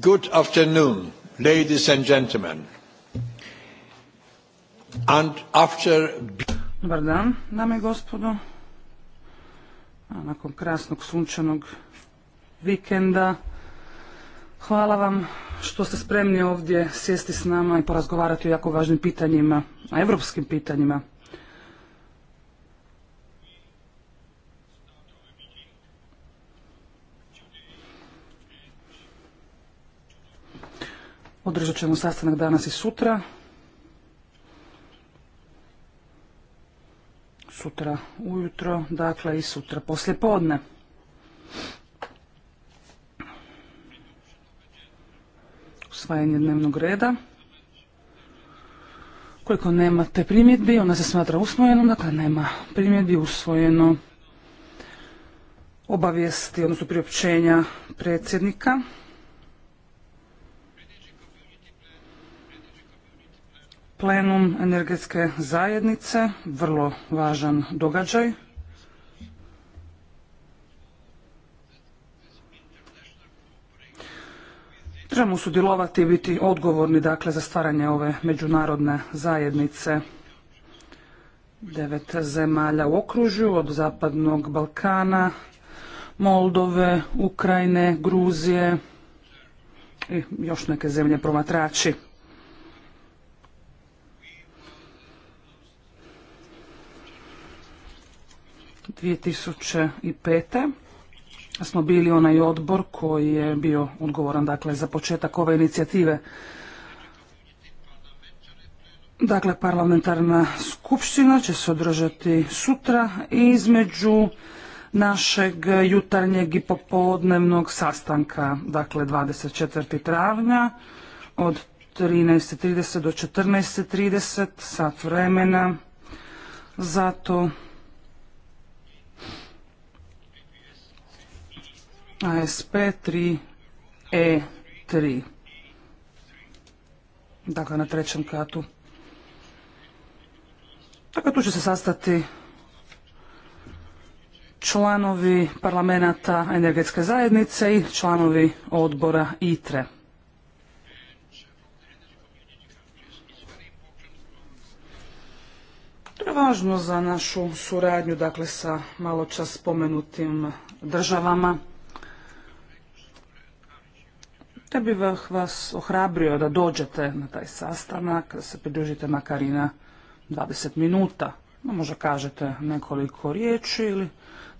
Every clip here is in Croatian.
Good afternoon, ladies Dobar dan, dame i gospodo. nakon krasnog sunčanog vikenda, hvala vam što ste spremni ovdje sjesti s nama i porazgovarati o jako važnim pitanjima, a evropskim pitanjima. Održat ćemo sastanak danas i sutra. Sutra ujutro, dakle i sutra poslje podne. Usvajanje dnevnog reda. Koliko nemate primjedbi, ona se smatra usvojenom, dakle nema primjedbi, usvojeno obavijesti, odnosno priopćenja predsjednika. plenum energetske zajednice, vrlo važan događaj. Trebamo sudjelovati i biti odgovorni dakle za stvaranje ove međunarodne zajednice devet zemalja u okružju od Zapadnog Balkana, Moldove, Ukrajine, Gruzije i još neke zemlje promatrači. 2005. smo bili onaj odbor koji je bio odgovoran dakle, za početak ove inicijative. Dakle, parlamentarna skupština će se održati sutra između našeg jutarnjeg i popodnevnog sastanka, dakle 24. travnja od 13.30 do 14.30 sat vremena. Zato ASP3E3. Dakle, na trećem katu. Dakle, tu će se sastati članovi parlamenta energetske zajednice i članovi odbora ITRE. To je važno za našu suradnju dakle, sa malo spomenutim državama. Ja bih vas ohrabrio da dođete na taj sastanak, da se pridružite makar i na 20 minuta. No, možda kažete nekoliko riječi ili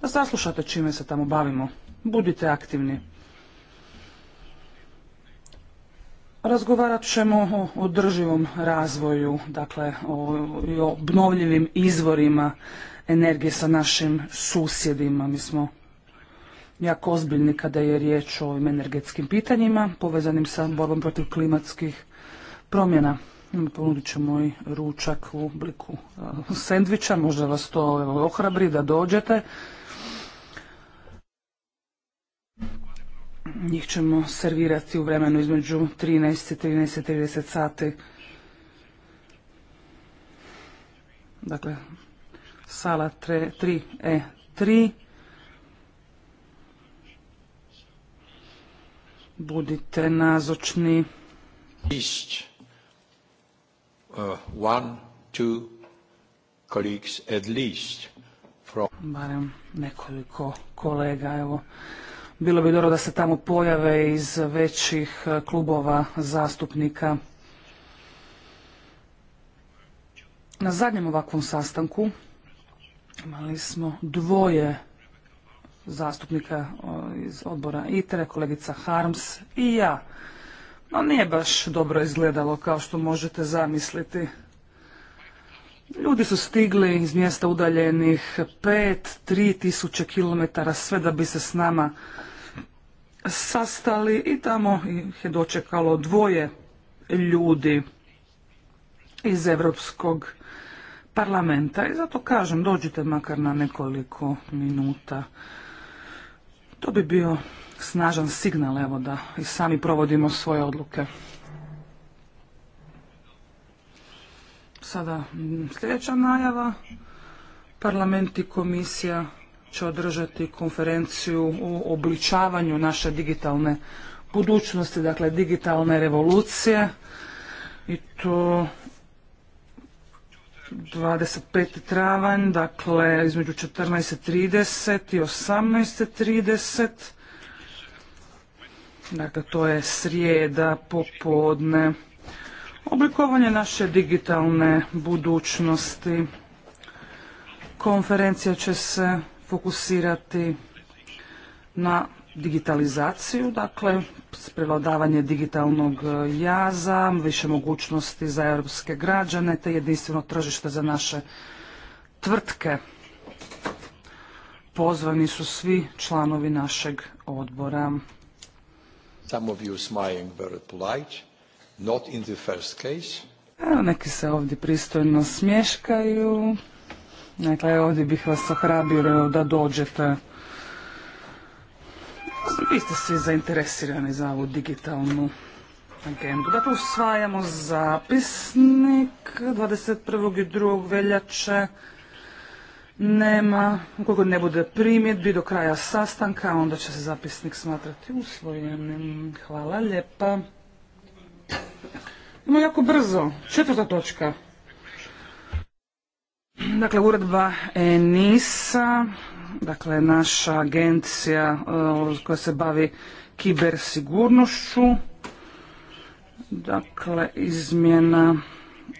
da saslušate čime se tamo bavimo. Budite aktivni. Razgovarat ćemo o održivom razvoju, dakle o obnovljivim izvorima energije sa našim susjedima. Mi smo jako ozbiljni kada je riječ o ovim energetskim pitanjima povezanim sa borbom protiv klimatskih promjena. Ponudit ćemo i ručak u obliku sendviča, možda vas to ohrabri da dođete. Njih ćemo servirati u vremenu između 13 i 13.30 sati. Dakle, sala 3E3. budite nazočni. Uh, one, at least Barem nekoliko kolega, evo. Bilo bi dobro da se tamo pojave iz većih uh, klubova zastupnika. Na zadnjem ovakvom sastanku imali smo dvoje zastupnika iz odbora ITRE, kolegica Harms i ja. No nije baš dobro izgledalo kao što možete zamisliti. Ljudi su stigli iz mjesta udaljenih pet, tri tisuće kilometara sve da bi se s nama sastali i tamo ih je dočekalo dvoje ljudi iz Europskog parlamenta. I zato kažem, dođite makar na nekoliko minuta to bi bio snažan signal evo da i sami provodimo svoje odluke. Sada mm, sljedeća najava. Parlament i komisija će održati konferenciju o obličavanju naše digitalne budućnosti, dakle digitalne revolucije i to 25. travanj, dakle između 14.30 i 18.30. Dakle, to je srijeda popodne. Oblikovanje naše digitalne budućnosti. Konferencija će se fokusirati na digitalizaciju, dakle prevladavanje digitalnog e, jaza, više mogućnosti za europske građane te jedinstveno tržište za naše tvrtke. Pozvani su svi članovi našeg odbora. Some of you very polite, not in the first case. neki se ovdje pristojno smješkaju. Dakle, ovdje bih vas ohrabio da dođete vi ste svi zainteresirani za ovu digitalnu agendu. Dakle, usvajamo zapisnik 21. i 2. veljače. Nema, ukoliko ne bude primjedbi do kraja sastanka, onda će se zapisnik smatrati usvojenim. Hvala lijepa. Imamo jako brzo. Četvrta točka. Dakle, uredba ENISA dakle naša agencija uh, koja se bavi kibersigurnošću, dakle izmjena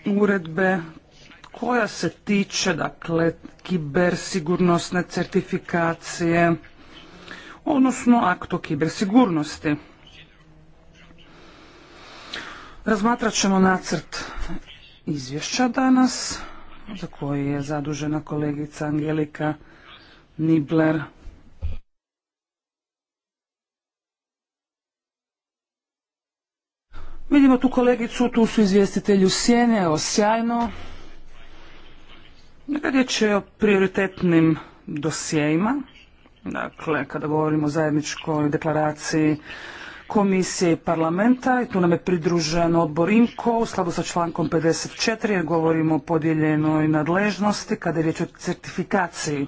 uredbe koja se tiče dakle kibersigurnosne certifikacije odnosno akto kibersigurnosti. Razmatrat ćemo nacrt izvješća danas za koji je zadužena kolegica Angelika Nibler. Vidimo tu kolegicu, tu su izvjestitelji sjene, evo sjajno. Riječ je o prioritetnim dosjejima, dakle kada govorimo o zajedničkoj deklaraciji komisije i parlamenta i tu nam je pridružen odbor IMKO u skladu sa člankom 54 jer govorimo o podijeljenoj nadležnosti kada je riječ o certifikaciji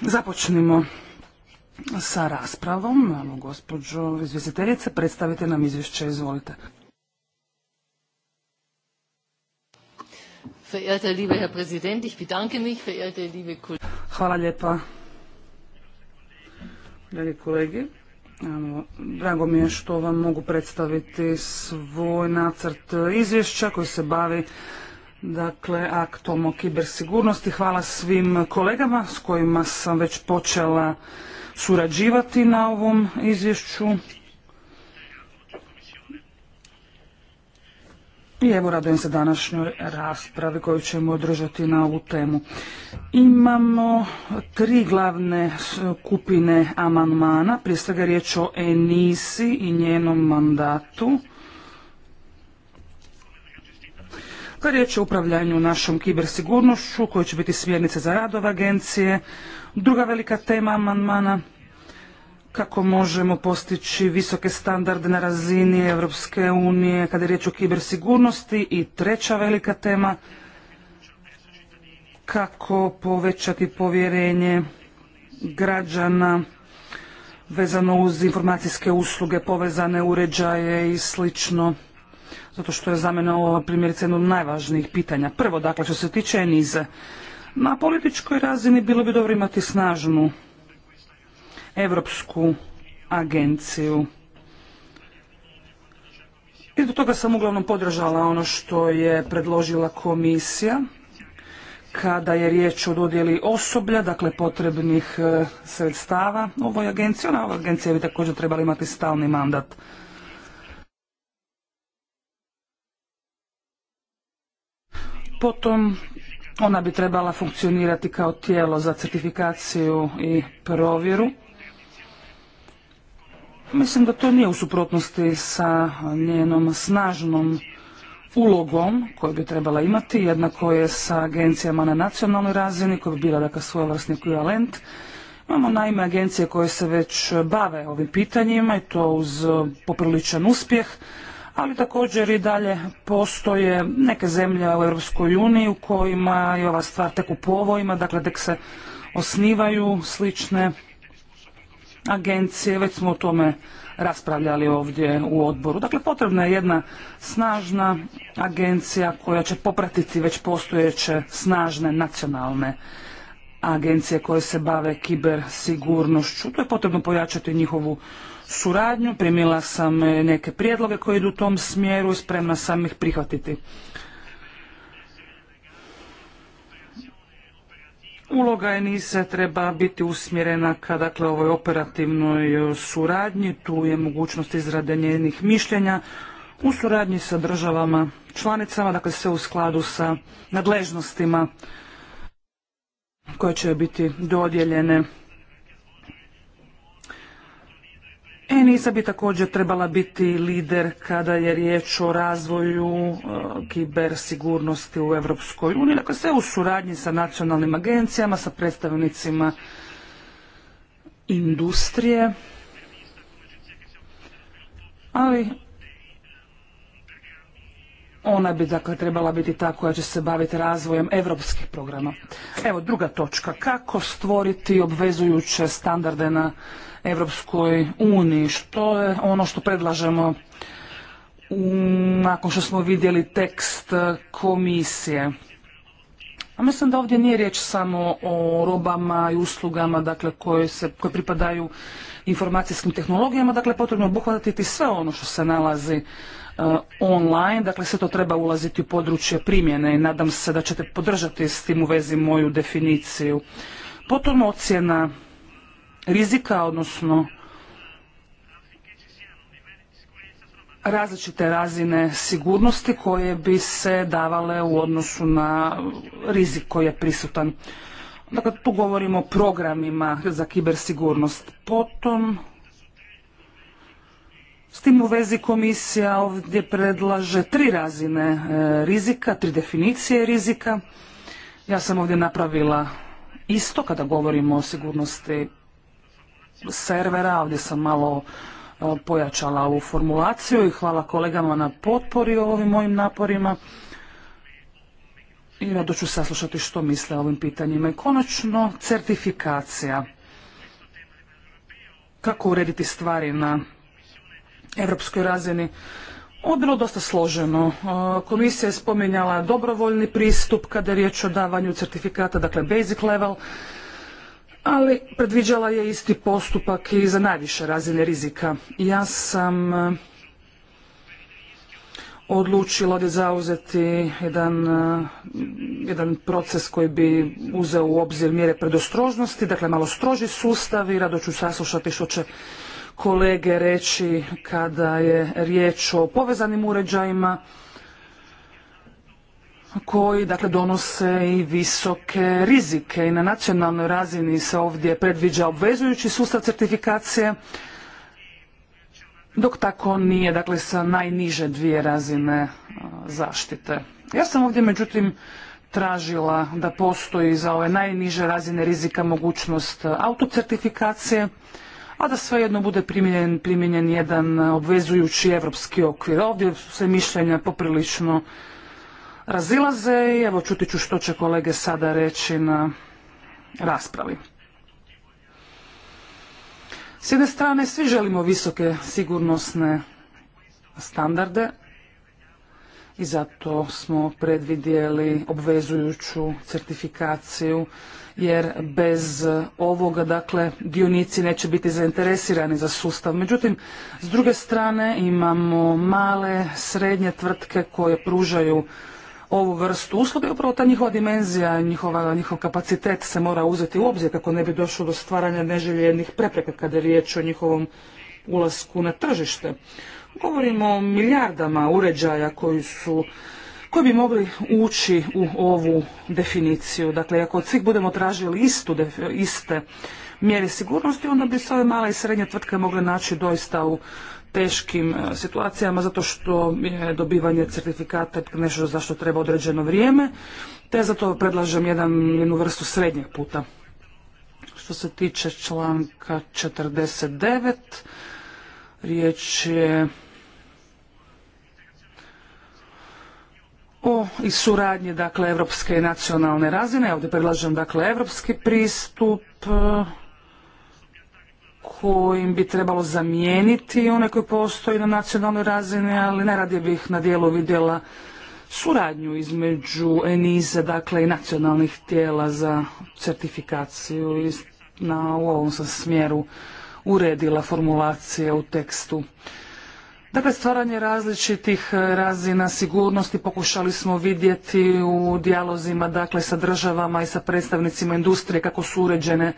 Započnimo sa raspravom. Malo gospođo izvjestiteljice, predstavite nam izvješće, izvolite. Hvala lijepa, dragi kolegi. Drago mi je što vam mogu predstaviti svoj nacrt izvješća koji se bavi dakle aktom o kibersigurnosti. Hvala svim kolegama s kojima sam već počela surađivati na ovom izvješću. I evo radujem se današnjoj raspravi koju ćemo održati na ovu temu. Imamo tri glavne skupine amandmana, prije svega riječ o Enisi i njenom mandatu. Kad je riječ o upravljanju našom kibersigurnošću, koje će biti smjernice za radove agencije, druga velika tema amandmana, kako možemo postići visoke standarde na razini Europske unije kada je riječ o kibersigurnosti i treća velika tema, kako povećati povjerenje građana vezano uz informacijske usluge, povezane uređaje i slično zato što je za mene ovo primjerice jedno od najvažnijih pitanja. Prvo, dakle, što se tiče Enize, na političkoj razini bilo bi dobro imati snažnu europsku agenciju. I do toga sam uglavnom podržala ono što je predložila komisija kada je riječ o dodjeli osoblja, dakle potrebnih e, sredstava ovoj agenciji. Ona ova agencija bi također trebala imati stalni mandat. potom ona bi trebala funkcionirati kao tijelo za certifikaciju i provjeru. Mislim da to nije u suprotnosti sa njenom snažnom ulogom koju bi trebala imati, jednako je sa agencijama na nacionalnoj razini koja bi bila dakle svojevrsni ekvivalent. Imamo naime agencije koje se već bave ovim pitanjima i to uz popriličan uspjeh ali također i dalje postoje neke zemlje u Europskoj uniji u kojima je ova stvar tek u povojima, dakle tek se osnivaju slične agencije, već smo o tome raspravljali ovdje u odboru. Dakle, potrebna je jedna snažna agencija koja će popratiti već postojeće snažne nacionalne agencije koje se bave kibersigurnošću. To je potrebno pojačati njihovu suradnju, primila sam e, neke prijedloge koji idu u tom smjeru i spremna sam ih prihvatiti. Uloga se treba biti usmjerena ka dakle, ovoj operativnoj e, suradnji, tu je mogućnost izrade njenih mišljenja u suradnji sa državama članicama, dakle sve u skladu sa nadležnostima koje će biti dodijeljene Enisa bi također trebala biti lider kada je riječ o razvoju e, sigurnosti u Europskoj uniji, dakle sve u suradnji sa nacionalnim agencijama, sa predstavnicima industrije. Ali ona bi dakle trebala biti ta koja će se baviti razvojem europskih programa. Evo druga točka, kako stvoriti obvezujuće standarde na Evropskoj uniji, što je ono što predlažemo nakon što smo vidjeli tekst komisije. A mislim da ovdje nije riječ samo o robama i uslugama dakle, koje, se, koje pripadaju informacijskim tehnologijama, dakle potrebno je obuhvatiti sve ono što se nalazi uh, online, dakle sve to treba ulaziti u područje primjene i nadam se da ćete podržati s tim u vezi moju definiciju. Potom ocjena rizika, odnosno različite razine sigurnosti koje bi se davale u odnosu na rizik koji je prisutan. Dakle, tu govorimo o programima za kibersigurnost. Potom, s tim u vezi komisija ovdje predlaže tri razine e, rizika, tri definicije rizika. Ja sam ovdje napravila isto kada govorimo o sigurnosti servera. Ovdje sam malo e, pojačala ovu formulaciju i hvala kolegama na potpori o ovim mojim naporima. I rado ću saslušati što misle o ovim pitanjima. I konačno, certifikacija. Kako urediti stvari na evropskoj razini? Ovo je bilo dosta složeno. E, komisija je spominjala dobrovoljni pristup kada je riječ o davanju certifikata, dakle basic level ali predviđala je isti postupak i za najviše razine rizika. Ja sam eh, odlučila da zauzeti jedan, eh, jedan proces koji bi uzeo u obzir mjere predostrožnosti, dakle malo stroži sustav i rado ću saslušati što će kolege reći kada je riječ o povezanim uređajima koji dakle donose i visoke rizike i na nacionalnoj razini se ovdje predviđa obvezujući sustav certifikacije dok tako nije dakle sa najniže dvije razine zaštite. Ja sam ovdje međutim tražila da postoji za ove najniže razine rizika mogućnost autocertifikacije, a da svejedno bude primijenjen, primijenjen jedan obvezujući europski okvir. Ovdje su se mišljenja poprilično razilaze i evo čuti ću što će kolege sada reći na raspravi. S jedne strane svi želimo visoke sigurnosne standarde i zato smo predvidjeli obvezujuću certifikaciju jer bez ovoga dakle dionici neće biti zainteresirani za sustav. Međutim, s druge strane imamo male, srednje tvrtke koje pružaju ovu vrstu usluga i upravo ta njihova dimenzija, njihova, njihov kapacitet se mora uzeti u obzir kako ne bi došlo do stvaranja neželjenih prepreka kada je riječ o njihovom ulasku na tržište. Govorimo o milijardama uređaja koji su koji bi mogli ući u ovu definiciju. Dakle, ako od svih budemo tražili istu, iste mjere sigurnosti, onda bi se ove male i srednje tvrtke mogle naći doista u teškim e, situacijama zato što je dobivanje certifikata nešto za što treba određeno vrijeme, te zato predlažem jedan, jednu vrstu srednjeg puta. Što se tiče članka 49, riječ je o i suradnji dakle evropske i nacionalne razine. Ovdje predlažem dakle evropski pristup e, kojim bi trebalo zamijeniti one koji postoji na nacionalnoj razini, ali najradije bih na dijelu vidjela suradnju između ENISA, dakle i nacionalnih tijela za certifikaciju i na, u ovom sam smjeru uredila formulacije u tekstu. Dakle, stvaranje različitih e, razina sigurnosti pokušali smo vidjeti u dijalozima dakle, sa državama i sa predstavnicima industrije kako su uređene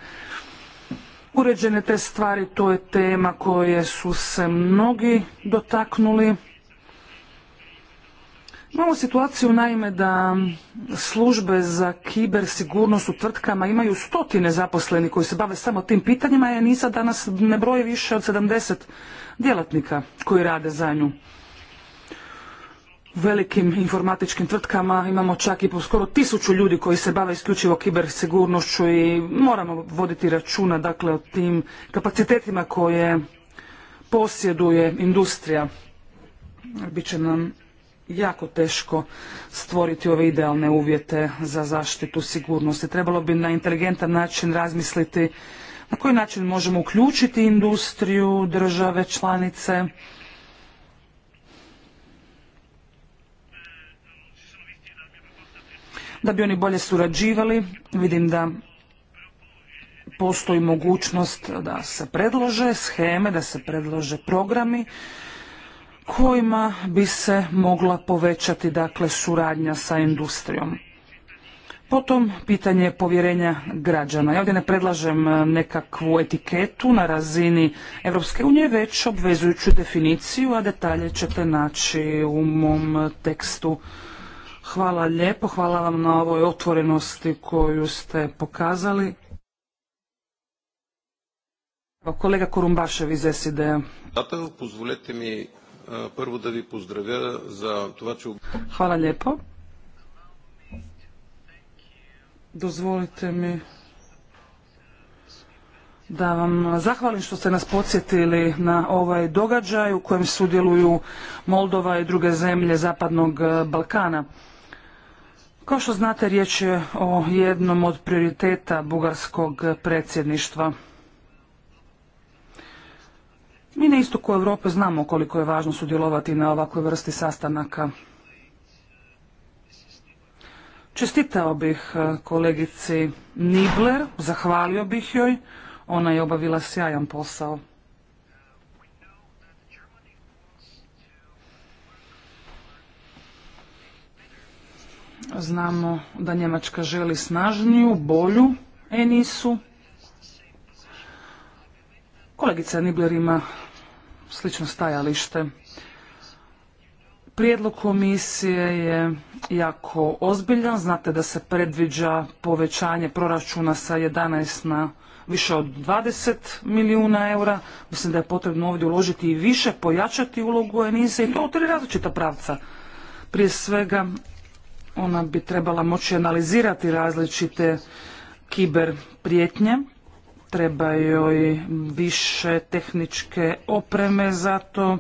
uređene te stvari. To je tema koje su se mnogi dotaknuli. Imamo situaciju naime da službe za kibersigurnost u tvrtkama imaju stotine zaposlenih koji se bave samo tim pitanjima, a NISA danas ne broji više od 70 djelatnika koji rade za nju velikim informatičkim tvrtkama imamo čak i po skoro tisuću ljudi koji se bave isključivo kibersigurnošću i moramo voditi računa dakle o tim kapacitetima koje posjeduje industrija. Biće nam jako teško stvoriti ove idealne uvjete za zaštitu sigurnosti. Trebalo bi na inteligentan način razmisliti na koji način možemo uključiti industriju, države, članice, da bi oni bolje surađivali. Vidim da postoji mogućnost da se predlože scheme, da se predlože programi kojima bi se mogla povećati dakle suradnja sa industrijom. Potom pitanje povjerenja građana. Ja ovdje ne predlažem e, nekakvu etiketu na razini Europske unije, već obvezujuću definiciju, a detalje ćete naći u mom tekstu Hvala lijepo, hvala vam na ovoj otvorenosti koju ste pokazali. Kolega Kurumbašev iz SID-a. pozvolite mi eh, prvo da vi Hvala lijepo. Dozvolite mi da vam zahvalim što ste nas podsjetili na ovaj događaj u kojem sudjeluju Moldova i druge zemlje Zapadnog eh, Balkana. Kao što znate, riječ je o jednom od prioriteta bugarskog predsjedništva. Mi na istoku Europe znamo koliko je važno sudjelovati na ovakvoj vrsti sastanaka. Čestitao bih e, kolegici Nibler, zahvalio bih joj, ona je obavila sjajan posao. Znamo da Njemačka želi snažniju, bolju Enisu. Kolegica Nibler ima slično stajalište. Prijedlog komisije je jako ozbiljan. Znate da se predviđa povećanje proračuna sa 11 na više od 20 milijuna eura. Mislim da je potrebno ovdje uložiti i više, pojačati ulogu Enise i to u tri različita pravca. Prije svega ona bi trebala moći analizirati različite kiber prijetnje. Treba joj više tehničke opreme za to.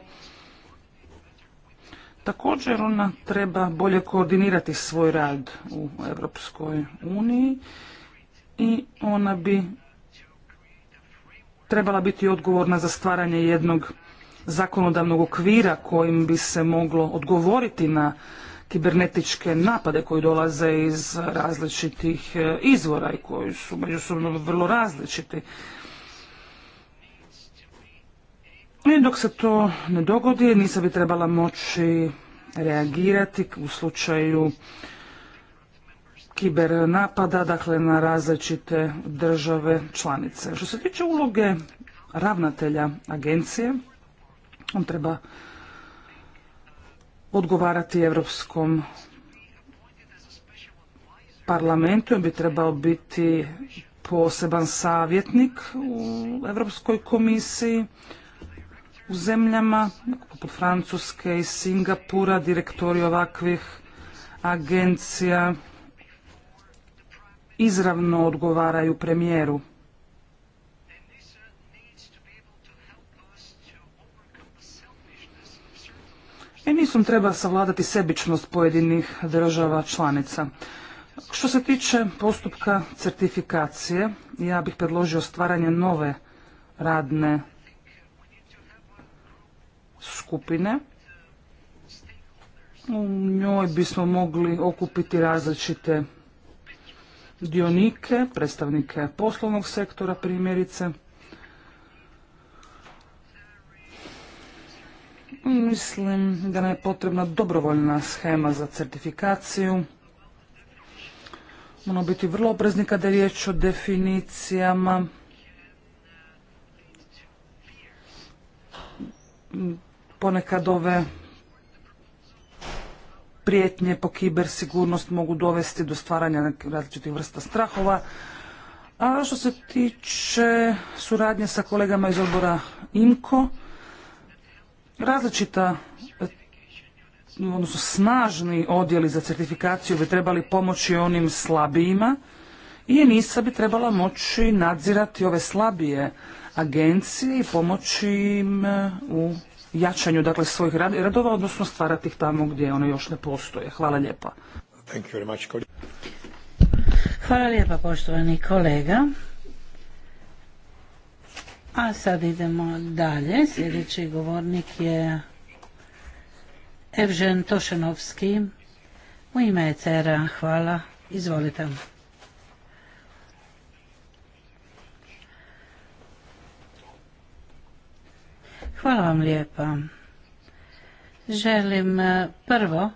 Također ona treba bolje koordinirati svoj rad u Europskoj uniji i ona bi trebala biti odgovorna za stvaranje jednog zakonodavnog okvira kojim bi se moglo odgovoriti na kibernetičke napade koji dolaze iz različitih e, izvora i koji su međusobno vrlo različiti. I dok se to ne dogodi, nisa bi trebala moći reagirati u slučaju kiber napada, dakle na različite države članice. Što se tiče uloge ravnatelja agencije, on treba odgovarati Europskom parlamentu, on bi trebao biti poseban savjetnik u Europskoj komisiji u zemljama poput Francuske i Singapura, direktori ovakvih agencija izravno odgovaraju premijeru. nisam e, treba savladati sebičnost pojedinih država članica. Što se tiče postupka certifikacije, ja bih predložio stvaranje nove radne skupine. U njoj bismo mogli okupiti različite dionike, predstavnike poslovnog sektora primjerice, Mislim da nam je potrebna dobrovoljna schema za certifikaciju. Moramo biti vrlo oprezni kada je riječ o definicijama. Ponekad ove prijetnje po kibersigurnost mogu dovesti do stvaranja različitih vrsta strahova. A što se tiče suradnje sa kolegama iz odbora IMKO, Različita odnosno snažni odjeli za certifikaciju bi trebali pomoći onim slabijima i NISA bi trebala moći nadzirati ove slabije agencije i pomoći im eh, u jačanju dakle svojih radova, odnosno stvarati ih tamo gdje one još ne postoje. Hvala lijepa. Hvala lijepa poštovani kolega. A sad idemo dalje. Sljedeći govornik je Evžen Tošenovski u ime je Cera, Hvala. Izvolite. Hvala vam lijepa. Želim e, prvo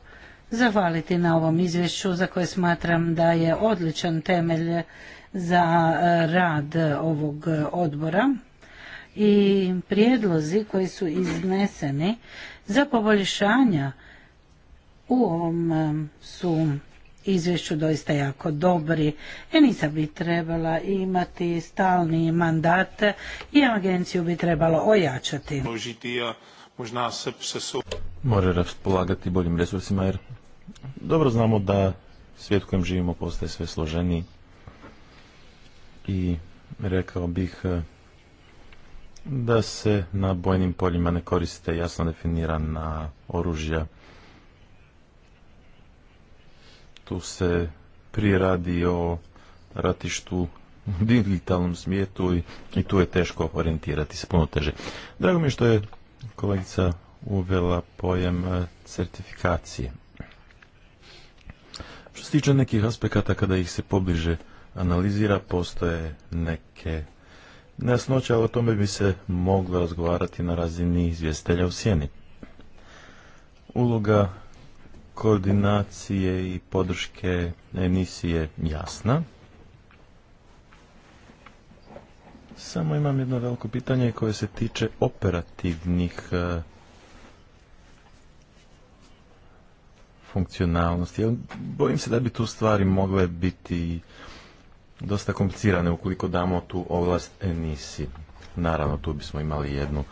zahvaliti na ovom izvješću za koje smatram da je odličan temelj za e, rad ovog odbora i prijedlozi koji su izneseni za poboljšanja u ovom su izvješću doista jako dobri. Enisa bi trebala imati stalni mandate i agenciju bi trebalo ojačati. Može raspolagati boljim resursima jer dobro znamo da svijet u kojem živimo postaje sve složeniji i rekao bih da se na bojnim poljima ne koriste jasno definirana oružja. Tu se priradi o ratištu u digitalnom svijetu i, tu je teško orijentirati se, puno teže. Drago mi je što je kolegica uvela pojem e, certifikacije. Što se tiče nekih aspekata, kada ih se pobliže analizira, postoje neke Nejasnoća o tome bi se moglo razgovarati na razini izvjestelja u sjeni. Uloga koordinacije i podrške emisije jasna. Samo imam jedno veliko pitanje koje se tiče operativnih e, funkcionalnosti. Bojim se da bi tu stvari mogle biti dosta komplicirane ukoliko damo tu ovlast nisi. Naravno, tu bismo imali jednu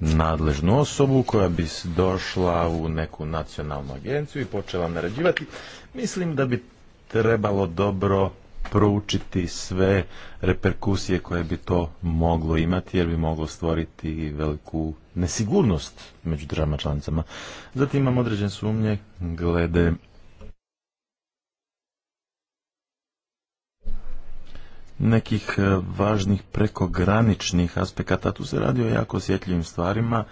nadležnu osobu koja bi došla u neku nacionalnu agenciju i počela naređivati. Mislim da bi trebalo dobro proučiti sve reperkusije koje bi to moglo imati jer bi moglo stvoriti veliku nesigurnost među državama članicama. Zatim imam određene sumnje glede nekih e, važnih prekograničnih aspekata. Tu se radi o jako osjetljivim stvarima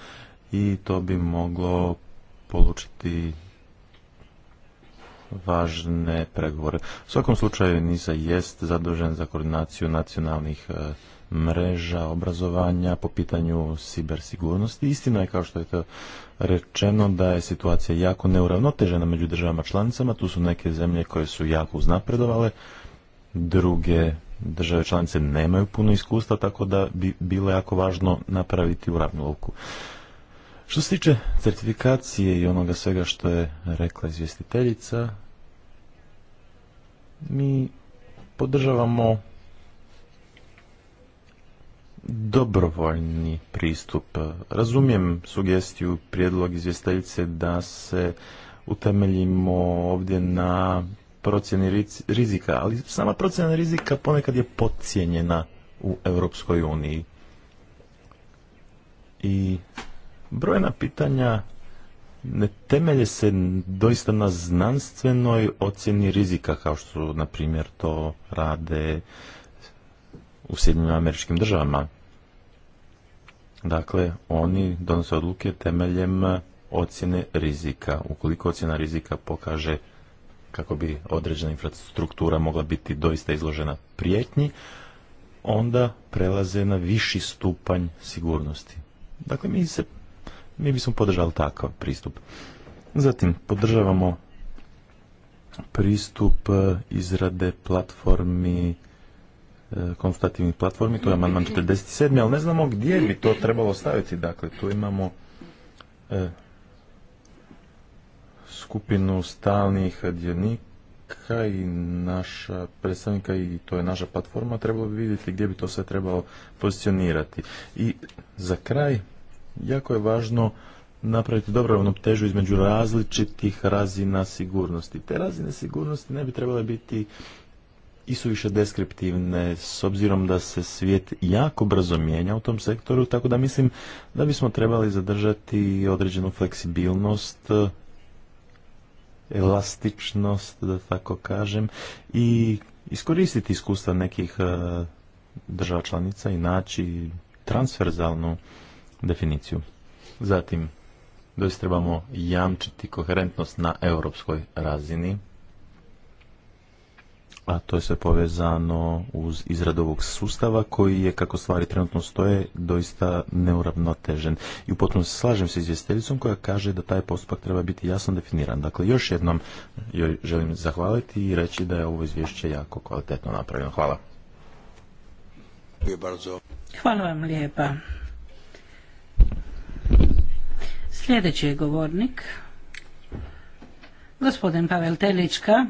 i to bi moglo polučiti važne pregovore. U svakom slučaju NISA jest zadužen za koordinaciju nacionalnih e, mreža obrazovanja po pitanju sibersigurnosti. Istina je kao što je to rečeno da je situacija jako neuravnotežena među državama članicama. Tu su neke zemlje koje su jako uznapredovale, druge države članice nemaju puno iskustva, tako da bi bilo jako važno napraviti uravnilovku. Što se tiče certifikacije i onoga svega što je rekla izvjestiteljica, mi podržavamo dobrovoljni pristup. Razumijem sugestiju, prijedlog izvjestiteljice da se utemeljimo ovdje na procjeni rizika, ali sama procjena rizika ponekad je podcijenjena u Europskoj uniji. I brojna pitanja ne temelje se doista na znanstvenoj ocjeni rizika, kao što, na primjer, to rade u Sjedinjim američkim državama. Dakle, oni donose odluke temeljem ocjene rizika. Ukoliko ocjena rizika pokaže kako bi određena infrastruktura mogla biti doista izložena prijetnji, onda prelaze na viši stupanj sigurnosti. Dakle, mi, se, mi bismo podržali takav pristup. Zatim, podržavamo pristup e, izrade platformi e, konstativnih platformi, to je amandman 47, ali ne znamo gdje bi to trebalo staviti. Dakle, tu imamo e, skupinu stalnih dionika i naša predstavnika i to je naša platforma, trebalo bi vidjeti gdje bi to sve trebalo pozicionirati. I za kraj, jako je važno napraviti dobro ravnotežu između različitih razina sigurnosti. Te razine sigurnosti ne bi trebale biti i su više deskriptivne s obzirom da se svijet jako brzo mijenja u tom sektoru, tako da mislim da bismo trebali zadržati određenu fleksibilnost elastičnost, da tako kažem, i iskoristiti iskustva nekih e, država članica i naći transverzalnu definiciju. Zatim, doista trebamo jamčiti koherentnost na europskoj razini, a to je sve povezano uz izradu ovog sustava koji je, kako stvari trenutno stoje, doista neuravnotežen. I u se slažem sa izvjestiteljicom koja kaže da taj postupak treba biti jasno definiran. Dakle, još jednom joj želim zahvaliti i reći da je ovo izvješće jako kvalitetno napravljeno. Hvala. Hvala vam lijepa. Sljedeći je govornik, gospodin Pavel Telička,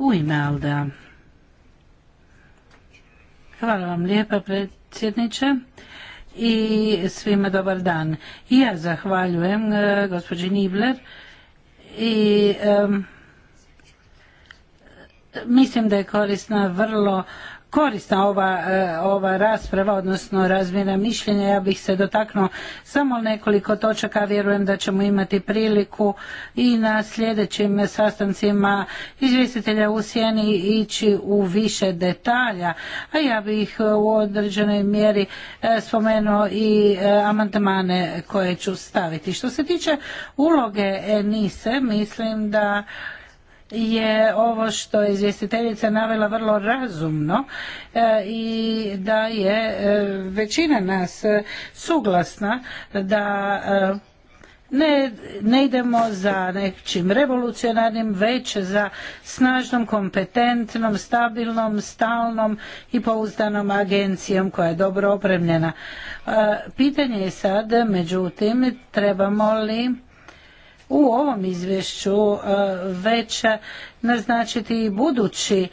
u ime Hvala vam lijepa predsjedniče i svima dobar dan. I ja zahvaljujem e, gospođi Nibler i mislim da je korisna vrlo korisna ova, e, ova rasprava, odnosno razmjena mišljenja. Ja bih se dotaknuo samo nekoliko točaka. Vjerujem da ćemo imati priliku i na sljedećim sastancima izvjestitelja u Sjeni ići u više detalja. A ja bih u određenoj mjeri e, spomenuo i e, amandmane koje ću staviti. Što se tiče uloge Nise, mislim da je ovo što je izvjestiteljica navela vrlo razumno e, i da je e, većina nas e, suglasna da ne, ne idemo za nečim revolucionarnim već za snažnom kompetentnom stabilnom stalnom i pouzdanom agencijom koja je dobro opremljena pitanje je sad međutim trebamo li u ovom izvješću e, veća naznačiti i budući e,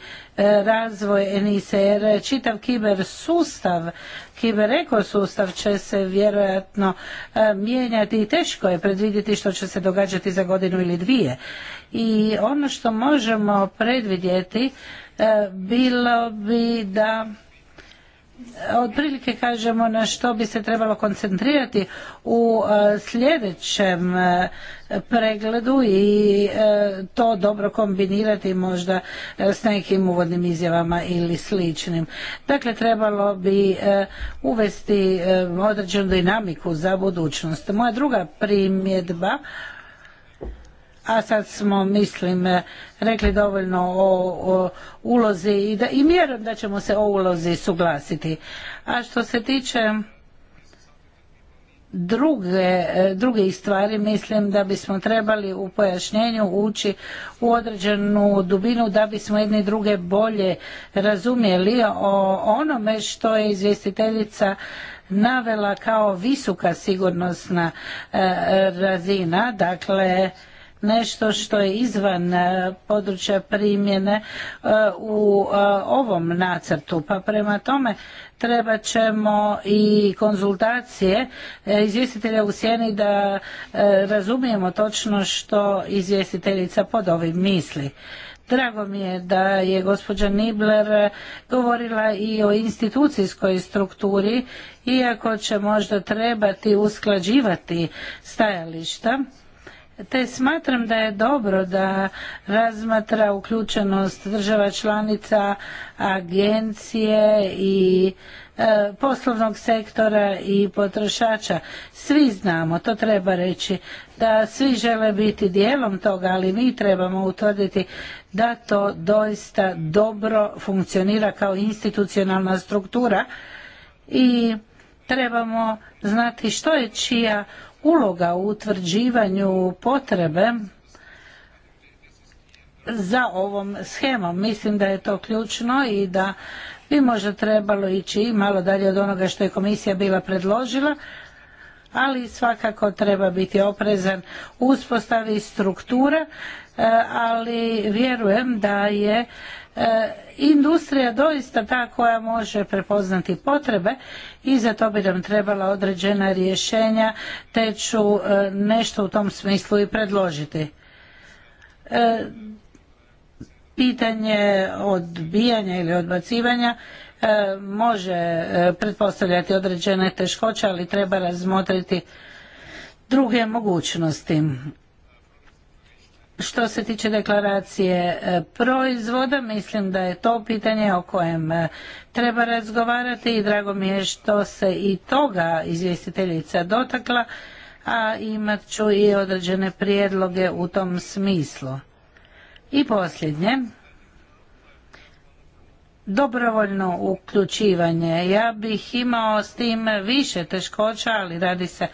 razvoj NISR, jer čitav kiber sustav, kiber ekosustav će se vjerojatno e, mijenjati i teško je predvidjeti što će se događati za godinu ili dvije. I ono što možemo predvidjeti bilo bi da otprilike kažemo na što bi se trebalo koncentrirati u e, sljedećem e, pregledu i e, to dobro kombinirati možda s nekim uvodnim izjavama ili sličnim. Dakle, trebalo bi uvesti određenu dinamiku za budućnost. Moja druga primjedba a sad smo mislim eh, rekli dovoljno o, ulozi i, i vjerujem da ćemo se o ulozi suglasiti. A što se tiče druge, eh, drugih stvari mislim da bismo trebali u pojašnjenju ući u određenu dubinu da bismo jedni druge bolje razumjeli o onome što je izvjestiteljica navela kao visoka sigurnosna eh, razina, dakle nešto što je izvan e, područja primjene e, u e, ovom nacrtu. Pa prema tome treba ćemo i konzultacije izvjestitelja u sjeni da razumijemo točno što izvjestiteljica pod ovim misli. Drago mi je da je gospođa Nibler govorila i o institucijskoj strukturi, iako će možda trebati usklađivati stajališta te smatram da je dobro da razmatra uključenost država članica, agencije i e, poslovnog sektora i potrošača. Svi znamo, to treba reći, da svi žele biti dijelom toga, ali mi trebamo utvrditi da to doista dobro funkcionira kao institucionalna struktura i trebamo znati što je čija uloga u utvrđivanju potrebe za ovom schemom. Mislim da je to ključno i da bi možda trebalo ići malo dalje od onoga što je komisija bila predložila, ali svakako treba biti oprezan uspostavi struktura, e, ali vjerujem da je E, industrija doista ta koja može prepoznati potrebe i za to bi nam trebala određena rješenja te ću e, nešto u tom smislu i predložiti. E, pitanje odbijanja ili odbacivanja može pretpostavljati određene teškoće, ali treba razmotriti druge mogućnosti. Što se tiče deklaracije e, proizvoda, mislim da je to pitanje o kojem e, treba razgovarati i drago mi je što se i toga izvjestiteljica dotakla, a imat ću i određene prijedloge u tom smislu. I posljednje, dobrovoljno uključivanje. Ja bih imao s tim više teškoća, ali radi se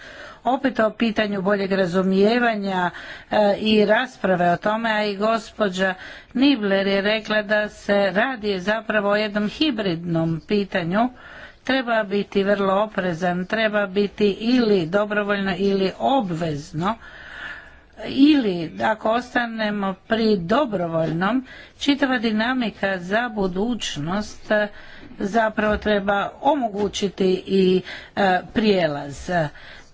opet o pitanju boljeg razumijevanja e, i rasprave o tome, a i gospođa Nibler je rekla da se radi zapravo o jednom hibridnom pitanju treba biti vrlo oprezan, treba biti ili dobrovoljno ili obvezno ili ako ostanemo pri dobrovoljnom, čitava dinamika za budućnost e, zapravo treba omogućiti i e, prijelaz.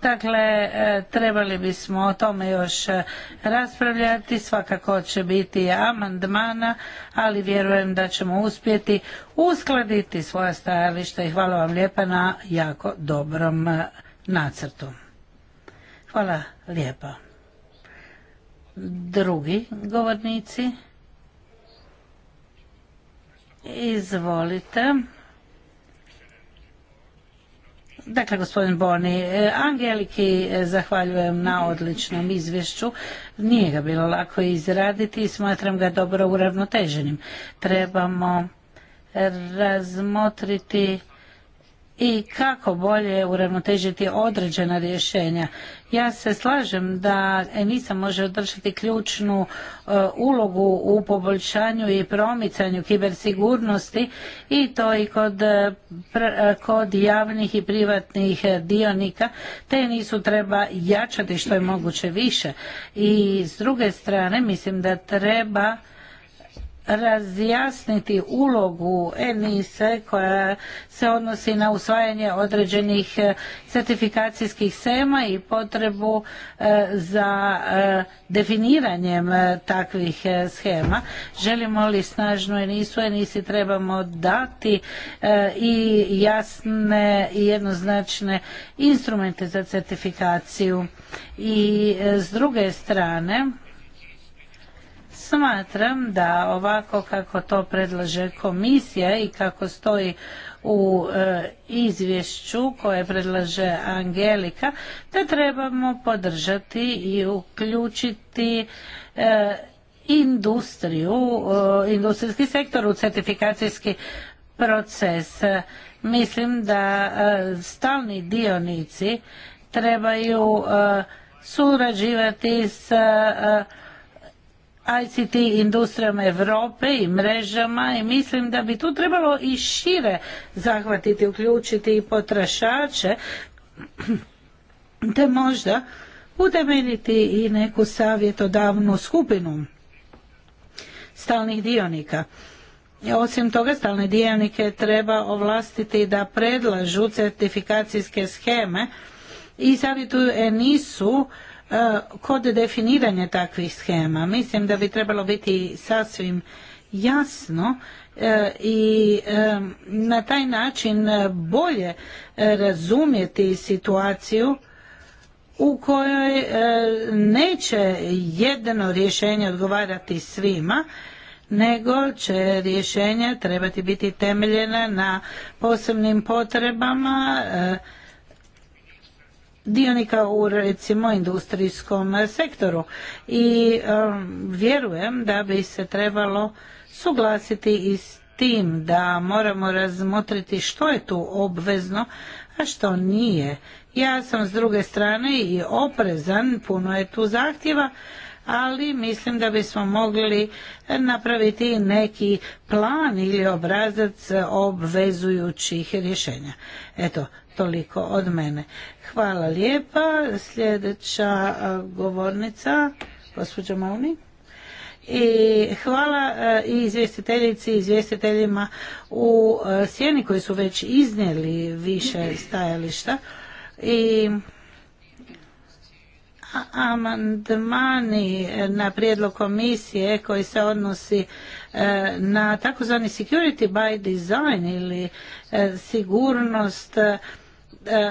Dakle, e, trebali bismo o tome još e, raspravljati, svakako će biti amandmana, ali vjerujem da ćemo uspjeti uskladiti svoje stajalište i hvala vam lijepa na jako dobrom e, nacrtu. Hvala lijepa. Drugi govornici. Izvolite. Dakle, gospodin Boni, e, Angeliki e, zahvaljujem na odličnom izvješću. Nije ga bilo lako izraditi i smatram ga dobro uravnoteženim. Trebamo razmotriti i kako bolje uravnotežiti određena rješenja. Ja se slažem da ENISA može održati ključnu e, ulogu u poboljšanju i promicanju kibersigurnosti i to i kod, e, e, kod javnih i privatnih dionika, te nisu treba jačati što je moguće više. I s druge strane mislim da treba razjasniti ulogu ENISE koja se odnosi na usvajanje određenih e, certifikacijskih sema i potrebu e, za e, definiranjem takvih schema. Želimo li snažnu ENISu, ENISI trebamo dati i jasne i jednoznačne instrumente za certifikaciju i s druge strane Smatram da ovako kako to predlaže komisija i kako stoji u e, izvješću koje predlaže Angelika, da trebamo podržati i uključiti e, industriju, e, industrijski sektor u certifikacijski proces. Mislim da stalni dionici trebaju surađivati sa ICT industrijom Europe i mrežama i mislim da bi tu trebalo i šire zahvatiti, uključiti i potrašače te možda utemeljiti i neku savjetodavnu skupinu stalnih dionika. Osim toga, stalne dionike treba ovlastiti da predlažu certifikacijske scheme i savjetuju ENISU Eh, kod definiranja takvih schema. Mislim da bi trebalo biti sasvim jasno eh, i na taj način bolje eh, razumjeti situaciju u kojoj neće jedno rješenje odgovarati svima, nego će rješenja trebati biti temeljena na posebnim potrebama, dionika u recimo industrijskom sektoru i um, vjerujem da bi se trebalo suglasiti i s tim da moramo razmotriti što je tu obvezno a što nije ja sam s druge strane i oprezan puno je tu zahtjeva ali mislim da bismo mogli napraviti neki plan ili obrazac obvezujućih rješenja. Eto, toliko od mene. Hvala lijepa. Sljedeća govornica, gospođa Mauni. I hvala e, i izvjestiteljici i izvjestiteljima u e, sjeni koji su već iznijeli više stajališta. I amandmani e, na prijedlog komisije koji se odnosi na takozvani security by design ili sigurnost E,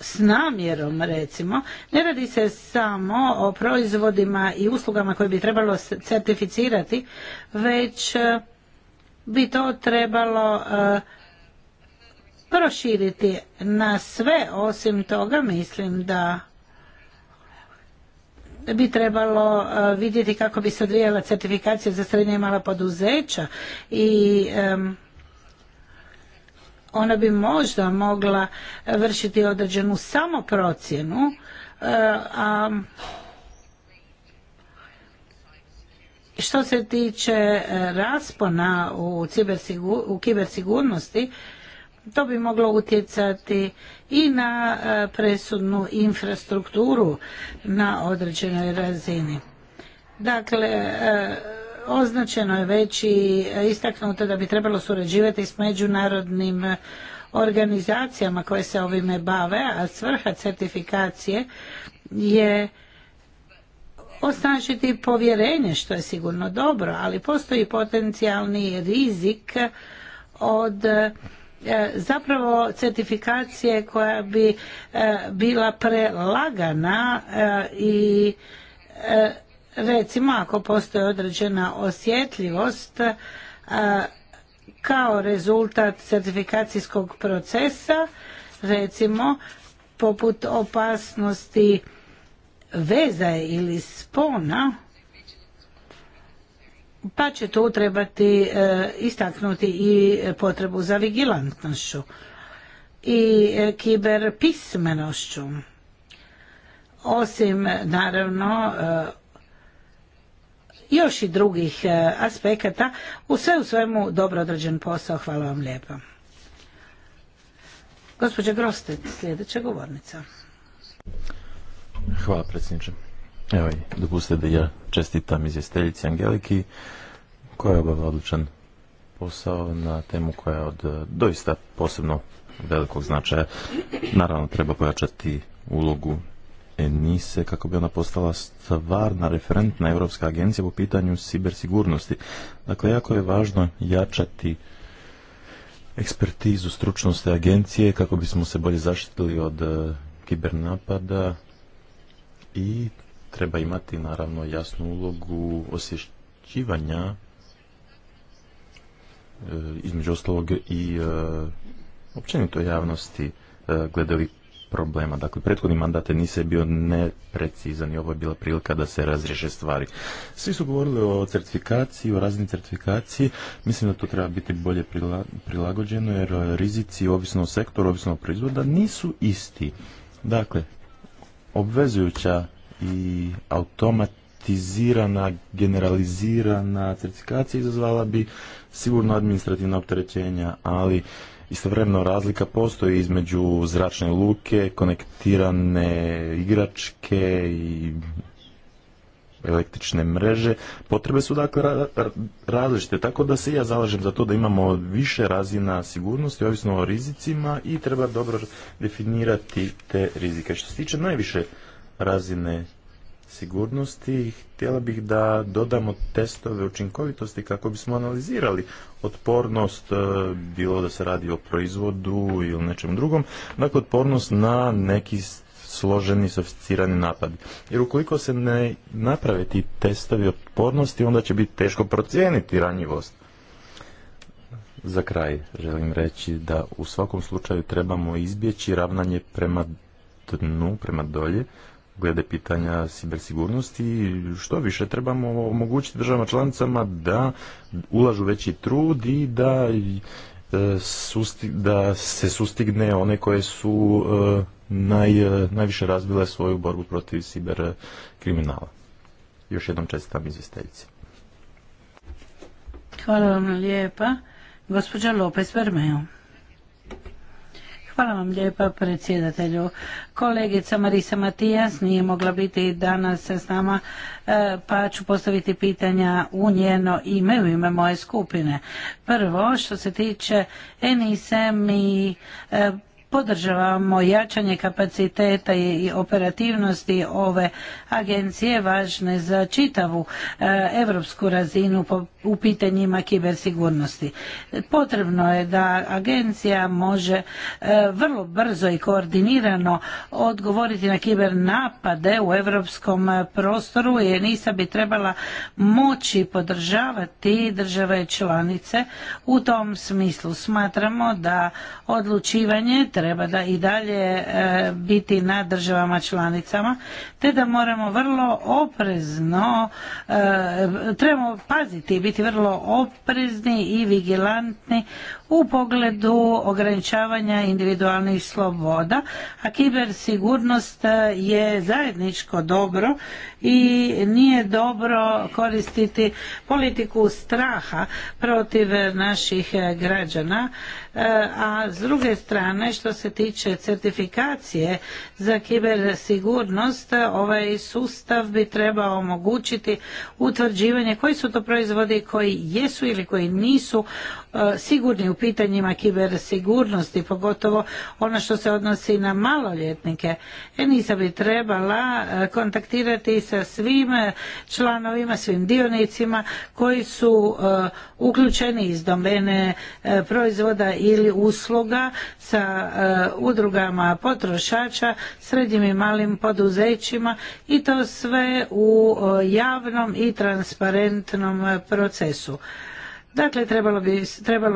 s namjerom recimo ne radi se samo o proizvodima i uslugama koje bi trebalo certificirati već e, bi to trebalo e, proširiti na sve osim toga mislim da bi trebalo vidjeti kako bi se odvijala certifikacija za srednje i mala poduzeća i ona bi možda mogla vršiti određenu samoprocjenu, e, a što se tiče e, raspona u, u kibersigurnosti, to bi moglo utjecati i na e, presudnu infrastrukturu na određenoj razini. Dakle, označeno je već i istaknuto da bi trebalo surađivati s međunarodnim organizacijama koje se ovime bave, a svrha certifikacije je osnažiti povjerenje, što je sigurno dobro, ali postoji potencijalni rizik od e, zapravo certifikacije koja bi e, bila prelagana e, i Recimo, ako postoji određena osjetljivost e, kao rezultat certifikacijskog procesa, recimo poput opasnosti veza ili spona, pa će tu trebati e, istaknuti i potrebu za vigilantnošću i e, kiberpismenošću. Osim, naravno, još i drugih e, aspekata. U sve u svemu dobro odrađen posao. Hvala vam lijepa. Gospođa Grostet, sljedeća govornica. Hvala predsjedniče. Evo i dopustite da ja čestitam izvjesteljici Angeliki koja je obavila odličan posao na temu koja je od e, doista posebno velikog značaja. Naravno treba pojačati ulogu Enise kako bi ona postala stvarna referentna Europska agencija po pitanju sibersigurnosti. Dakle, jako je važno jačati ekspertizu stručnosti agencije kako bismo se bolje zaštitili od e, kibernapada i treba imati naravno jasnu ulogu osješćivanja e, između ostalog i e, općenito javnosti glede problema. Dakle, prethodni mandat nise bio neprecizan i ovo je bila prilika da se razriješe stvari. Svi su govorili o certifikaciji, o raznim certifikaciji. Mislim da to treba biti bolje prilagođeno jer rizici ovisno o sektoru, ovisno o proizvoda nisu isti. Dakle, obvezujuća i automatizirana, generalizirana certifikacija izazvala bi sigurno administrativna opterećenja, ali istovremeno razlika postoji između zračne luke, konektirane igračke i električne mreže. Potrebe su dakle različite, tako da se ja zalažem za to da imamo više razina sigurnosti, ovisno o rizicima i treba dobro definirati te rizike. Što se tiče najviše razine sigurnosti. Htjela bih da dodamo testove učinkovitosti kako bismo analizirali otpornost, e, bilo da se radi o proizvodu ili nečem drugom, dakle otpornost na neki složeni, sofisticirani napad. Jer ukoliko se ne naprave ti testovi otpornosti, onda će biti teško procijeniti ranjivost. Za kraj želim reći da u svakom slučaju trebamo izbjeći ravnanje prema dnu, prema dolje, glede pitanja sibersigurnosti. Što više, trebamo omogućiti državama članicama da ulažu veći trud i da, e, da se sustigne one koje su e, naj, e, najviše razbile svoju borbu protiv siber kriminala. Još jednom čestitam izvjestiteljici. Hvala vam lijepa. Lopez Vermeo. Hvala vam lijepa predsjedatelju. Kolegica Marisa Matijas nije mogla biti danas s nama e, pa ću postaviti pitanja u njeno ime, u ime moje skupine. Prvo što se tiče Enise mi podržavamo jačanje kapaciteta i operativnosti ove agencije važne za čitavu europsku razinu po u pitanjima kibersigurnosti. Potrebno je da agencija može e, vrlo brzo i koordinirano odgovoriti na kiber napade u europskom e, prostoru i NISA bi trebala moći podržavati države članice. U tom smislu smatramo da odlučivanje treba da i dalje e, biti na državama članicama te da moramo vrlo oprezno trebamo paziti biti vrlo oprezni i vigilantni u pogledu ograničavanja individualnih sloboda, a kibersigurnost e, je zajedničko dobro i nije dobro koristiti politiku straha protiv naših građana, e, a s druge strane što se tiče certifikacije za kibersigurnost, ovaj sustav bi trebao omogućiti utvrđivanje koji su to proizvodi koji jesu ili koji nisu E, sigurni u pitanjima kibersigurnosti, pogotovo ono što se odnosi na maloljetnike. Enisa bi trebala e, kontaktirati sa svim e, članovima, svim dionicima koji su uključeni iz domene proizvoda ili usluga sa udrugama potrošača, srednjim i malim poduzećima i to sve u javnom i transparentnom procesu. Dakle, trebalo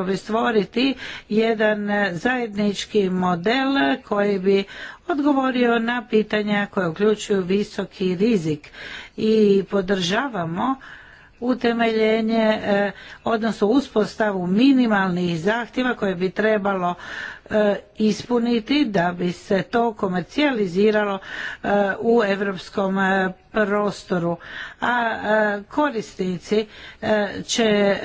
bi, stvoriti jedan zajednički model koji bi odgovorio na pitanja koje uključuju visoki rizik i podržavamo utemeljenje, e, odnosno uspostavu minimalnih zahtjeva koje bi trebalo E, ispuniti da bi se to komercijaliziralo e, u europskom e, prostoru. A korisnici će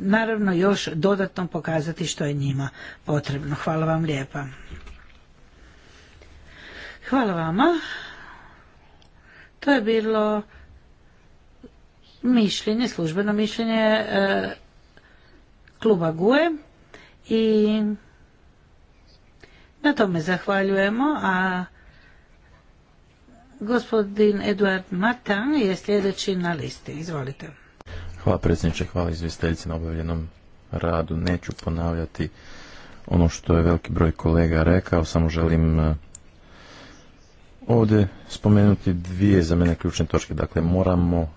naravno još dodatno pokazati što je njima potrebno. Hvala vam lijepa. Hvala vama. To je bilo mišljenje, službeno mišljenje kluba GUE i na tome zahvaljujemo, a gospodin Eduard Martin je sljedeći na listi. Izvolite. Hvala predsjedniče, hvala na obavljenom radu. Neću ponavljati ono što je veliki broj kolega rekao, samo želim e, ovdje spomenuti dvije za mene ključne točke. Dakle, moramo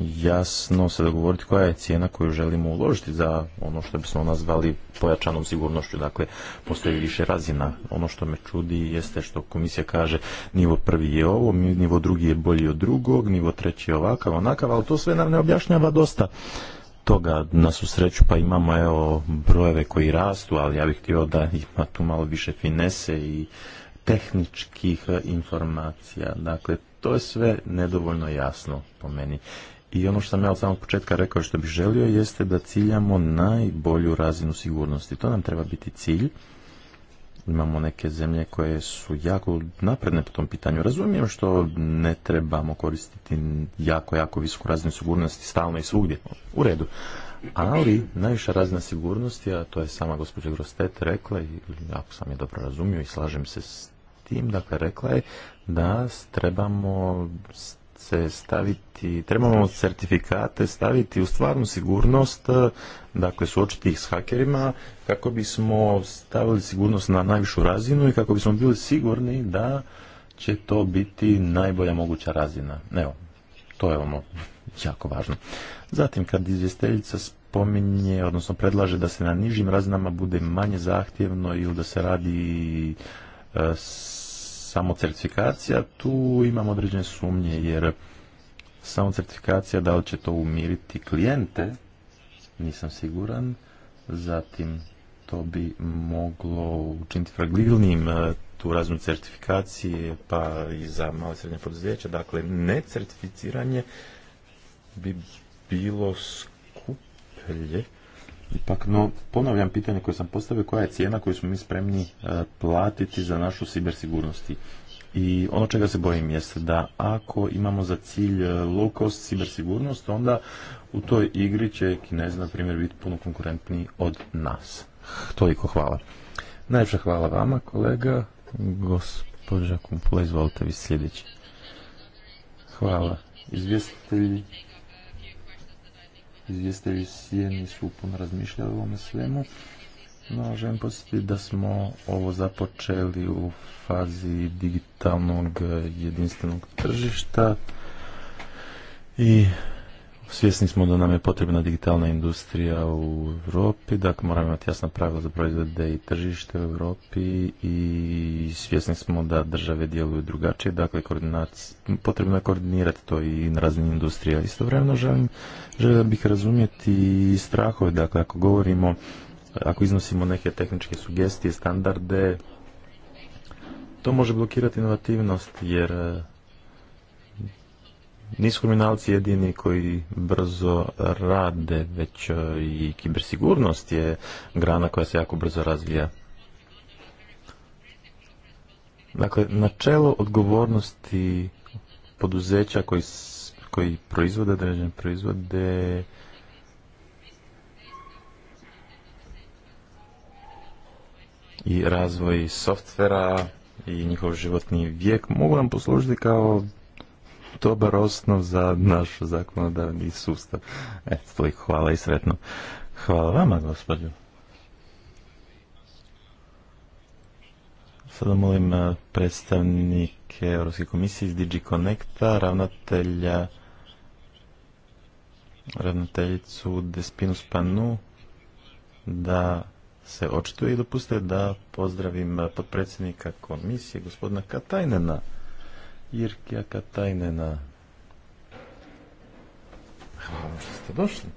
jasno se dogovoriti koja je cijena koju želimo uložiti za ono što bismo nazvali pojačanom sigurnošću. Dakle, postoji više razina. Ono što me čudi jeste što komisija kaže nivo prvi je ovo, nivo drugi je bolji od drugog, nivo treći je ovakav, onakav, ali to sve nam ne objašnjava dosta toga na susreću pa imamo evo brojeve koji rastu, ali ja bih htio da ima tu malo više finese i tehničkih informacija. Dakle, to je sve nedovoljno jasno po meni i ono što sam ja od samog početka rekao što bih želio jeste da ciljamo najbolju razinu sigurnosti. To nam treba biti cilj. Imamo neke zemlje koje su jako napredne po tom pitanju. Razumijem što ne trebamo koristiti jako, jako visoku razinu sigurnosti stalno i svugdje. U redu. Ali najviša razina sigurnosti, a to je sama gospođa Grostet rekla, i ako sam je dobro razumio i slažem se s tim, dakle rekla je da trebamo se staviti, trebamo certifikate staviti u stvarnu sigurnost, eh, dakle suočiti ih s hakerima, kako bismo stavili sigurnost na najvišu razinu i kako bismo bili sigurni da će to biti najbolja moguća razina. Evo, to je ono jako važno. Zatim, kad izvjesteljica spominje, odnosno predlaže da se na nižim razinama bude manje zahtjevno ili da se radi s eh, certifikacija, tu imam određene sumnje jer certifikacija, da li će to umiriti klijente, nisam siguran, zatim to bi moglo učiniti fragilnim, e, tu razinu certifikacije pa i za male srednje poduzeće, dakle necertificiranje bi bilo skuplje Ipak, no, ponavljam pitanje koje sam postavio, koja je cijena koju smo mi spremni e, platiti za našu sibersigurnosti? I ono čega se bojim jest da ako imamo za cilj e, low cost cibersigurnost, onda u toj igri će Kinez, na primjer, biti puno konkurentniji od nas. Toliko hvala. Najljepša hvala vama, kolega. Gospođa Kumpula, izvolite vi sljedeći. Hvala. Izvjestitelj vi sjeni su puno razmišljali o ovome svemu. No, želim da smo ovo započeli u fazi digitalnog jedinstvenog tržišta i Svjesni smo da nam je potrebna digitalna industrija u Europi, dakle moramo imati jasna pravila za proizvode i tržište u Europi i svjesni smo da države djeluju drugačije, dakle potrebno je koordinirati to i na razini industrija. Istovremeno želim, želim bih razumjeti strahove, dakle ako govorimo, ako iznosimo neke tehničke sugestije, standarde, to može blokirati inovativnost jer nisu kriminalci jedini koji brzo rade, već e, i kibersigurnost je grana koja se jako brzo razvija. Dakle, načelo odgovornosti poduzeća koji, koji proizvode određene proizvode i razvoj softvera i njihov životni vijek mogu nam poslužiti kao dobar osnov za naš zakonodavni sustav. eto hvala i sretno. Hvala vama, gospođo. Sada molim e, predstavnike Europske komisije iz Connecta, ravnatelja ravnateljicu Despinu Spanu da se očituje i dopuste da pozdravim e, potpredsjednika komisije gospodina Katajnena. Jirkija Katajnena. Hvala što ste došli.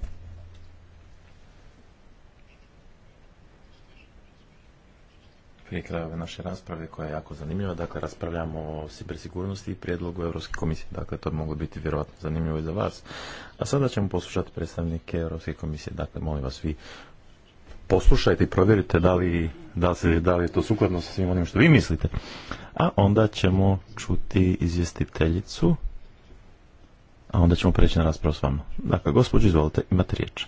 Prije kraja ove naše rasprave koja je jako zanimljiva, dakle raspravljamo o sigurnosti i prijedlogu Europske komisije. Dakle, to moglo biti vjerojatno zanimljivo i za vas. A sada ćemo poslušati predstavnike Europske komisije. Dakle, molim vas vi poslušajte i provjerite da li, da, se, da li je to sukladno sa svim onim što vi mislite. A onda ćemo čuti izvjestiteljicu, a onda ćemo preći na raspravu s vama. Dakle, gospođo, izvolite, imate riječ.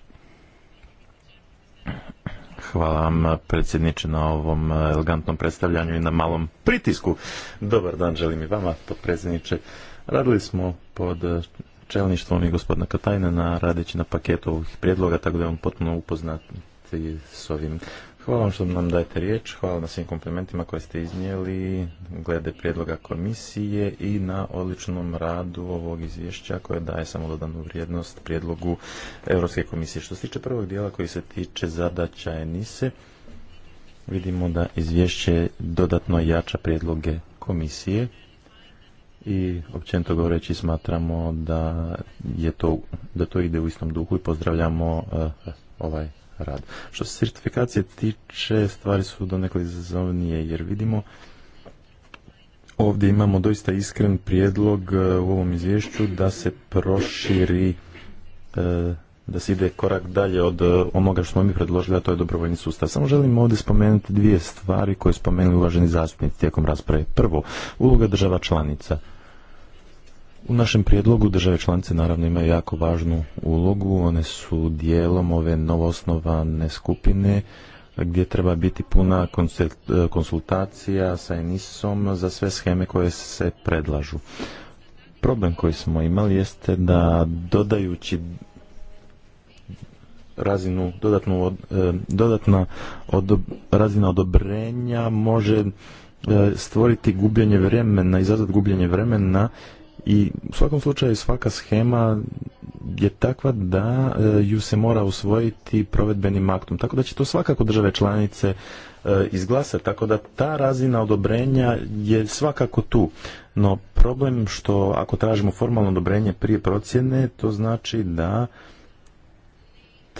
Hvala vam predsjedniče na ovom elegantnom predstavljanju i na malom pritisku. Dobar dan, želim i vama, potpredsjedniče. Radili smo pod čelništvom i gospodina Katajnena radeći na paketu ovih prijedloga, tako da je on potpuno upoznat i s ovim. Hvala vam što nam dajete riječ, hvala na svim komplementima koje ste iznijeli glede prijedloga komisije i na odličnom radu ovog izvješća koje daje samo dodanu vrijednost prijedlogu Europske komisije. Što se tiče prvog dijela koji se tiče zadaća ENISE, vidimo da izvješće dodatno jača prijedloge komisije i općenito govoreći smatramo da je to, da to ide u istom duhu i pozdravljamo eh, ovaj rad. Što se certifikacije tiče, stvari su donekle izazovnije jer vidimo ovdje imamo doista iskren prijedlog e, u ovom izvješću da se proširi e, da se ide korak dalje od e, onoga što smo mi predložili, a to je dobrovoljni sustav. Samo želim ovdje spomenuti dvije stvari koje je spomenuli uvaženi zastupnici tijekom rasprave. Prvo, uloga država članica. U našem prijedlogu države članice naravno imaju jako važnu ulogu, one su dijelom ove novoosnovane skupine gdje treba biti puna konsultacija sa ENIS-om za sve scheme koje se predlažu. Problem koji smo imali jeste da dodajući razinu dodatnu, e, dodatna razina odobrenja može e, stvoriti gubljenje vremena, izazvati gubljenje vremena i u svakom slučaju svaka schema je takva da e, ju se mora usvojiti provedbenim aktom. Tako da će to svakako države članice e, izglasa, tako da ta razina odobrenja je svakako tu. No problem što ako tražimo formalno odobrenje prije procjene, to znači da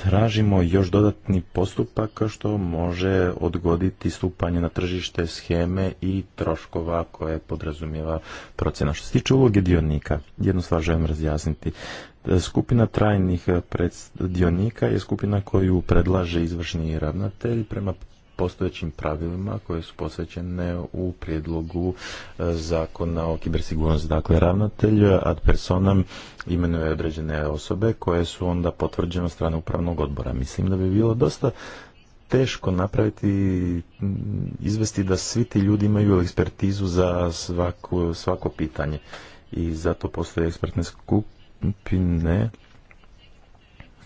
tražimo još dodatni postupak što može odgoditi stupanje na tržište scheme i troškova koje podrazumijeva procena. Što se tiče uloge dionika, jednu stvar želim razjasniti. Skupina trajnih dionika je skupina koju predlaže izvršni ravnatelj prema postojećim pravilima koje su posvećene u prijedlogu e, zakona o kibersigurnosti. Dakle, ravnatelj ad personam imenuje određene osobe koje su onda potvrđene od strane upravnog odbora. Mislim da bi bilo dosta teško napraviti, izvesti da svi ti ljudi imaju ekspertizu za svaku svako pitanje. I zato postoje ekspertne skupine.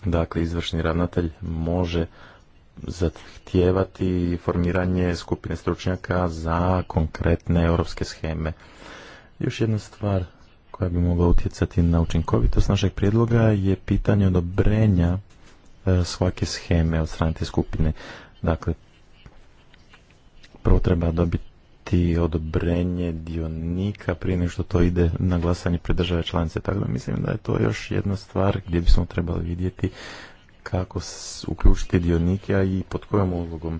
Dakle, izvršni ravnatelj može zahtijevati formiranje skupine stručnjaka za konkretne europske scheme. Još jedna stvar koja bi mogla utjecati na učinkovitost našeg prijedloga je pitanje odobrenja e, svake scheme od strane te skupine. Dakle, prvo treba dobiti odobrenje dionika prije nego što to ide na glasanje pred države članice. Tako da mislim da je to još jedna stvar gdje bismo trebali vidjeti kako uključiti dionike, a i pod kojom ulogom.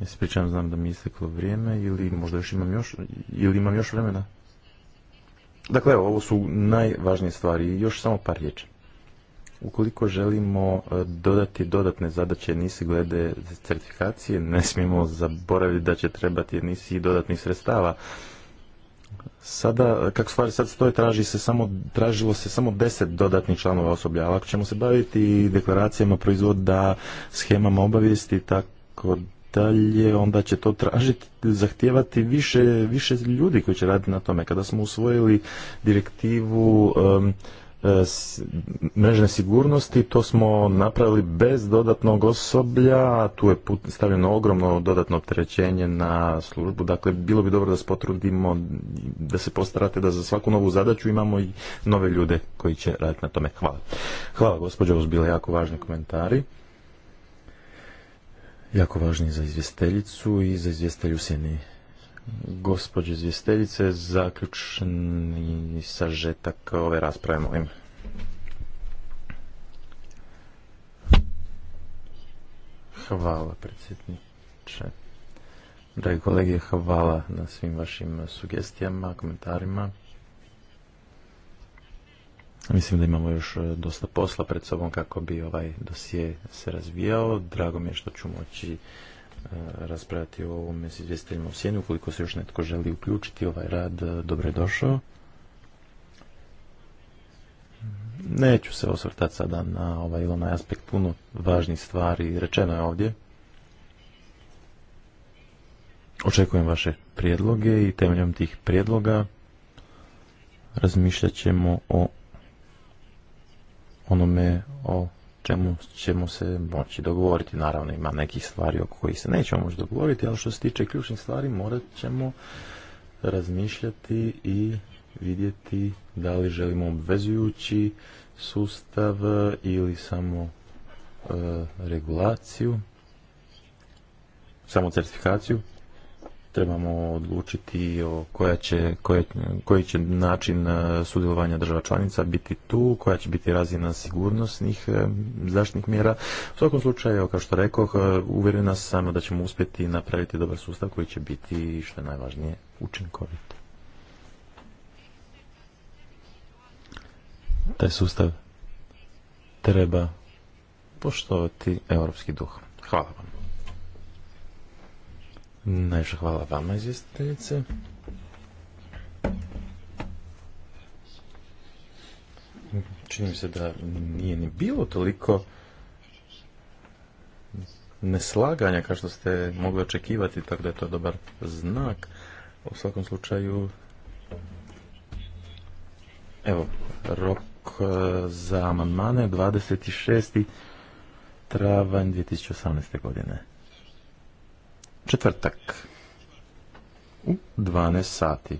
Ja se znam da mi je isteklo vrijeme ili možda još imam još, ili imam još vremena. Dakle, evo, ovo su najvažnije stvari i još samo par riječi. Ukoliko želimo e, dodati dodatne zadaće nisi glede certifikacije, ne smijemo zaboraviti da će trebati nisi dodatnih sredstava sada, kako stvari sad stoje, traži se samo, tražilo se samo deset dodatnih članova osoblja, ali ako ćemo se baviti deklaracijama proizvoda, schemama obavijesti i tako dalje, onda će to tražiti, zahtijevati više, više ljudi koji će raditi na tome. Kada smo usvojili direktivu E, mrežne sigurnosti, to smo napravili bez dodatnog osoblja, tu je stavljeno ogromno dodatno opterećenje na službu, dakle bilo bi dobro da se potrudimo, da se postarate da za svaku novu zadaću imamo i nove ljude koji će raditi na tome. Hvala. Hvala gospođo, ovo su bile jako važni komentari. Jako važni za izvjesteljicu i za izvjestelju Sjeni gospođe zaključen zaključni sažetak ove rasprave, molim. Hvala, predsjedniče. Dragi kolege, hvala na svim vašim sugestijama, komentarima. Mislim da imamo još e, dosta posla pred sobom kako bi ovaj dosije se razvijao. Drago mi je što ću moći E, raspravljati o ovome s izvjestiteljima u sjeni. Ukoliko se još netko želi uključiti ovaj rad, e, dobro je došao. Neću se osvrtati sada na ovaj ili onaj aspekt puno važnih stvari. Rečeno je ovdje. Očekujem vaše prijedloge i temeljem tih prijedloga razmišljat ćemo o onome o čemu ćemo se moći dogovoriti. Naravno ima nekih stvari oko kojih se nećemo moći dogovoriti, ali što se tiče ključnih stvari morat ćemo razmišljati i vidjeti da li želimo obvezujući sustav ili samo e, regulaciju, samo certifikaciju trebamo odlučiti o koja će, koji će način e, sudjelovanja država članica biti tu, koja će biti razina sigurnosnih e, zaštitnih mjera. U svakom slučaju, kao što rekoh, e, uvjerena sam da ćemo uspjeti napraviti dobar sustav koji će biti, što je najvažnije, učinkovit. Taj sustav treba poštovati europski duh. Hvala vam. Najviše hvala vama, izvjestiteljice. Čini mi se da nije ni bilo toliko neslaganja kao što ste mogli očekivati, tako da je to dobar znak. U svakom slučaju, evo, rok e, za amandmane 26. travanj 2018. godine četvrtak u 12 sati.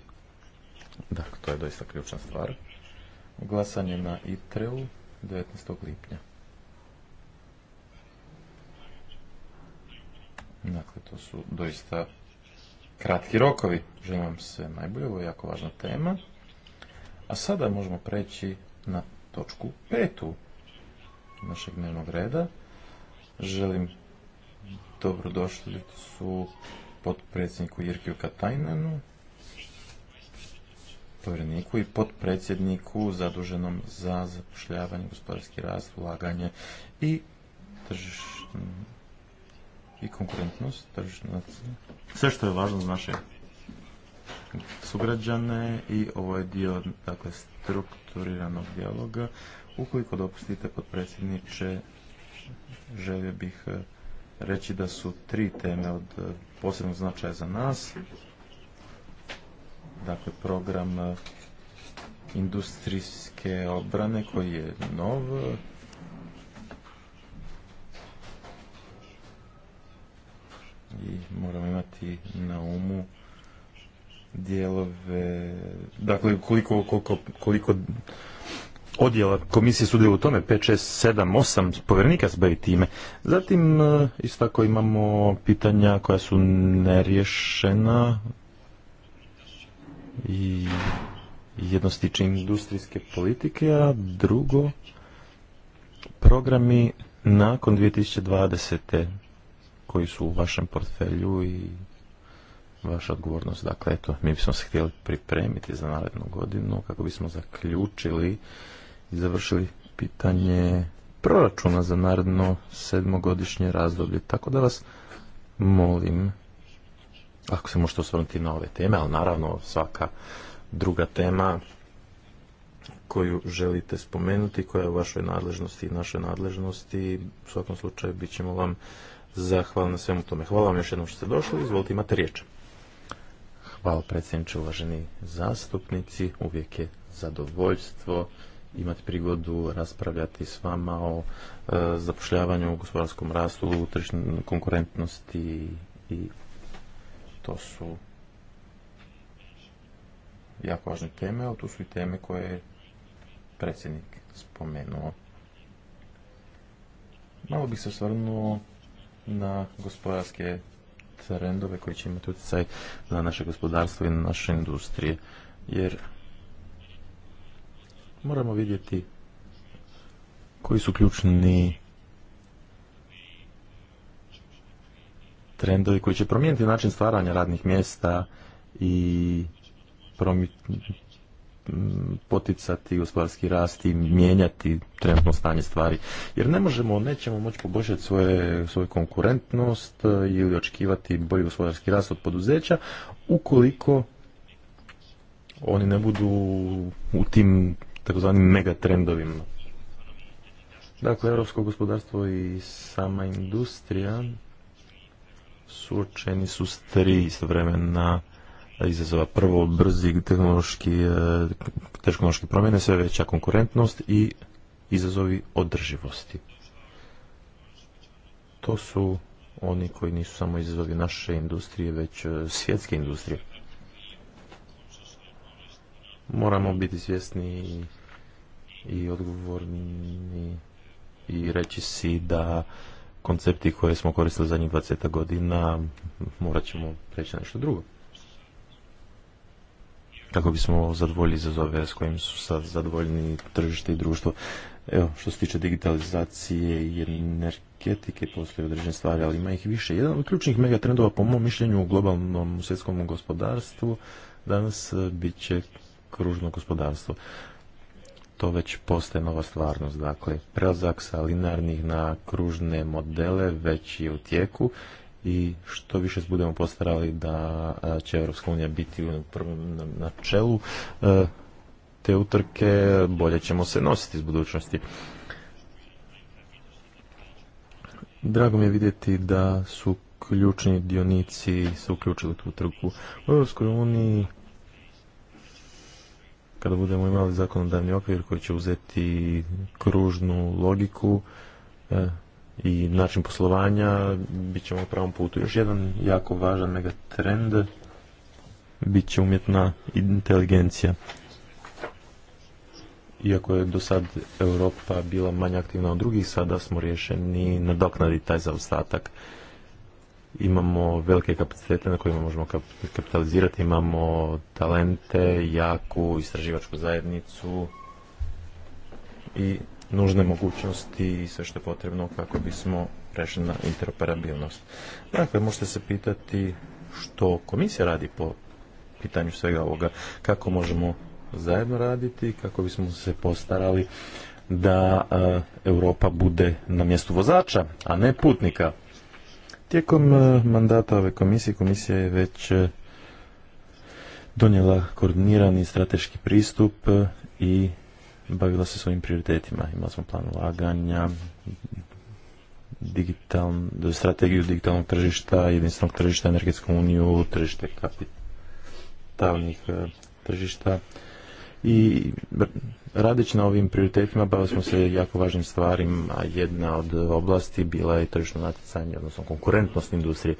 Dakle, to je doista ključna stvar. Glasanje na ITREU 19. lipnja. Dakle, to su doista kratki rokovi. Želim vam se najbolje, ovo je jako važna tema. A sada možemo preći na točku petu našeg dnevnog reda. Želim dobrodošli su potpredsjedniku Jirkiju Katajnenu, povjereniku i potpredsjedniku zaduženom za zapošljavanje, gospodarski rast, ulaganje i i konkurentnost sve što je važno za naše sugrađane i ovo je dio dakle, strukturiranog dijaloga. Ukoliko dopustite potpredsjedniče, želio bih reći da su tri teme od posebnog značaja za nas. Dakle, program e, industrijske obrane koji je nov. I moramo imati na umu dijelove, dakle koliko, koliko, koliko odjela komisije sudjeluje u tome, 5, 6, 7, 8 povjerenika se bavi time. Zatim, e, isto tako imamo pitanja koja su nerješena i jednostične industrijske politike, a drugo programi nakon 2020. koji su u vašem portfelju i vaša odgovornost. Dakle, eto, mi bismo se htjeli pripremiti za narednu godinu kako bismo zaključili i završili pitanje proračuna za naredno sedmogodišnje razdoblje. Tako da vas molim, ako se možete osvrnuti na ove teme, ali naravno svaka druga tema koju želite spomenuti, koja je u vašoj nadležnosti i našoj nadležnosti, u svakom slučaju bit ćemo vam zahvalni na svemu tome. Hvala vam još jednom što ste došli, izvolite imate riječ. Hvala predsjedniče, uvaženi zastupnici, uvijek je zadovoljstvo imati prigodu raspravljati s vama o e, zapošljavanju, gospodarskom rastu, konkurentnosti i to su jako važne teme, ali to su i teme koje je predsjednik spomenuo. Malo bih se osvrnuo na gospodarske trendove koji će imati utjecaj na naše gospodarstvo i na naše industrije, jer Moramo vidjeti koji su ključni trendovi koji će promijeniti način stvaranja radnih mjesta i poticati gospodarski rast i mijenjati trenutno stanje stvari. Jer ne možemo, nećemo moći poboljšati svoje, svoju konkurentnost ili očekivati bolji gospodarski rast od poduzeća ukoliko oni ne budu u tim takozvanim megatrendovima. Dakle, europsko gospodarstvo i sama industrija suočeni su s tri istovremena izazova. Prvo, brzi tehnološki, e, tehnološki promjene, sve veća konkurentnost i izazovi održivosti. To su oni koji nisu samo izazovi naše industrije, već e, svjetske industrije. Moramo biti svjesni i odgovorni i reći si da koncepti koje smo koristili zadnjih 20 godina morat ćemo preći nešto drugo. Kako bismo zadovoljili izazove s kojim su sad zadovoljni tržište i društvo. Evo, što se tiče digitalizacije i energetike, postoje određene stvari, ali ima ih više. Jedan od ključnih megatrendova, po mom mišljenju, u globalnom svjetskom gospodarstvu danas bit će kružno gospodarstvo to već postaje nova stvarnost. Dakle, prelazak sa linarnih na kružne modele već je u tijeku i što više budemo postarali da će Europska unija biti u prvom na čelu te utrke, bolje ćemo se nositi iz budućnosti. Drago mi je vidjeti da su ključni dionici se uključili u tu trku. U Europskoj uniji kada budemo imali zakonodavni okvir koji će uzeti kružnu logiku e, i način poslovanja, bit ćemo u pravom putu. Još jedan jako važan megatrend bit će umjetna inteligencija. Iako je do sad Europa bila manje aktivna od drugih, sada smo rješeni nadoknaditi taj zaostatak imamo velike kapacitete na kojima možemo kapitalizirati, imamo talente, jaku istraživačku zajednicu i nužne mogućnosti i sve što je potrebno kako bismo prešli na interoperabilnost. Dakle, možete se pitati što komisija radi po pitanju svega ovoga, kako možemo zajedno raditi, kako bismo se postarali da e, Europa bude na mjestu vozača, a ne putnika. Tijekom eh, mandata ove komisije, komisija je već eh, donijela koordinirani strateški pristup eh, i bavila se svojim prioritetima. Imali smo plan ulaganja, strategiju digitalnog tržišta, jedinstvenog tržišta, energetsku uniju, tržište kapitalnih tržišta, i radeći na ovim prioritetima bavili smo se jako važnim stvarima. Jedna od oblasti bila je tržišno natjecanje, odnosno konkurentnost industrije.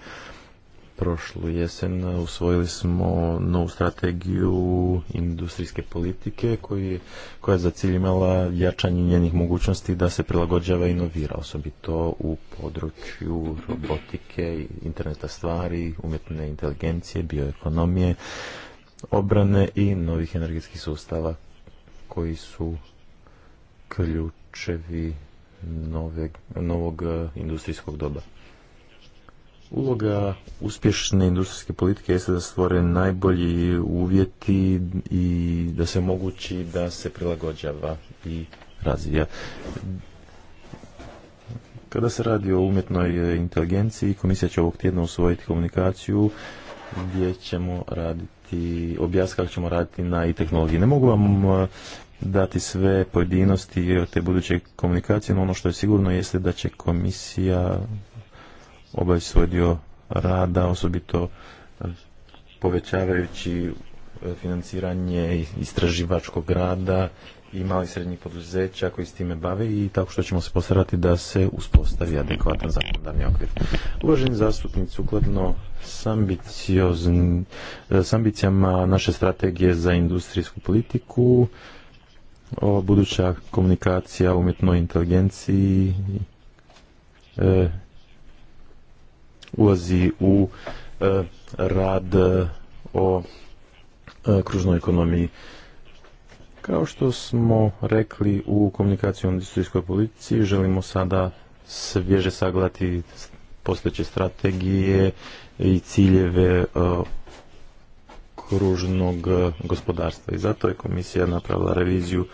Prošlu jesen usvojili smo novu strategiju industrijske politike koja je za cilj imala jačanje njenih mogućnosti da se prilagođava i inovira, osobito u području robotike, interneta stvari, umjetne inteligencije, bioekonomije, obrane i novih energetskih sustava koji su ključevi novog e, industrijskog doba. Uloga uspješne industrijske politike jeste da stvore najbolji uvjeti i da se mogući da se prilagođava i razvija. Kada se radi o umjetnoj inteligenciji, komisija će ovog tjedna usvojiti komunikaciju gdje ćemo raditi i objasniti kako ćemo raditi na i tehnologiji. Ne mogu vam uh, dati sve pojedinosti te buduće komunikacije, no ono što je sigurno jeste da će komisija obaviti svoj dio rada, osobito povećavajući financiranje istraživačkog rada i malih srednjih poduzeća koji s time bave i tako što ćemo se postarati da se uspostavi adekvatan zakonodavni okvir. Uvaženi zastupnici, sukladno s, ambicijama naše strategije za industrijsku politiku, ova buduća komunikacija umjetnoj inteligenciji e, ulazi u e, rad o e, kružnoj ekonomiji. Kao što smo rekli u komunikaciji o industrijskoj politici, želimo sada svježe sagledati postojeće strategije i ciljeve e, kružnog gospodarstva. I zato je komisija napravila reviziju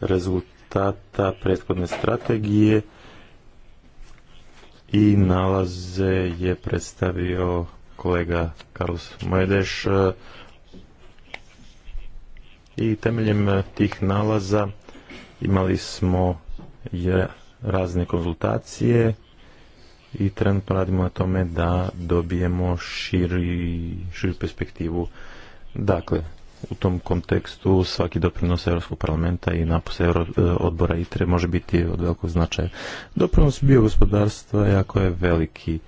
rezultata prethodne strategije i nalaze je predstavio kolega Carlos Moedeš i temeljem e, tih nalaza imali smo razne konzultacije i trenutno radimo na tome da dobijemo širi, širu perspektivu. Dakle, u tom kontekstu svaki doprinos Europskog parlamenta i napose Euro, e, odbora ITRE može biti od velikog značaja. Doprinos biogospodarstva jako je veliki.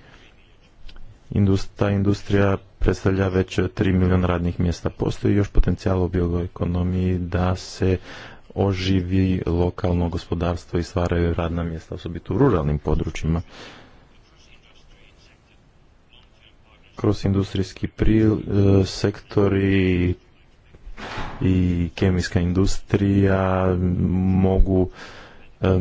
Indust, ta industrija predstavlja već 3 milijuna radnih mjesta. Postoji još potencijal u ekonomiji da se oživi lokalno gospodarstvo i stvaraju radna mjesta, osobito u ruralnim područjima. Kroz industrijski sektor sektori i kemijska industrija mogu e,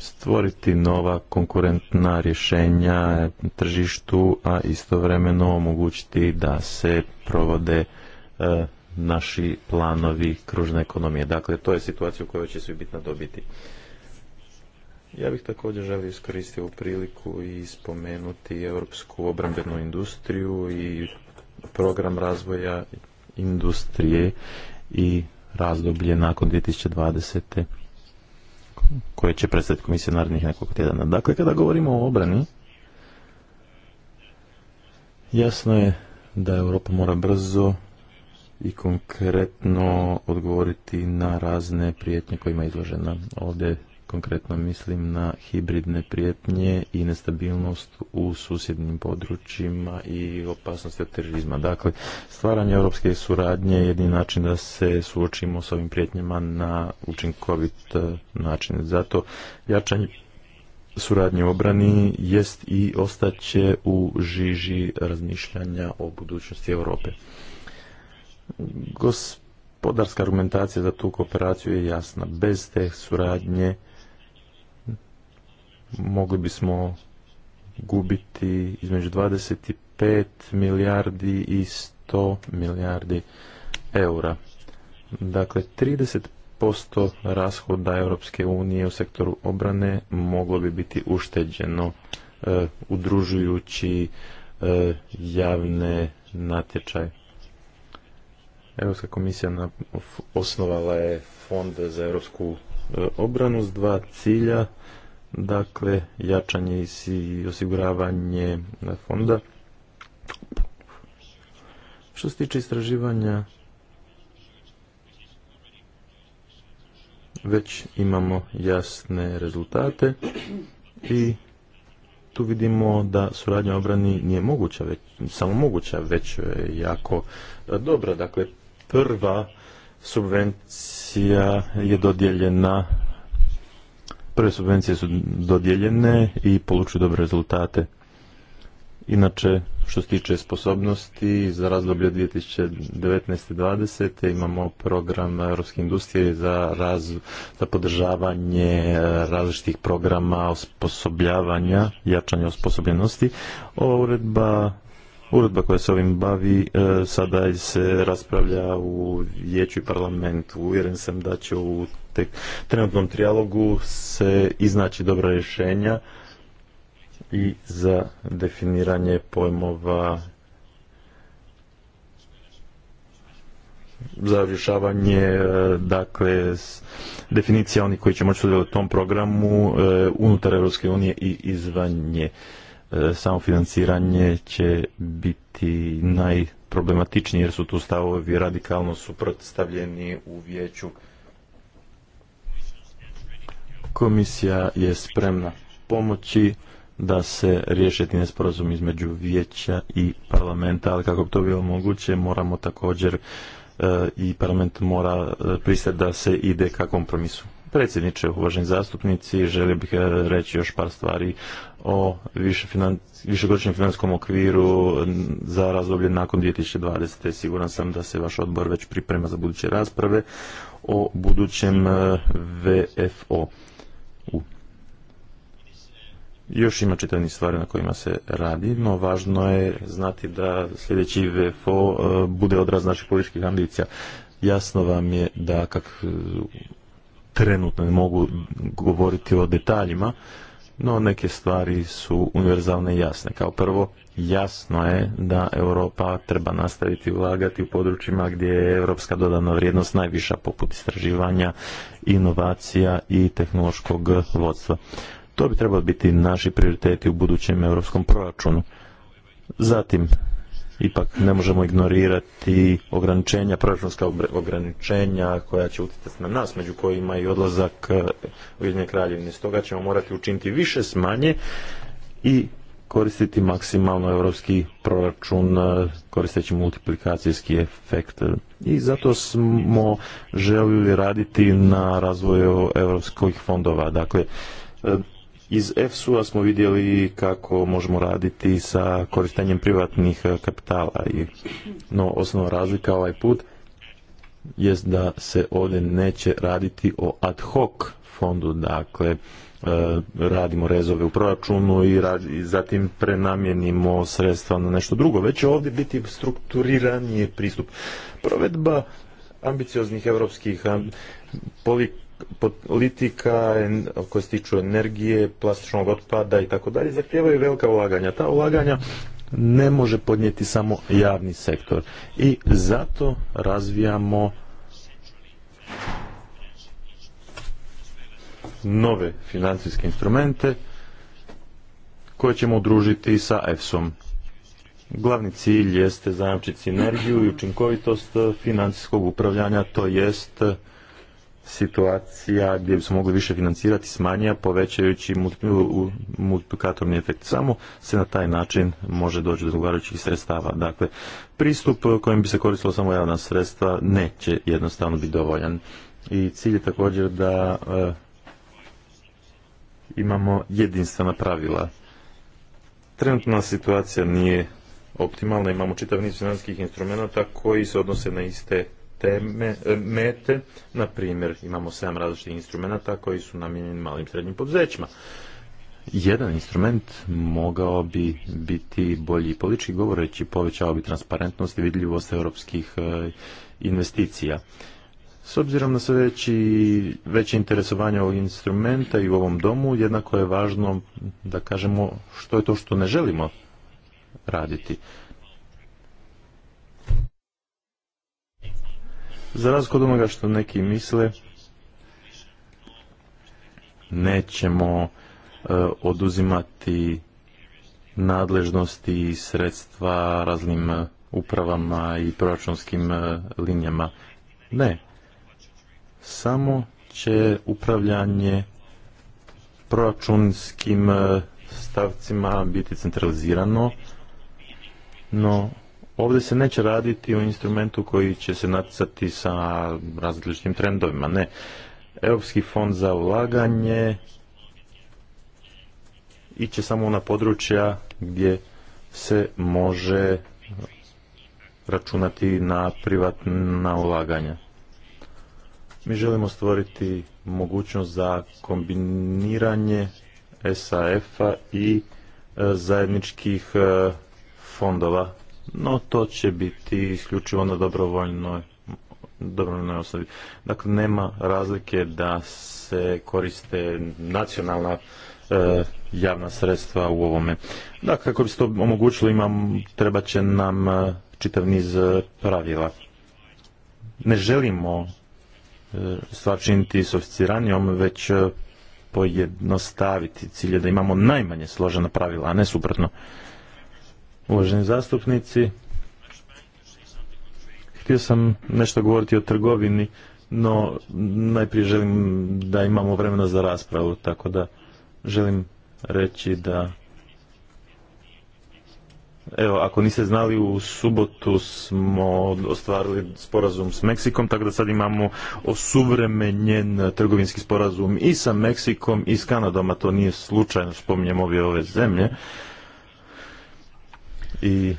stvoriti nova konkurentna rješenja tržištu, a istovremeno omogućiti da se provode e, naši planovi kružne ekonomije. Dakle, to je situacija u kojoj će svi bitno dobiti. Ja bih također želio iskoristiti ovu priliku i spomenuti europsku obrambenu industriju i program razvoja industrije i razdoblje nakon 2020 koje će predstaviti komisija narednih nekoliko tjedana. Dakle, kada govorimo o obrani, jasno je da Europa mora brzo i konkretno odgovoriti na razne prijetnje kojima je izložena. Ovdje konkretno mislim na hibridne prijetnje i nestabilnost u susjednim područjima i opasnosti od terorizma. Dakle, stvaranje europske suradnje je jedini način da se suočimo s ovim prijetnjama na učinkovit e, način. Zato jačanje suradnje u obrani jest i ostaće u žiži razmišljanja o budućnosti Europe. Gospodarska argumentacija za tu kooperaciju je jasna. Bez te suradnje mogli bismo gubiti između 25 milijardi i 100 milijardi eura. Dakle, 30% rashoda Europske unije u sektoru obrane moglo bi biti ušteđeno e, udružujući e, javne natječaje. Europska komisija osnovala je fond za europsku e, obranu s dva cilja dakle jačanje i osiguravanje fonda. Što se tiče istraživanja, već imamo jasne rezultate i tu vidimo da suradnja obrani nije moguća, već, samo moguća, već je jako dobra. Dakle, prva subvencija je dodijeljena prve subvencije su dodijeljene i polučuju dobre rezultate. Inače, što se tiče sposobnosti, za razdoblje 2019-2020 imamo program Europske industrije za, za podržavanje e, različitih programa osposobljavanja, jačanja osposobljenosti. Ova uredba Uredba koja se ovim bavi e, sada se raspravlja u vijeću i parlamentu. Uvjeren sam da će u trenutnom trijalogu se iznaći dobra rješenja i za definiranje pojmova za rješavanje e, dakle definicija onih koji će moći sudjelovati u tom programu e, unutar Europske unije i izvan E, samofinanciranje će biti najproblematičnije jer su tu stavovi radikalno suprotstavljeni u vijeću. Komisija je spremna pomoći da se riješe ti nesporazum između vijeća i parlamenta, ali kako bi to bilo moguće moramo također e, i parlament mora e, pristati da se ide ka kompromisu predsjedniče, uvaženi zastupnici, želio bih e, reći još par stvari o višegodišnjem financijskom okviru za razdoblje nakon 2020. Siguran sam da se vaš odbor već priprema za buduće rasprave o budućem e, VFO. Još ima čitavni stvari na kojima se radi, no važno je znati da sljedeći VFO e, bude odraz naših političkih ambicija. Jasno vam je da kak, trenutno ne mogu govoriti o detaljima, no neke stvari su univerzalne i jasne. Kao prvo, jasno je da Europa treba nastaviti ulagati u područjima gdje je europska dodana vrijednost najviša poput istraživanja, inovacija i tehnološkog vodstva. To bi trebalo biti naši prioriteti u budućem europskom proračunu. Zatim, ipak ne možemo ignorirati ograničenja, proračunska ograničenja koja će utjecati na nas, među kojima i odlazak e, Ujedinje kraljevine. Stoga ćemo morati učiniti više smanje i koristiti maksimalno europski proračun e, koristeći multiplikacijski efekt. I zato smo željeli raditi na razvoju europskih fondova. Dakle, e, iz EFSU-a smo vidjeli kako možemo raditi sa korištenjem privatnih e, kapitala. I, no, osnovna razlika ovaj put jest da se ovdje neće raditi o ad hoc fondu, dakle e, radimo rezove u proračunu i, zatim prenamjenimo sredstva na nešto drugo, već će ovdje biti strukturiranije pristup. Provedba ambicioznih europskih politika politika koje se tiču energije, plastičnog otpada i tako dalje, zahtijevaju velika ulaganja. Ta ulaganja ne može podnijeti samo javni sektor. I zato razvijamo nove financijske instrumente koje ćemo udružiti sa EFSom. Glavni cilj jeste zajamčiti sinergiju i učinkovitost financijskog upravljanja, to jest situacija gdje bi se mogli više financirati smanja povećajući multiplikatorni efekt. Samo se na taj način može doći do odgovarajućih sredstava. Dakle, pristup kojim bi se koristilo samo javna sredstva neće jednostavno biti dovoljan. I cilj je također da eh, imamo jedinstvena pravila. Trenutna situacija nije optimalna, imamo čitav niz financijskih instrumenta koji se odnose na iste teme, e, mete. Na primjer, imamo sedam različitih instrumenta koji su namijenjeni malim i srednjim poduzećima. Jedan instrument mogao bi biti bolji politički govoreći, povećao bi transparentnost i vidljivost europskih e, investicija. S obzirom na sve veći, veće interesovanje ovog instrumenta i u ovom domu, jednako je važno da kažemo što je to što ne želimo raditi. Za razliku od onoga što neki misle, nećemo e, oduzimati nadležnosti i sredstva raznim e, upravama i proračunskim e, linijama. Ne. Samo će upravljanje proračunskim stavcima biti centralizirano, no Ovdje se neće raditi o instrumentu koji će se natjecati sa različitim trendovima, ne. Europski fond za ulaganje iće samo na područja gdje se može računati na privatna ulaganja. Mi želimo stvoriti mogućnost za kombiniranje SAF-a i e, zajedničkih e, fondova no to će biti isključivo na dobrovoljnoj dobrovoljnoj osnovi. Dakle, nema razlike da se koriste nacionalna e, javna sredstva u ovome. Dakle, kako bi se to omogućilo, imam, treba će nam e, čitav niz e, pravila. Ne želimo stvar činiti sofisticiranijom, već pojednostaviti cilje da imamo najmanje složena pravila, a ne suprotno uvaženi zastupnici. Htio sam nešto govoriti o trgovini, no najprije želim da imamo vremena za raspravu, tako da želim reći da Evo, ako niste znali, u subotu smo ostvarili sporazum s Meksikom, tako da sad imamo osuvremenjen trgovinski sporazum i sa Meksikom i s Kanadom, a to nije slučajno, spominjem ove ove zemlje i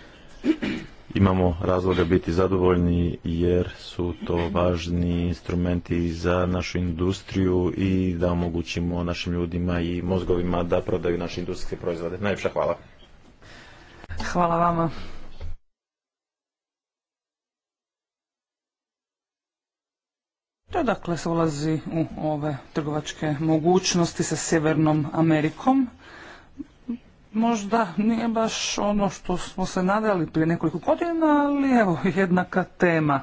imamo razloga biti zadovoljni jer su to važni instrumenti za našu industriju i da omogućimo našim ljudima i mozgovima da prodaju naše industrijske proizvode. Najljepša hvala. Hvala vama. To dakle se ulazi u ove trgovačke mogućnosti sa Sjevernom Amerikom možda nije baš ono što smo se nadali prije nekoliko godina, ali evo, jednaka tema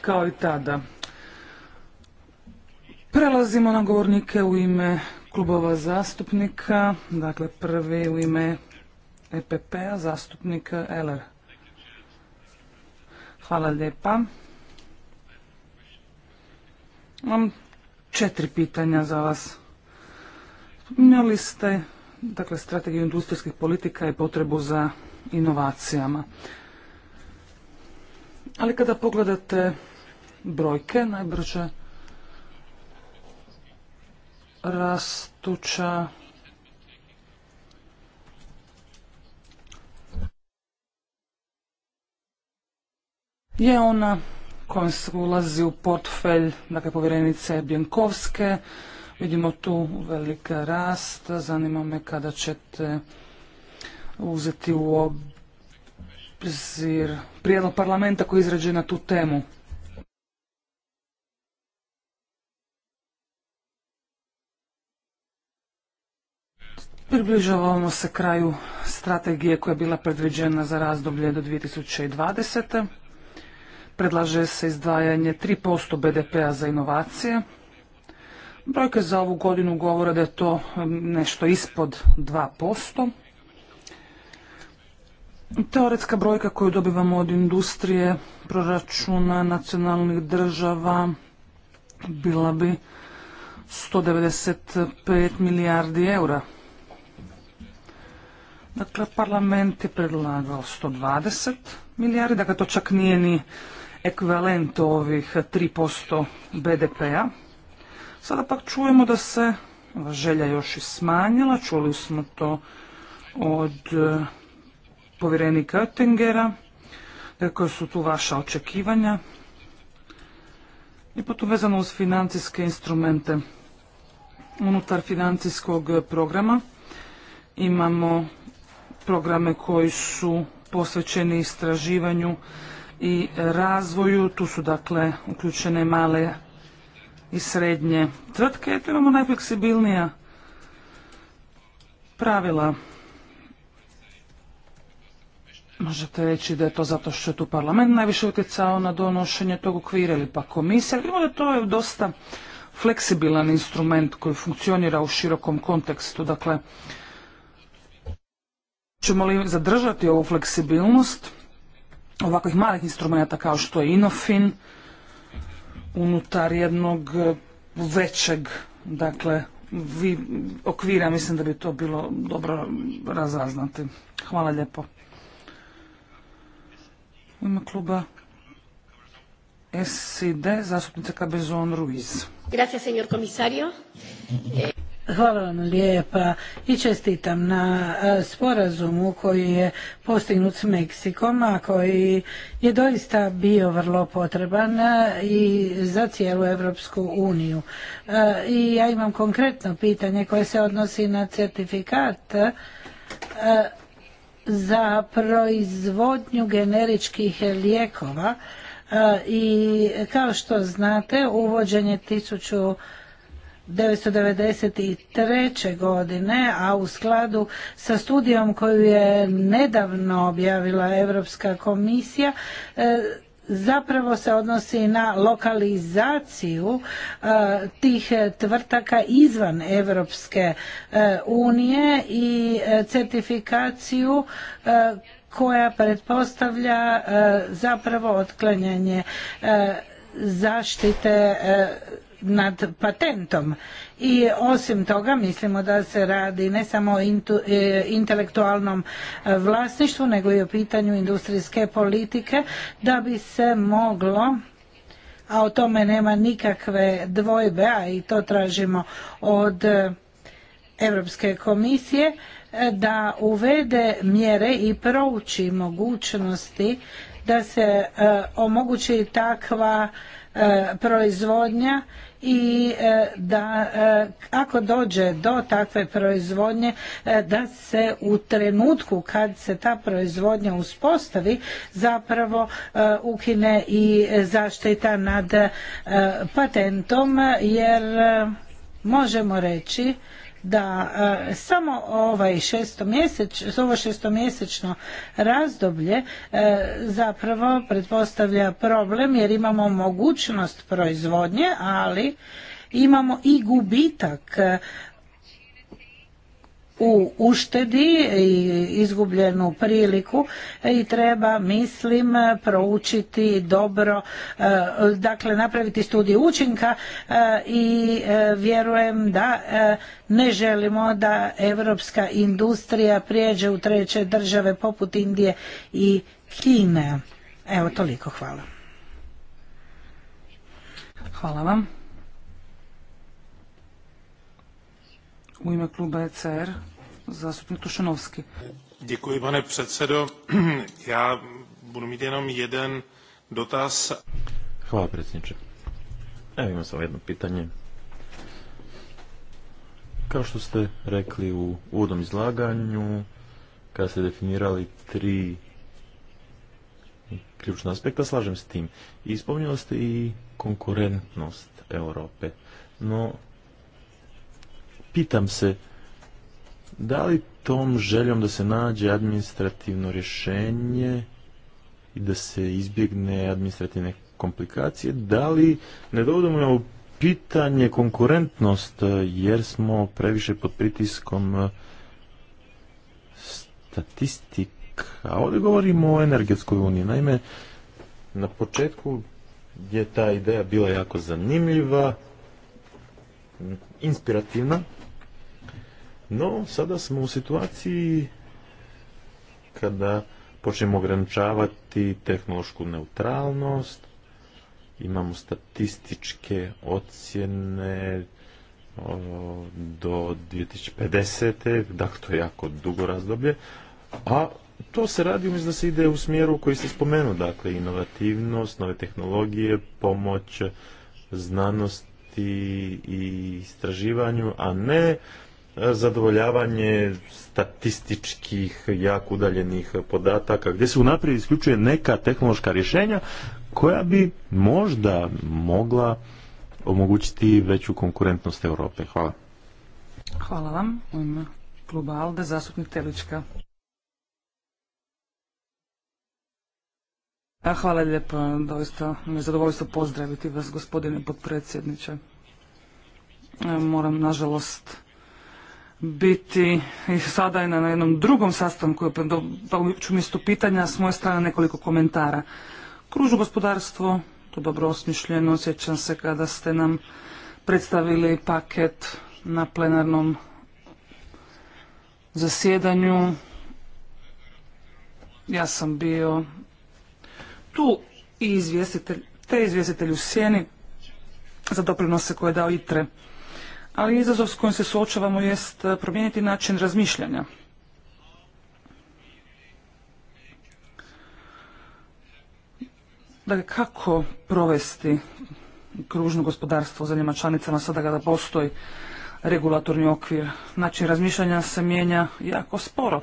kao i tada. Prelazimo na govornike u ime klubova zastupnika. Dakle, prvi u ime EPP-a, zastupnik Eler. Hvala lijepa. Imam četiri pitanja za vas. Mjeli ste dakle, strategiju industrijskih politika i potrebu za inovacijama. Ali kada pogledate brojke, najbrže rastuća je ona kojom se ulazi u portfelj dakle, povjerenice Bjenkovske, Vidimo tu velik rast. Zanima me kada ćete uzeti u obzir prijedlog parlamenta koji je na tu temu. Približavamo se kraju strategije koja je bila predviđena za razdoblje do 2020. Predlaže se izdvajanje 3% BDP-a za inovacije. Brojke za ovu godinu govore da je to um, nešto ispod 2%. Teoretska brojka koju dobivamo od industrije, proračuna, nacionalnih država, bila bi 195 milijardi eura. Dakle, parlament je predlagao 120 milijardi, dakle to čak nije ni ekvivalent ovih 3% BDP-a. Sada pak čujemo da se ova želja još i smanjila, čuli smo to od e, povjerenika Oettingera, e, koje su tu vaša očekivanja i potom vezano uz financijske instrumente. Unutar financijskog programa imamo programe koji su posvećeni istraživanju i razvoju. Tu su dakle uključene male i srednje tvrtke. Tu imamo najfleksibilnija pravila. Možete reći da je to zato što je tu parlament najviše utjecao na donošenje tog okvira ili pa komisija. Vidimo da to je dosta fleksibilan instrument koji funkcionira u širokom kontekstu. Dakle, ćemo li zadržati ovu fleksibilnost ovakvih malih instrumenta kao što je Inofin, unutar jednog e, većeg dakle vi, okvira mislim da bi to bilo dobro razaznati. Hvala lijepo. U ime kluba SID, zastupnica Cabezon Ruiz. Gracias, señor comisario. Hvala vam lijepa i čestitam na e, sporazumu koji je postignut s Meksikom, a koji je doista bio vrlo potreban e, i za cijelu Europsku uniju. E, I ja imam konkretno pitanje koje se odnosi na certifikat za proizvodnju generičkih lijekova i kao što znate uvođenje tisuću 1993. godine, a u skladu sa studijom koju je nedavno objavila Europska komisija, e, zapravo se odnosi na lokalizaciju e, tih tvrtaka izvan Europske e, unije i certifikaciju koja pretpostavlja zapravo otklanjanje zaštite nad patentom i osim toga mislimo da se radi ne samo o e, intelektualnom e, vlasništvu nego i o pitanju industrijske politike da bi se moglo a o tome nema nikakve dvojbe a i to tražimo od Europske komisije e, da uvede mjere i prouči mogućnosti da se omogući takva proizvodnja i e, da e, ako dođe do takve proizvodnje e, da se u trenutku kad se ta proizvodnja uspostavi zapravo ukine i zaštita nad patentom jer možemo reći da e, samo ovaj ovo šestomjesečno razdoblje e, zapravo pretpostavlja problem jer imamo mogućnost proizvodnje, ali imamo i gubitak u uštedi i izgubljenu priliku i treba mislim proučiti dobro eh, dakle napraviti studiju učinka eh, i eh, vjerujem da ne želimo da europska industrija prijeđe u treće države poput Indije i Kine. Evo toliko hvala. Hvala vam. u ime kluba ECR, zastupnik Tušanovski. Děkuji, pane predsedo. Ja budu mít jenom jeden dotaz. Hvala, predsjedniče. Evo imam samo jedno pitanje. Kao što ste rekli u uvodnom izlaganju, kada ste definirali tri ključna aspekta, slažem s tim. I spominjali ste i konkurentnost Europe. No, pitam se da li tom željom da se nađe administrativno rješenje i da se izbjegne administrativne komplikacije, da li ne dovodimo u pitanje konkurentnost eh, jer smo previše pod pritiskom eh, statistik, a ovdje govorimo o energetskoj uniji. Naime, na početku je ta ideja bila jako zanimljiva, inspirativna, no, sada smo u situaciji kada počnemo ograničavati tehnološku neutralnost, imamo statističke ocjene do 2050. Dakle, to je jako dugo razdoblje. A to se radi umjesto da se ide u smjeru koji ste spomenu dakle inovativnost, nove tehnologije, pomoć znanosti i istraživanju, a ne zadovoljavanje statističkih jako udaljenih podataka gdje se unaprijed isključuje neka tehnološka rješenja koja bi možda mogla omogućiti veću konkurentnost Europe. Hvala. Hvala vam. U ime kluba Alde, zastupnik Telička. Hvala lijepa, doista me zadovoljstvo pozdraviti vas gospodine podpredsjedniče. E, moram nažalost biti i sada je na jednom drugom sastanku, pa, pa ću mjesto pitanja s moje strane nekoliko komentara. Kružno gospodarstvo, to dobro osmišljeno, sjećam se kada ste nam predstavili paket na plenarnom zasjedanju. Ja sam bio tu i izvjestitelj, te izvjestitelj u sjeni za doprinose koje je dao ITRE ali izazov s kojim se suočavamo jest e, promijeniti način razmišljanja. Dakle, kako provesti kružno gospodarstvo za zemljama članicama sada kada postoji regulatorni okvir? Način razmišljanja se mijenja jako sporo.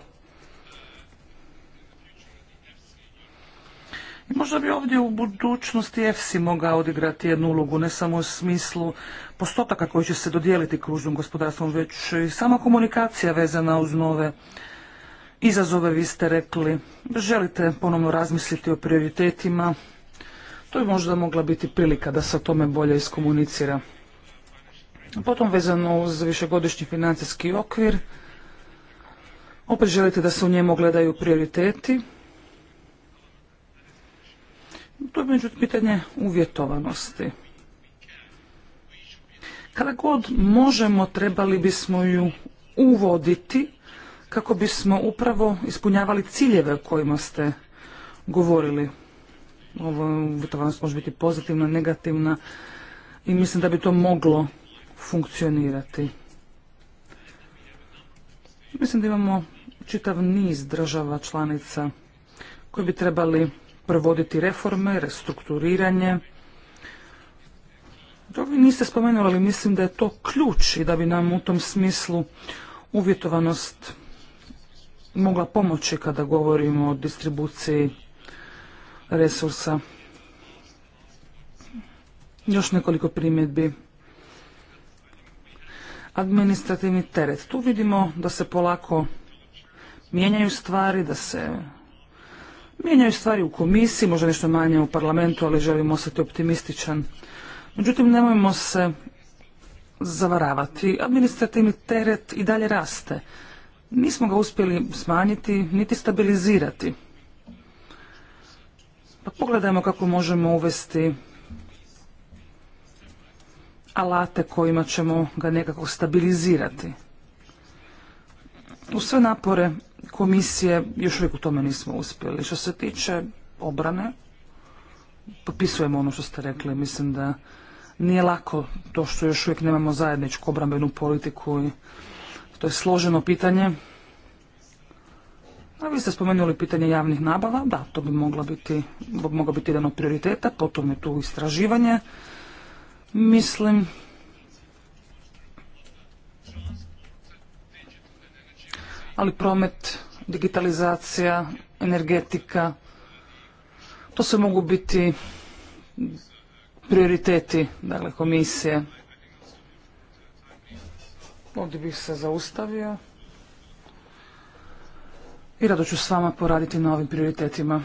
Možda bi ovdje u budućnosti EFSI mogao odigrati jednu ulogu, ne samo u smislu postotaka koji će se dodijeliti kružnom gospodarstvom, već i sama komunikacija vezana uz nove izazove, vi ste rekli. Želite ponovno razmisliti o prioritetima. To bi možda mogla biti prilika da se o tome bolje iskomunicira. Potom vezano uz višegodišnji financijski okvir, opet želite da se u njemu gledaju prioriteti, to je međutim pitanje uvjetovanosti. Kada god možemo, trebali bismo ju uvoditi kako bismo upravo ispunjavali ciljeve o kojima ste govorili. Ovo uvjetovanost može biti pozitivna, negativna i mislim da bi to moglo funkcionirati. Mislim da imamo čitav niz država članica koji bi trebali provoditi reforme, restrukturiranje. To vi niste spomenuli, ali mislim da je to ključ i da bi nam u tom smislu uvjetovanost mogla pomoći kada govorimo o distribuciji resursa. Još nekoliko primjedbi. Administrativni teret. Tu vidimo da se polako mijenjaju stvari, da se Mijenjaju stvari u komisiji, možda nešto manje u parlamentu, ali želimo ostati optimističan. Međutim, nemojmo se zavaravati. Administrativni teret i dalje raste. Nismo ga uspjeli smanjiti, niti stabilizirati. Pa pogledajmo kako možemo uvesti alate kojima ćemo ga nekako stabilizirati. U sve napore komisije još uvijek u tome nismo uspjeli. Što se tiče obrane, popisujemo ono što ste rekli. Mislim da nije lako to što još uvijek nemamo zajedničku obrambenu politiku i to je složeno pitanje. A vi ste spomenuli pitanje javnih nabava, da, to bi mogla biti, mogao biti jedan od prioriteta, potom je tu istraživanje. Mislim ali promet, digitalizacija, energetika, to sve mogu biti prioriteti dakle, komisije. Ovdje bih se zaustavio i rado ću s vama poraditi na ovim prioritetima.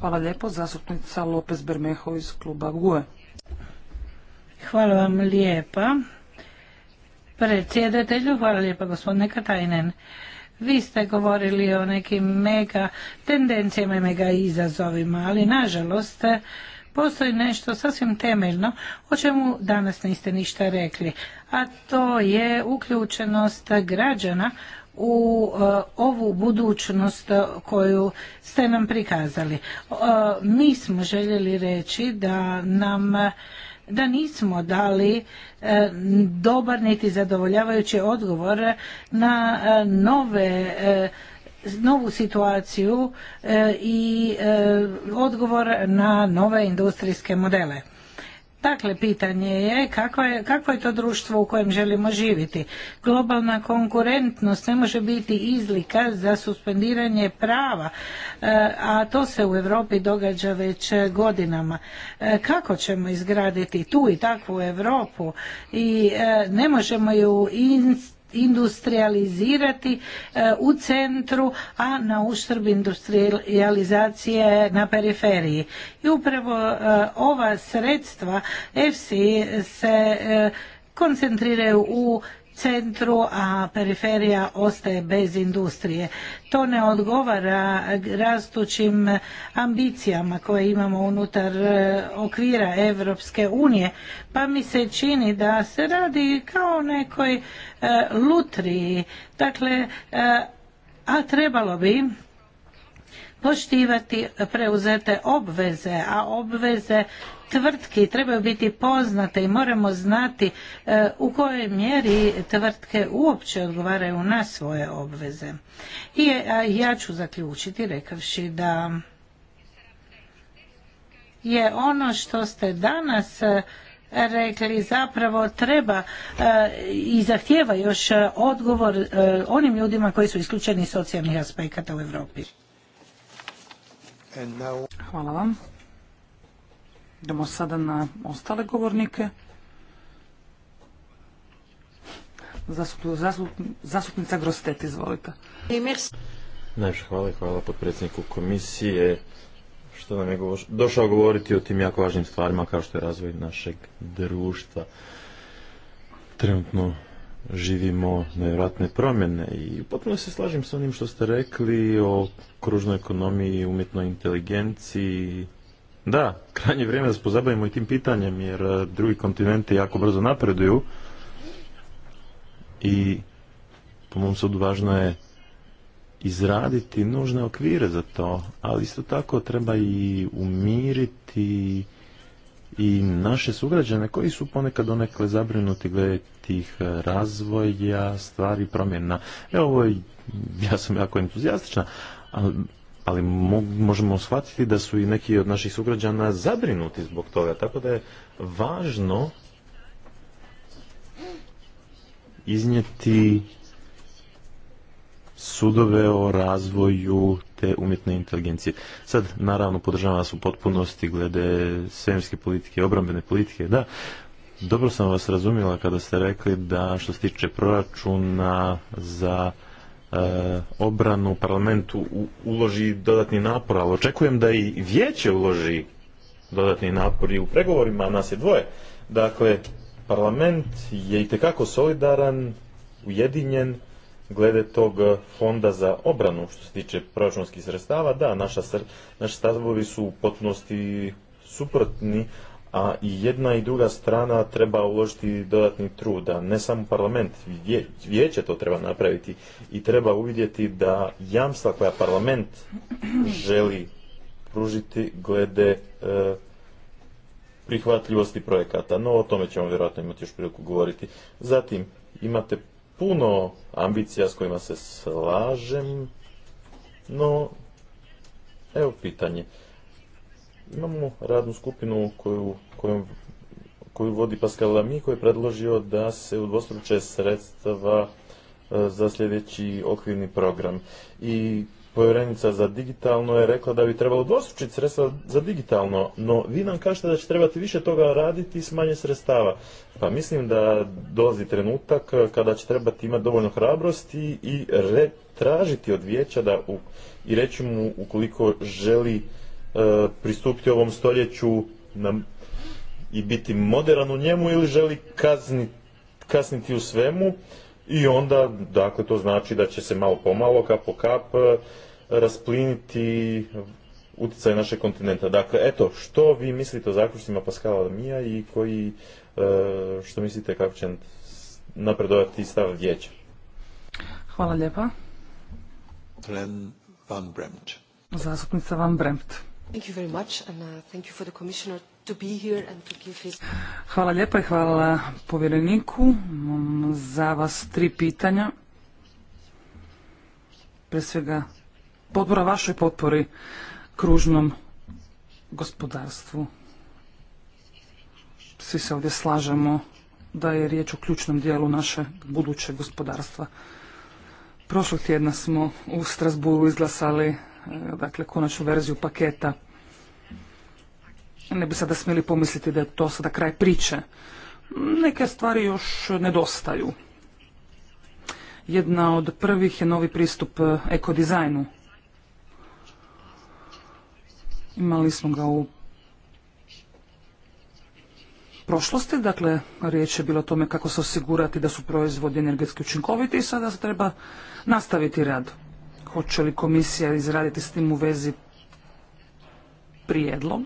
Hvala lijepo, zastupnica Lopez Bermeho iz kluba GUE. Hvala vam lijepa predsjedatelju. Hvala lijepa gospodine Katajnen. Vi ste govorili o nekim mega tendencijama i mega izazovima, ali nažalost postoji nešto sasvim temeljno o čemu danas niste ništa rekli, a to je uključenost građana u e, ovu budućnost koju ste nam prikazali. E, mi smo željeli reći da nam da nismo dali e, dobar niti zadovoljavajući odgovor na e, nove e, novu situaciju i odgovor na nove industrijske modele. Dakle, pitanje je kakvo, je je to društvo u kojem želimo živjeti. Globalna konkurentnost ne može biti izlika za suspendiranje prava, e, a to se u Europi događa već godinama. E, kako ćemo izgraditi tu i takvu Europu i e, ne možemo ju inst industrializirati e, u centru, a na uštrb industrializacije na periferiji. I upravo e, ova sredstva EFSI se e, koncentriraju u centru, a periferija ostaje bez industrije. To ne odgovara rastućim ambicijama koje imamo unutar e, okvira Evropske unije, pa mi se čini da se radi kao o nekoj e, lutriji. Dakle, e, a trebalo bi poštivati preuzete obveze, a obveze tvrtki trebaju biti poznate i moramo znati e, u kojoj mjeri tvrtke uopće odgovaraju na svoje obveze. I ja ću zaključiti rekavši da je ono što ste danas e, rekli zapravo treba e, i zahtjeva još odgovor onim ljudima koji su isključeni iz socijalnih aspekata u Europi. Hvala vam. Idemo sada na ostale govornike. Zastupnica Grostet, izvolite. Najviše hvala i hvala podpredsjedniku komisije što nam je došao govoriti o tim jako važnim stvarima kao što je razvoj našeg društva. Trenutno živimo nevjerojatne promjene i potpuno se slažem s onim što ste rekli o kružnoj ekonomiji, i umjetnoj inteligenciji da, krajnje vrijeme da se pozabavimo i tim pitanjem, jer e, drugi kontinenti jako brzo napreduju i po mom sudu važno je izraditi nužne okvire za to, ali isto tako treba i umiriti i naše sugrađane koji su ponekad onekle zabrinuti glede tih e, razvoja, stvari, promjena. Evo, ja sam jako entuzijastična, ali ali možemo shvatiti da su i neki od naših sugrađana zabrinuti zbog toga, tako da je važno iznijeti sudove o razvoju te umjetne inteligencije. Sad, naravno, podržavam vas u potpunosti glede svemirske politike, obrambene politike, da. Dobro sam vas razumjela kada ste rekli da što se tiče proračuna za E, obranu parlamentu uloži dodatni napor, ali očekujem da i vijeće uloži dodatni napor i u pregovorima, nas je dvoje. Dakle, parlament je i itekako solidaran, ujedinjen, glede tog fonda za obranu što se tiče proračunskih sredstava, da, naša naši stavovi su u potpunosti suprotni, a i jedna i druga strana treba uložiti dodatni trud da ne samo parlament, vijeće to treba napraviti i treba uvidjeti da jamstva koja parlament želi pružiti glede e, prihvatljivosti projekata, no o tome ćemo vjerojatno imati još priliku govoriti. Zatim, imate puno ambicija s kojima se slažem, no evo pitanje. Imamo radnu skupinu koju, vodi Pascal Lamy koji je predložio da se udvostruče sredstva e, za sljedeći okvirni program. I povjerenica za digitalno je rekla da bi trebalo dvostručiti sredstva za digitalno, no vi nam kažete da će trebati više toga raditi s smanje sredstava. Pa mislim da dolazi trenutak kada će trebati imati dovoljno hrabrosti i tražiti od vijeća da u, i reći mu ukoliko želi E, pristupiti ovom stoljeću i biti moderan u njemu ili želi kasniti u svemu i onda, dakle, to znači da će se malo pomalo, kap po kap, e, raspliniti utjecaj našeg kontinenta. Dakle, eto, što vi mislite o zaključcima Paskala Mija i koji, e, što mislite kako će napredovati stav vijeća? Hvala lijepa. Van Bremt. Zastupnica Van Hvala lijepa i hvala povjereniku za vas tri pitanja. Pre svega potpora vašoj potpori kružnom gospodarstvu. Svi se ovdje slažemo da je riječ o ključnom dijelu naše budućeg gospodarstva. Prošlog tjedna smo u Strasburu izglasali E, dakle, konačnu verziju paketa. Ne bi sada smjeli pomisliti da je to sada kraj priče. Neke stvari još nedostaju. Jedna od prvih je novi pristup e, ekodizajnu. Imali smo ga u prošlosti, dakle riječ je bilo o tome kako se osigurati da su proizvodi energetski učinkoviti i sada se treba nastaviti rad. Hoće li komisija izraditi s tim u vezi prijedlog?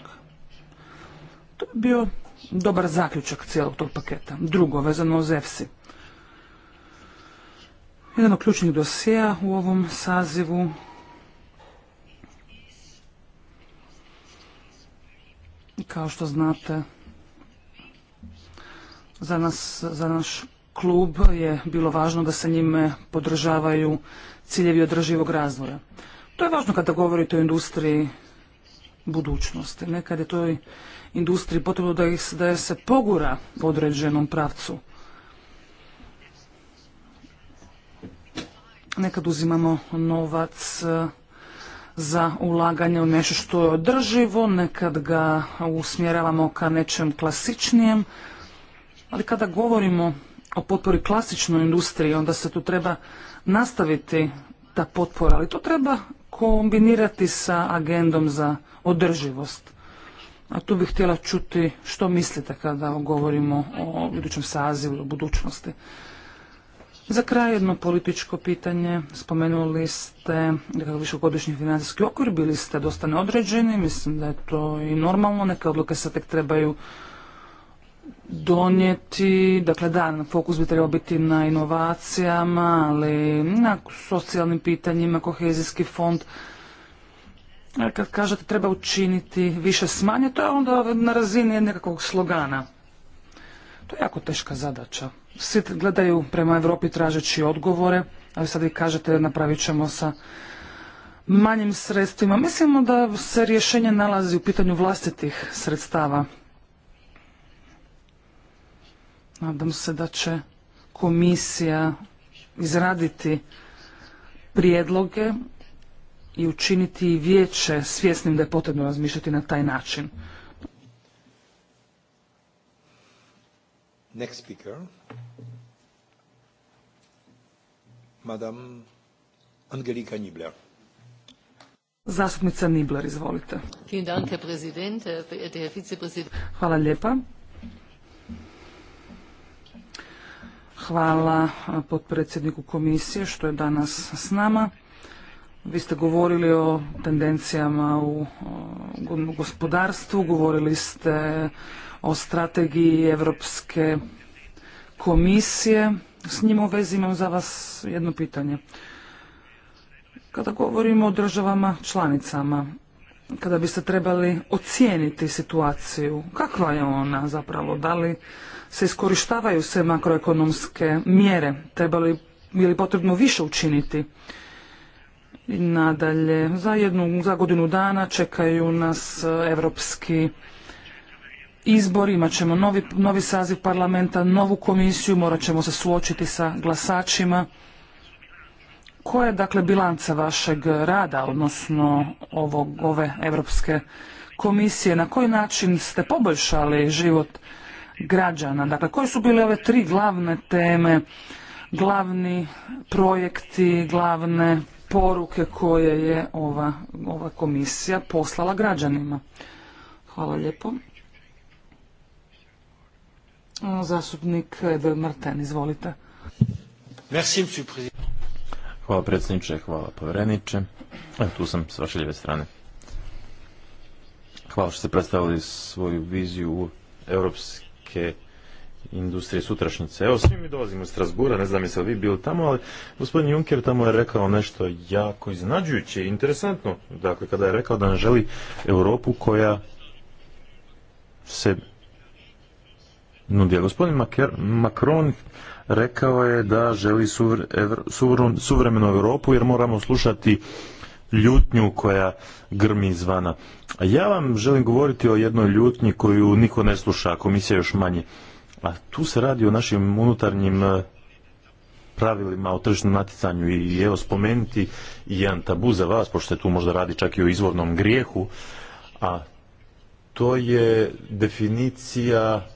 To je bio dobar zaključak cijelog tog paketa. Drugo, vezano uz EFSI. Jedan od ključnih dosija u ovom sazivu kao što znate za nas, za naš klub je bilo važno da se njime podržavaju ciljevi održivog razvoja. To je važno kada govorite o industriji budućnosti. Nekad je toj industriji potrebno da, ih, da se pogura po određenom pravcu. Nekad uzimamo novac e, za ulaganje u nešto što je održivo, nekad ga usmjeravamo ka nečem klasičnijem, ali kada govorimo o potpori klasičnoj industriji, onda se tu treba nastaviti ta potpora, ali to treba kombinirati sa agendom za održivost. A tu bih htjela čuti što mislite kada govorimo o idućem sazivu, o budućnosti. Za kraj jedno političko pitanje. Spomenuli ste nekakav višegodišnji financijski okvir, bili ste dosta neodređeni, mislim da je to i normalno, neke odluke se tek trebaju donijeti, dakle da, fokus bi trebao biti na inovacijama, ali na socijalnim pitanjima, kohezijski fond. E, kad kažete treba učiniti više smanje, to je onda na razini nekakvog slogana. To je jako teška zadaća. Svi gledaju prema Europi tražeći odgovore, ali sad vi kažete napravit ćemo sa manjim sredstvima. Mislimo da se rješenje nalazi u pitanju vlastitih sredstava. Nadam se da će komisija izraditi prijedloge i učiniti vijeće svjesnim da je potrebno razmišljati na taj način. Next speaker. Madame Angelika Nibler. Zastupnica Nibler, izvolite. Hvala lijepa. Hvala eh, potpredsjedniku komisije što je danas s nama. Vi ste govorili o tendencijama u eh, gospodarstvu, govorili ste o strategiji Europske komisije. S njim u vezi imam za vas jedno pitanje. Kada govorimo o državama članicama, kada biste trebali ocijeniti situaciju, kakva je ona zapravo, da li se iskorištavaju se makroekonomske mjere. li, je li potrebno više učiniti? I nadalje, za, jednu, za godinu dana čekaju nas e, evropski izbori, imat ćemo novi, novi saziv parlamenta, novu komisiju, morat ćemo se suočiti sa glasačima. Koja je dakle bilanca vašeg rada, odnosno ovog, ove Europske komisije? Na koji način ste poboljšali život građana. Dakle, koje su bile ove tri glavne teme, glavni projekti, glavne poruke koje je ova, ova komisija poslala građanima? Hvala lijepo. Zastupnik Eber Marten, izvolite. Hvala predsjedniče, hvala povjereniče. tu sam s vaše strane. Hvala što ste predstavili svoju viziju europski neke industrije sutrašnjice. Evo, svi mi dolazimo iz Strasbura, ne znam jeste li vi bili tamo, ali gospodin Juncker tamo je rekao nešto jako iznađujuće, interesantno. Dakle, kada je rekao da ne želi Europu koja se nudija. Gospodin Macron rekao je da želi suvremenu Europu jer moramo slušati ljutnju koja grmi izvana. A ja vam želim govoriti o jednoj ljutnji koju niko ne sluša, komisija još manje. A tu se radi o našim unutarnjim e, pravilima o tržišnom natjecanju i evo spomenuti jedan tabu za vas, pošto se tu možda radi čak i o izvornom grijehu, a to je definicija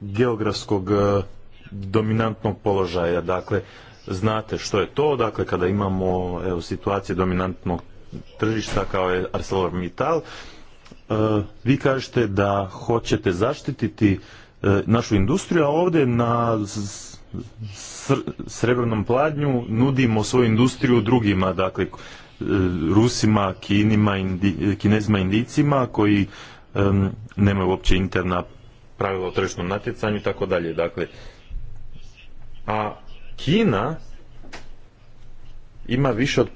geografskog e, dominantnog položaja. Dakle, znate što je to, dakle kada imamo evo, situacije dominantnog tržišta kao je ArcelorMittal, e, vi kažete da hoćete zaštititi e, našu industriju, a ovdje na srebrnom pladnju nudimo svoju industriju drugima, dakle e, Rusima, Kinima, Kinezima, Indicima koji nemaju uopće interna pravila o tržišnom natjecanju i tako dalje. Dakle, a Kina ima više od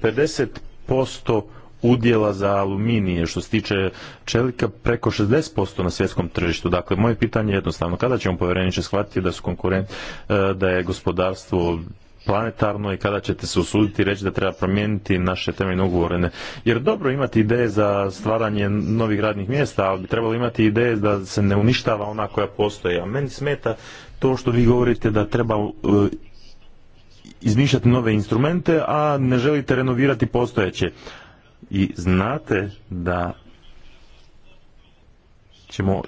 50% udjela za aluminije, što se tiče čelika preko 60% na svjetskom tržištu. Dakle, moje pitanje je jednostavno, kada ćemo povjereniče shvatiti da su konkurent, e, da je gospodarstvo planetarno i kada ćete se usuditi reći da treba promijeniti naše temeljne ugovorene. Jer dobro imati ideje za stvaranje novih radnih mjesta, ali bi trebalo imati ideje da se ne uništava ona koja postoji. A meni smeta to što vi govorite da treba e, izmišljati nove instrumente, a ne želite renovirati postojeće. I znate da ćemo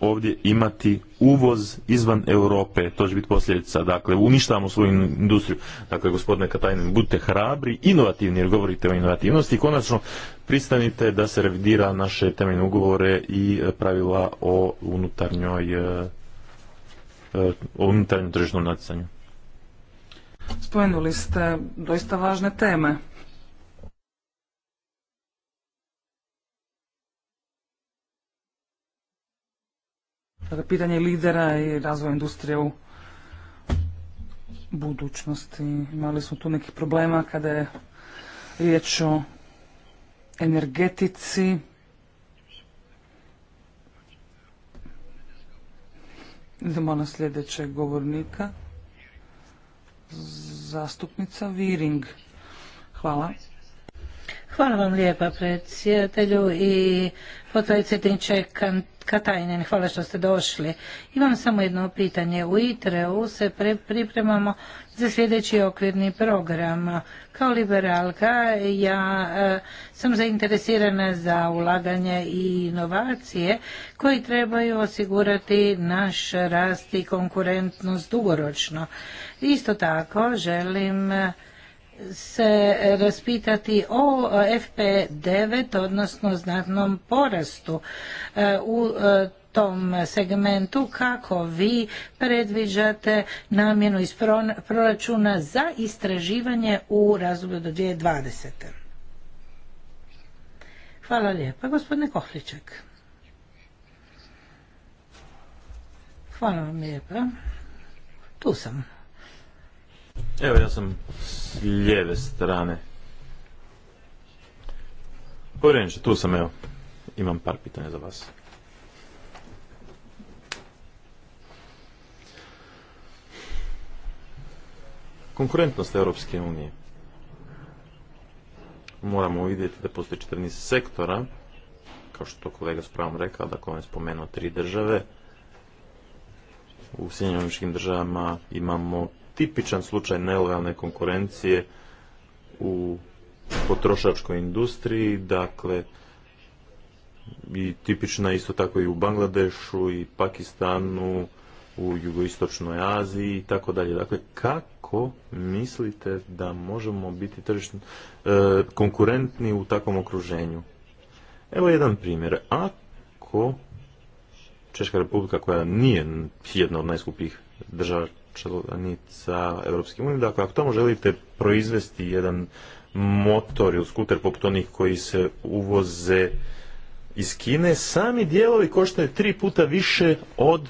ovdje imati uvoz izvan Europe, to će biti posljedica, dakle uništavamo svoju industriju. Dakle, gospodine Katajnin, budite hrabri, inovativni jer govorite o inovativnosti i konačno pristanite da se revidira naše temeljne ugovore i pravila o unutarnjoj e, e, o unutarnjem tržišnom natjecanju. Spomenuli ste doista važne teme. Dakle, pitanje lidera i razvoj industrije u budućnosti. Imali smo tu nekih problema kada je riječ o energetici. Idemo na sljedećeg govornika zastupnica Viring. Hvala. Hvala vam lijepa predsjedatelju i potpredsjedniče Katajnen, hvala što ste došli. Imam samo jedno pitanje. U ITRE-u se pripremamo za sljedeći okvirni program. Kao liberalka ja e, sam zainteresirana za ulaganje i inovacije koji trebaju osigurati naš rast i konkurentnost dugoročno. Isto tako želim e, se raspitati o FP9, odnosno znatnom porastu e, u e, tom segmentu kako vi predviđate namjenu iz proračuna za istraživanje u razdoblju do 2020. Hvala lijepa, gospodine Kohliček. Hvala vam lijepa. Tu sam. Evo ja sam s lijeve strane. Povjereniče, tu sam evo. Imam par pitanja za vas. Konkurentnost Europske unije. Moramo vidjeti da postoji 14 sektora, kao što to kolega Spravom rekao, dakle on je spomenuo tri države. U Sjedinjenim državama imamo tipičan slučaj nelojalne konkurencije u potrošačkoj industriji, dakle i tipična isto tako i u Bangladešu i Pakistanu, u jugoistočnoj Aziji i tako dalje. Dakle, kako mislite da možemo biti tržišni, e, konkurentni u takvom okruženju? Evo jedan primjer. Ako Češka republika koja nije jedna od najskupljih država članica Europske unije. Dakle, ako tamo želite proizvesti jedan motor ili skuter poput onih koji se uvoze iz Kine, sami dijelovi koštaju tri puta više od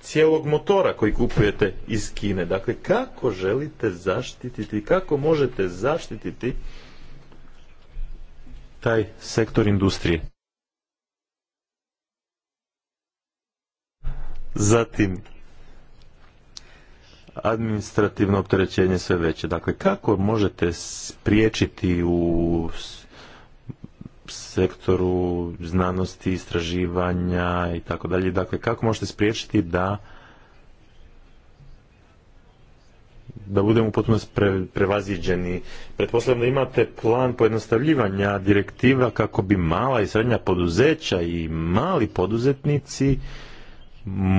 cijelog motora koji kupujete iz Kine. Dakle, kako želite zaštititi, kako možete zaštititi taj sektor industrije? Zatim, administrativno opterećenje sve veće. Dakle, kako možete spriječiti u sektoru znanosti, istraživanja i tako dalje. Dakle, kako možete spriječiti da da budemo potpuno pre, prevaziđeni. Pretpostavljam da imate plan pojednostavljivanja direktiva kako bi mala i srednja poduzeća i mali poduzetnici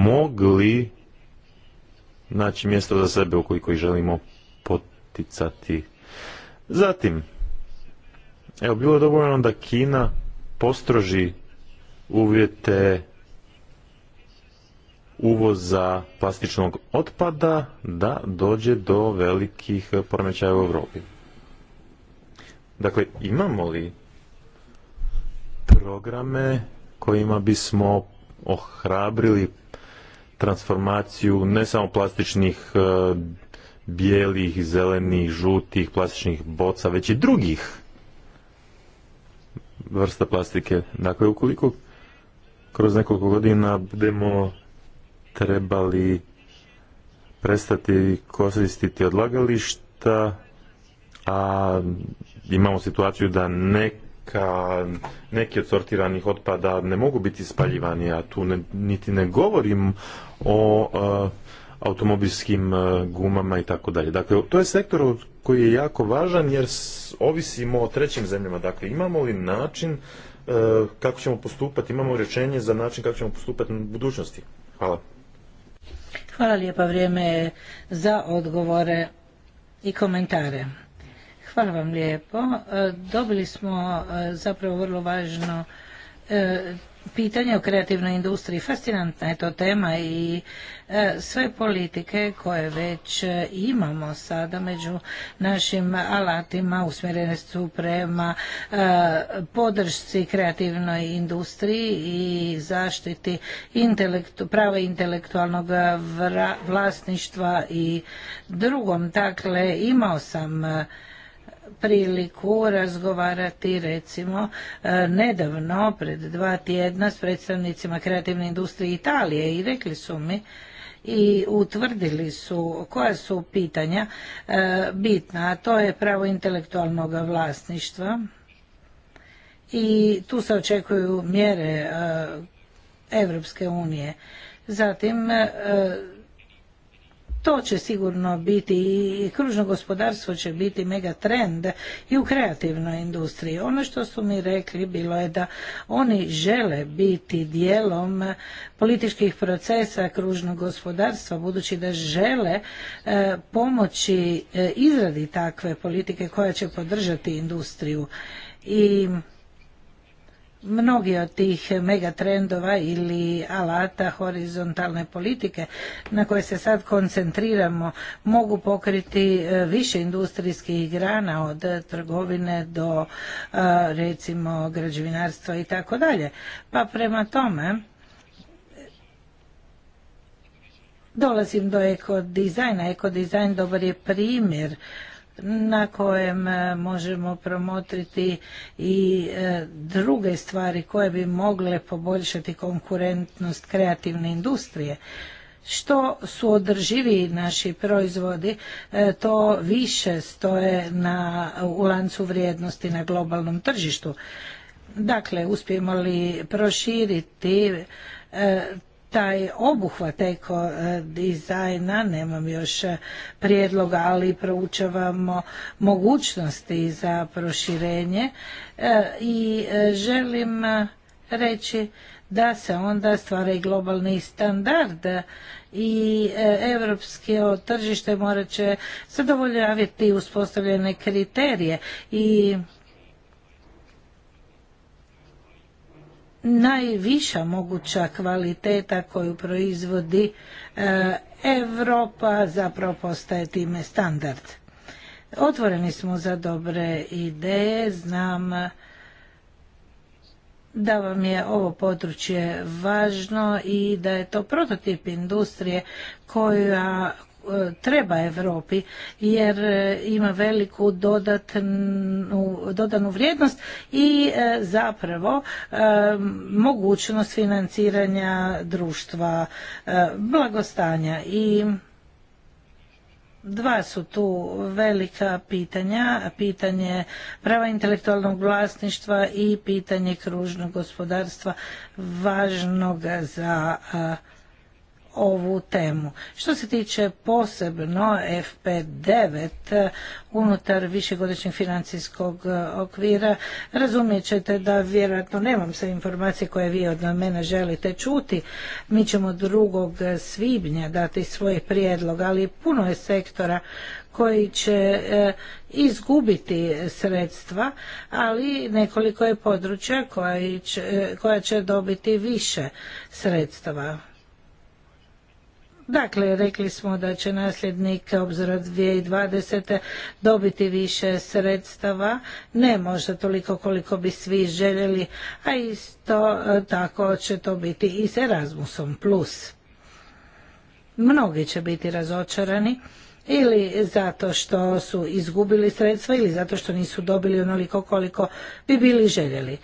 mogli naći mjesto za sebe ukoliko koji želimo poticati. Zatim, evo, bilo je dovoljno da Kina postroži uvjete uvoza plastičnog otpada da dođe do velikih poremećaja u Europi. Dakle, imamo li programe kojima bismo ohrabrili transformaciju ne samo plastičnih e, bijelih, zelenih, žutih plastičnih boca, već i drugih vrsta plastike. Dakle, ukoliko kroz nekoliko godina budemo trebali prestati koristiti odlagališta, a imamo situaciju da ne ka neki od sortiranih otpada ne mogu biti spaljivani, a tu ne, niti ne govorim o e, automobilskim e, gumama i tako dalje. Dakle, to je sektor koji je jako važan jer ovisimo o trećim zemljama. Dakle, imamo li način e, kako ćemo postupati, imamo rješenje za način kako ćemo postupati u budućnosti. Hvala. Hvala lijepa vrijeme za odgovore i komentare. Hvala vam lijepo. E, dobili smo e, zapravo vrlo važno e, pitanje o kreativnoj industriji. Fascinantna je to tema i sve politike koje već imamo sada među našim alatima usmjerene su prema podršci kreativnoj industriji i zaštiti prava intelektualnog vlasništva i drugom. Dakle, imao sam priliku razgovarati recimo e, nedavno pred dva tjedna s predstavnicima kreativne industrije Italije i rekli su mi i utvrdili su koja su pitanja e, bitna, a to je pravo intelektualnog vlasništva i tu se očekuju mjere e, Evropske unije. Zatim to će sigurno biti i kružno gospodarstvo će biti mega trend i u kreativnoj industriji. Ono što su mi rekli bilo je da oni žele biti dijelom političkih procesa kružnog gospodarstva budući da žele e, pomoći e, izradi takve politike koja će podržati industriju i mnogi od tih megatrendova ili alata horizontalne politike na koje se sad koncentriramo mogu pokriti e, više industrijskih grana od trgovine do e, recimo građevinarstva i tako dalje. Pa prema tome dolazim do ekodizajna. Ekodizajn dobar je primjer na kojem e, možemo promotriti i e, druge stvari koje bi mogle poboljšati konkurentnost kreativne industrije što su održivi naši proizvodi, e, to više stoje na, u lancu vrijednosti na globalnom tržištu. Dakle, uspijemo li proširiti taj obuhvat eko e, dizajna, nemam još e, prijedloga, ali proučavamo mogućnosti za proširenje e, i želim reći da se onda stvara i globalni standard i evropske tržište morat će zadovoljavati uspostavljene kriterije i najviša moguća kvaliteta koju proizvodi Europa zapravo postaje time standard. Otvoreni smo za dobre ideje, znam da vam je ovo područje važno i da je to prototip industrije koja, E, treba Europi jer e, ima veliku dodatnu, dodanu vrijednost i e, zapravo mogućnost financiranja društva blagostanja i Dva su tu velika pitanja, pitanje prava intelektualnog vlasništva i pitanje kružnog gospodarstva važnog za ovu temu. Što se tiče posebno FP9 eh, unutar višegodišnjeg financijskog eh, okvira, razumijet ćete da vjerojatno nemam sve informacije koje vi od mene želite čuti. Mi ćemo 2. svibnja dati svoj prijedlog, ali puno je sektora koji će eh, izgubiti sredstva, ali nekoliko je područja koja će, koja će dobiti više sredstava. Dakle, rekli smo da će nasljednik obzora 2020. dobiti više sredstava, ne možda toliko koliko bi svi željeli, a isto e, tako će to biti i s Erasmusom+. Plus. Mnogi će biti razočarani ili zato što su izgubili sredstva ili zato što nisu dobili onoliko koliko bi bili željeli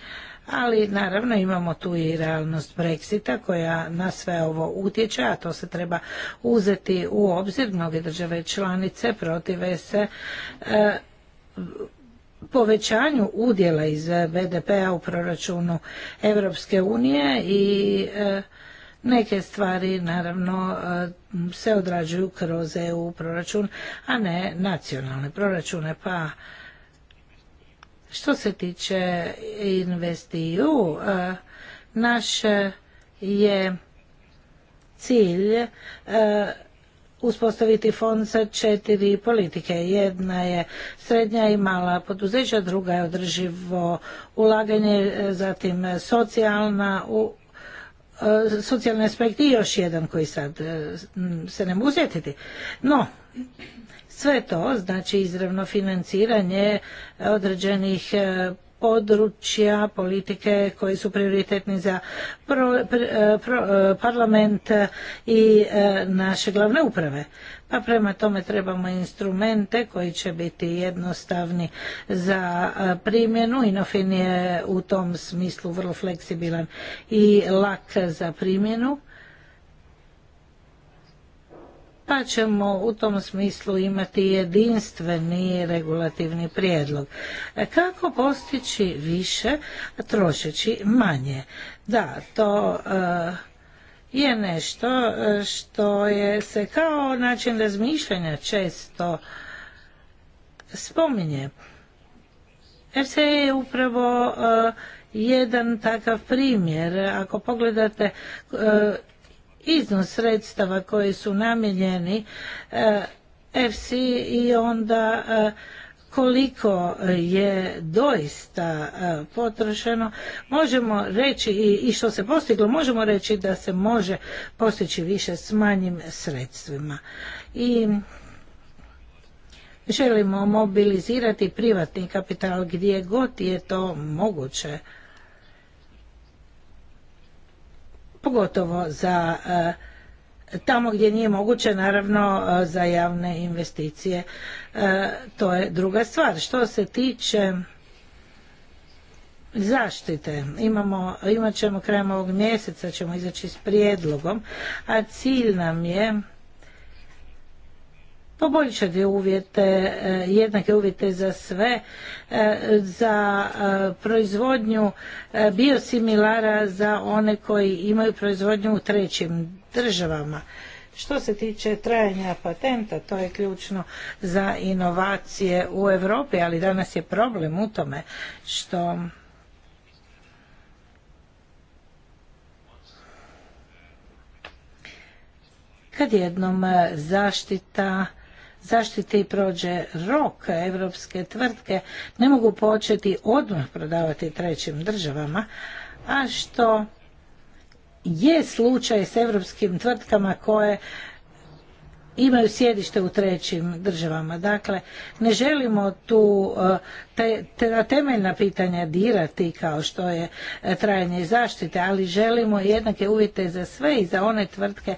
ali naravno imamo tu i realnost Brexita koja na sve ovo utječe, a to se treba uzeti u obzir. Mnoge države članice protive se e, povećanju udjela iz BDP-a u proračunu Europske unije i e, neke stvari naravno e, se odrađuju kroz EU proračun, a ne nacionalne proračune, pa što se tiče investiju, e, naš je cilj e, uspostaviti fond sa četiri politike. Jedna je srednja i mala poduzeća, druga je održivo ulaganje, e, zatim socijalna u socijalni aspekt i još jedan koji sad se ne mogu sjetiti. No, sve to znači izravno financiranje e, određenih e, područja politike koji su prioritetni za e, parlament i naše glavne uprave. Pa prema tome trebamo instrumente koji će biti jednostavni za primjenu. Inofin je u tom smislu vrlo fleksibilan i lak za primjenu pa ćemo u tom smislu imati jedinstveni regulativni prijedlog. E, kako postići više trošeći manje? Da, to e, je nešto e, što je se kao način razmišljanja često spominje. se je upravo jedan takav primjer. Ako pogledate iznos sredstava koji su namijenjeni eh, FC i onda eh, koliko je doista eh, potrošeno, možemo reći i što se postiglo, možemo reći da se može postići više s manjim sredstvima. I želimo mobilizirati privatni kapital gdje god je to moguće. pogotovo za e, tamo gdje nije moguće naravno e, za javne investicije e, to je druga stvar što se tiče zaštite imamo imat ćemo krajem ovog mjeseca ćemo izaći s prijedlogom a cilj nam je poboljšati uvjete, e, jednake uvjete za sve, e, za e, proizvodnju biosimilara za one koji imaju proizvodnju u trećim državama. Što se tiče trajanja patenta, to je ključno za inovacije u Europi, ali danas je problem u tome što kad jednom zaštita zaštiti i prođe rok evropske tvrtke ne mogu početi odmah prodavati trećim državama, a što je slučaj s evropskim tvrtkama koje imaju sjedište u trećim državama. Dakle, ne želimo tu eh, te, temeljna pitanja dirati kao što je eh, trajanje zaštite, ali želimo jednake uvjete za sve i za one tvrtke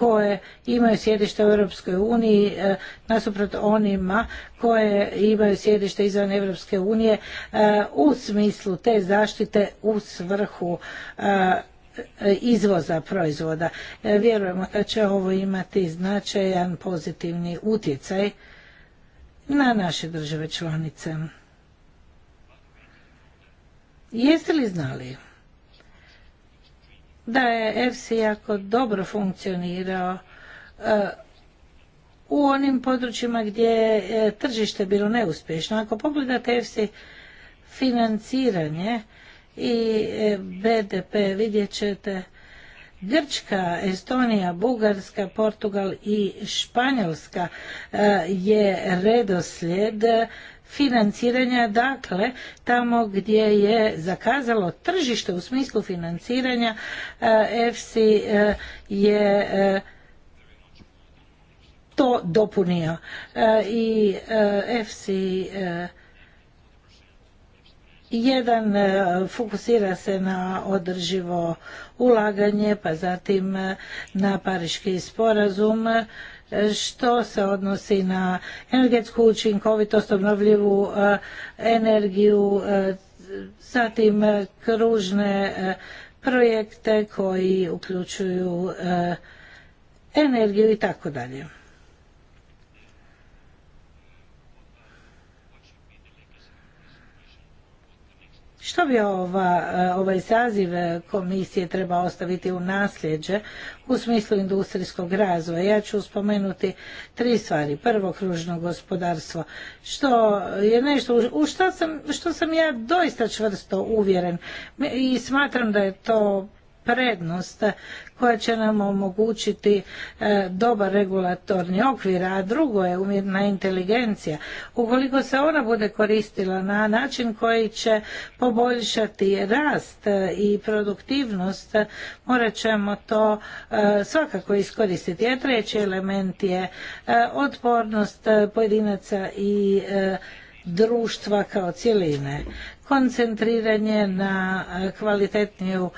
koje imaju sjedište u Europskoj uniji e, nasuprot onima koje imaju sjedište izvan Europske unije e, u smislu te zaštite u svrhu e, izvoza proizvoda. Vjerujemo da će ovo imati značajan pozitivni utjecaj na naše države članice. Jeste li znali da je EFSI jako dobro funkcionirao e, u onim područjima gdje je e, tržište bilo neuspješno. Ako pogledate EFSI financiranje i e, BDP vidjet ćete Grčka, Estonija, Bugarska, Portugal i Španjolska je redoslijed financiranja, dakle tamo gdje je zakazalo tržište u smislu financiranja, EFSI eh, eh, je eh, to dopunio i EFSI jedan fokusira se na održivo ulaganje, pa zatim na pariški sporazum što se odnosi na energetsku učinkovitost, obnovljivu e, energiju, e, zatim e, kružne projekte koji uključuju energiju i tako dalje. Što bi ova, e, ovaj saziv e, komisije treba ostaviti u nasljeđe u smislu industrijskog razvoja? Ja ću spomenuti tri stvari. Prvo, kružno gospodarstvo. Što je nešto u što sam, što sam ja doista čvrsto uvjeren i smatram da je to prednost koja će nam omogućiti e, dobar regulatorni okvir, a drugo je umjetna inteligencija. Ukoliko se ona bude koristila na način koji će poboljšati rast e, i produktivnost, morat ćemo to e, svakako iskoristiti. A treći element je otpornost pojedinaca i društva kao cjeline koncentriranje na kvalitetniju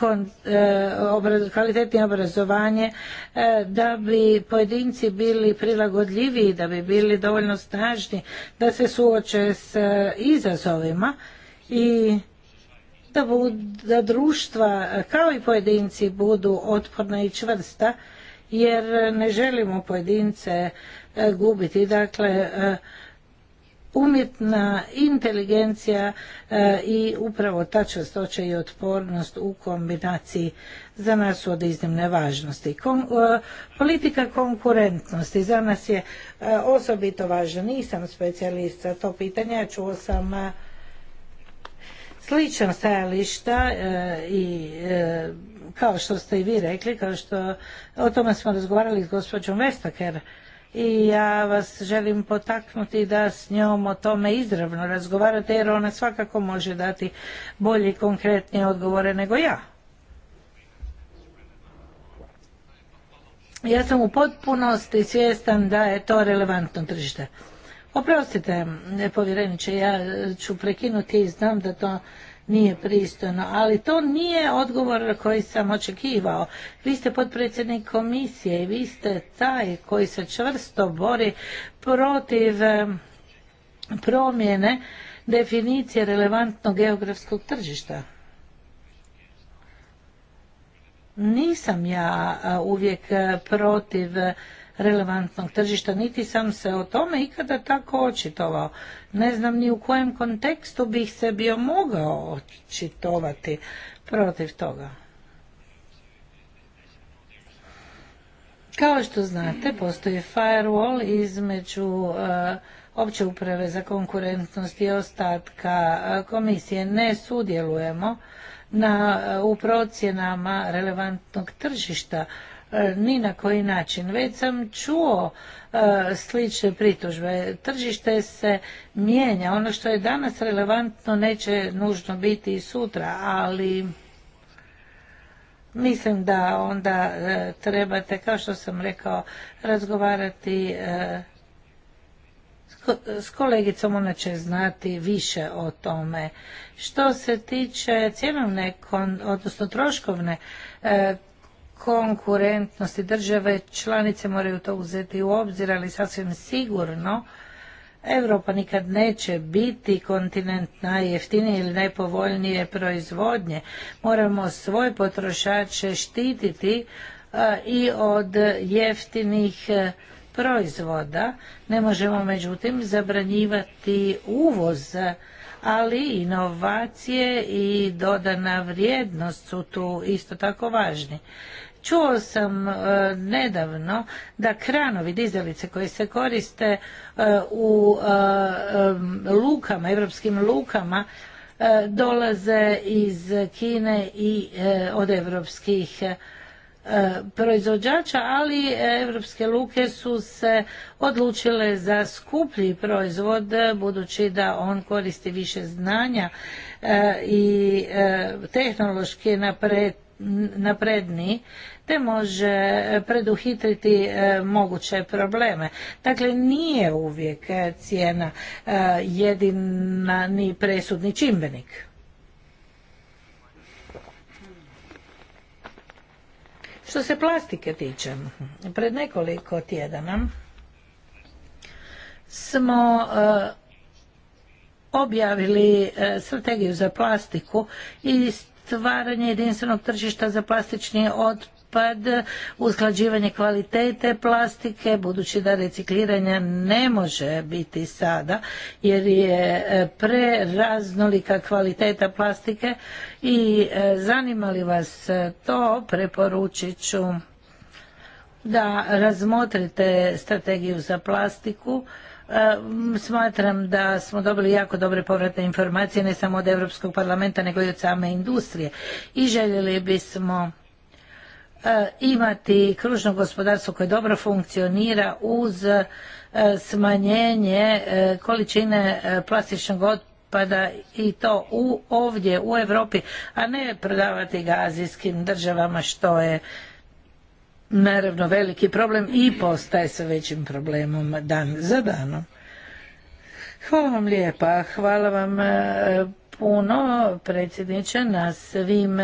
E, kvalitetnije obrazovanje e, da bi pojedinci bili prilagodljiviji da bi bili dovoljno snažni da se suoče s e, izazovima i da, da društva kao i pojedinci budu otporna i čvrsta jer ne želimo pojedince gubiti dakle umjetna inteligencija e, i upravo ta čvrstoća i otpornost u kombinaciji za nas su od iznimne važnosti. E, politika konkurentnosti za nas je e, osobito važna. Nisam specijalist za to pitanje, čuo sam slična stajališta i kao što ste i vi rekli, kao što o tome smo razgovarali s gospođom Vestaker i ja vas želim potaknuti da s njom o tome izravno razgovarate jer ona svakako može dati bolje i konkretnije odgovore nego ja. Ja sam u potpunosti svjestan da je to relevantno tržište. Oprostite, povjereniče, ja ću prekinuti i znam da to nije pristojno, ali to nije odgovor koji sam očekivao. Vi ste potpredsjednik komisije i vi ste taj koji se čvrsto bori protiv promjene definicije relevantnog geografskog tržišta. Nisam ja uvijek e, protiv relevantnog tržišta, niti sam se o tome ikada tako očitovao. Ne znam ni u kojem kontekstu bih se bio mogao očitovati protiv toga. Kao što znate, postoji firewall između eh, opće uprave za konkurentnost i ostatka eh, komisije. Ne sudjelujemo eh, u procjenama relevantnog tržišta E, ni na koji način. Već sam čuo e, slične pritužbe. Tržište se mijenja. Ono što je danas relevantno neće nužno biti i sutra, ali mislim da onda e, trebate, kao što sam rekao, razgovarati s kolegicom ona će znati više o tome. Što se tiče cjenovne, odnosno troškovne konkurentnosti države članice moraju to uzeti u obzir, ali sasvim sigurno Europa nikad neće biti kontinent najjeftinije ili najpovoljnije proizvodnje. Moramo svoje potrošače štititi i od jeftinih e, proizvoda. Ne možemo međutim zabranjivati uvoz, ali inovacije i dodana vrijednost su tu isto tako važni. Čuo sam e, nedavno da kranovi dizalice koje se koriste e, u e, lukama, evropskim lukama, dolaze iz Kine i od evropskih proizvođača, ali evropske luke su se odlučile za skuplji proizvod budući da on koristi više znanja i tehnološki napred napredniji te može preduhitriti e, moguće probleme. Dakle, nije uvijek e, cijena e, jedina ni presudni čimbenik. Što se plastike tiče, pred nekoliko tjedana smo objavili strategiju za plastiku i stvaranje jedinstvenog tržišta za plastični otpad, usklađivanje kvalitete plastike, budući da recikliranja ne može biti sada jer je e, preraznolika kvaliteta plastike i e, zanima li vas to, preporučit ću da razmotrite strategiju za plastiku E, smatram da smo dobili jako dobre povratne informacije ne samo od Europskog parlamenta nego i od same industrije i željeli bismo e, imati kružno gospodarstvo koje dobro funkcionira uz e, smanjenje količine plastičnog otpada i to ovdje u Europi, a ne prodavati ga azijskim državama što je naravno veliki problem i postaje sve većim problemom dan za danom. Hvala vam lijepa, hvala vam e, puno predsjedniče na svim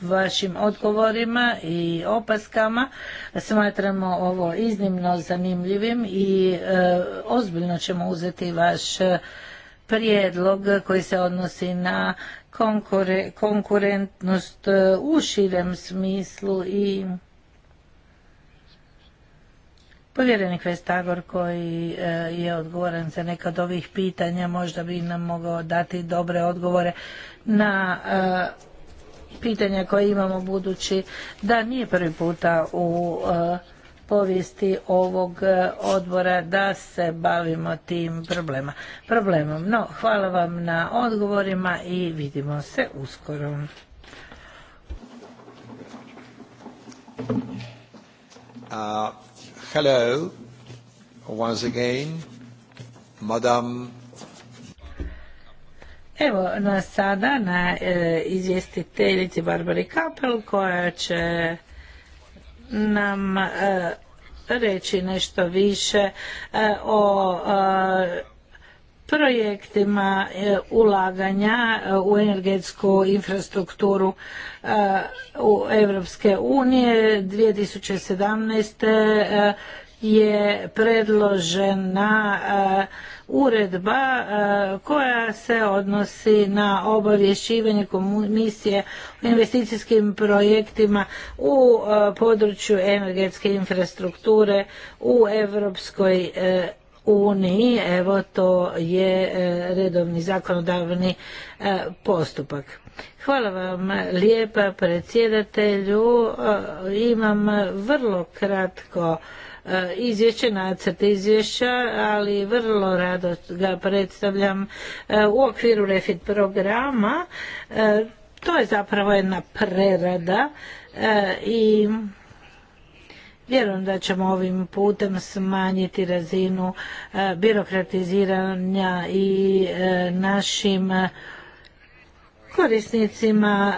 vašim odgovorima i opaskama. Smatramo ovo iznimno zanimljivim i e, ozbiljno ćemo uzeti vaš prijedlog koji se odnosi na konkurentnost e, u širem smislu i Povjerenik Vestagor koji e, je odgovoran za neka od ovih pitanja možda bi nam mogao dati dobre odgovore na e, pitanja koje imamo budući da nije prvi puta u e, povijesti ovog odbora da se bavimo tim problema, problemom. No, hvala vam na odgovorima i vidimo se uskoro. Hello, once again, Evo na sada na e, izvjestiteljici Barbari Kapel koja će nam e, reći nešto više e, o projektima e, ulaganja e, u energetsku infrastrukturu e, u Europske unije 2017 je predložena uredba koja se odnosi na obavješivanje komisije o investicijskim projektima u području energetske infrastrukture u Europskoj uniji, evo to je e, redovni zakonodavni e, postupak. Hvala vam lijepa predsjedatelju, e, imam vrlo kratko izvješće, nacrt izvješća, ali vrlo rado ga predstavljam u okviru REFIT programa. To je zapravo jedna prerada i Vjerujem da ćemo ovim putem smanjiti razinu e, birokratiziranja i e, našim e, korisnicima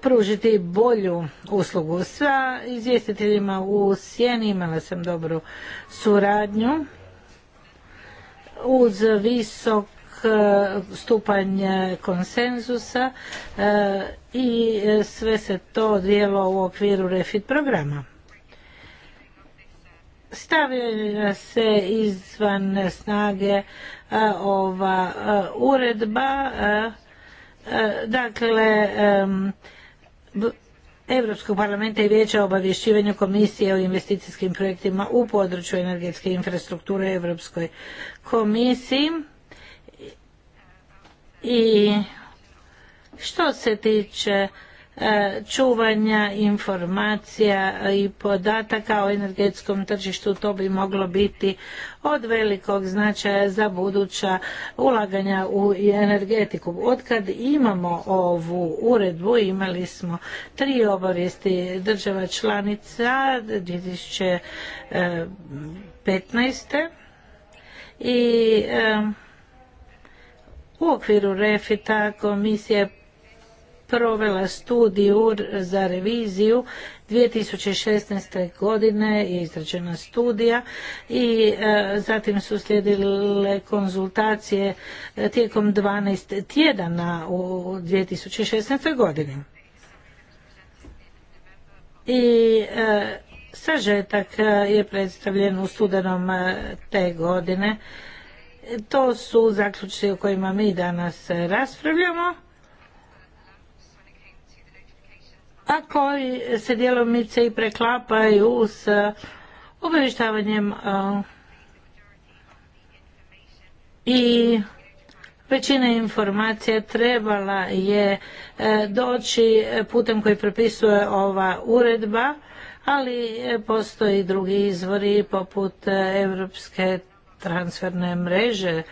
pružiti bolju uslugu. Sa izvjestiteljima u Sjeni imala sam dobru suradnju uz visok Eh, stupanj konsenzusa eh, i eh, sve se to djelo u okviru REFIT programa. Stavlja se izvan snage ova uredba, dakle, Europskog parlamenta i vijeća o obavješćivanju komisije o investicijskim projektima u području energetske infrastrukture Europskoj komisiji i što se tiče e, čuvanja informacija i podataka o energetskom tržištu to bi moglo biti od velikog značaja za buduća ulaganja u energetiku. Od kad imamo ovu uredbu imali smo tri obavijesti država članica 2015. E, i e, u okviru refita komisija je provela studiju za reviziju 2016. godine je izrađena studija i e, zatim su slijedile konzultacije e, tijekom 12 tjedana u 2016. godini. I e, sažetak je predstavljen u studenom te godine to su zaključci o kojima mi danas raspravljamo, a koji se dijelomice i preklapaju s obavještavanjem i većina informacija trebala je e, doći putem koji propisuje ova uredba, ali e, postoji drugi izvori poput e, Europske transferne mreže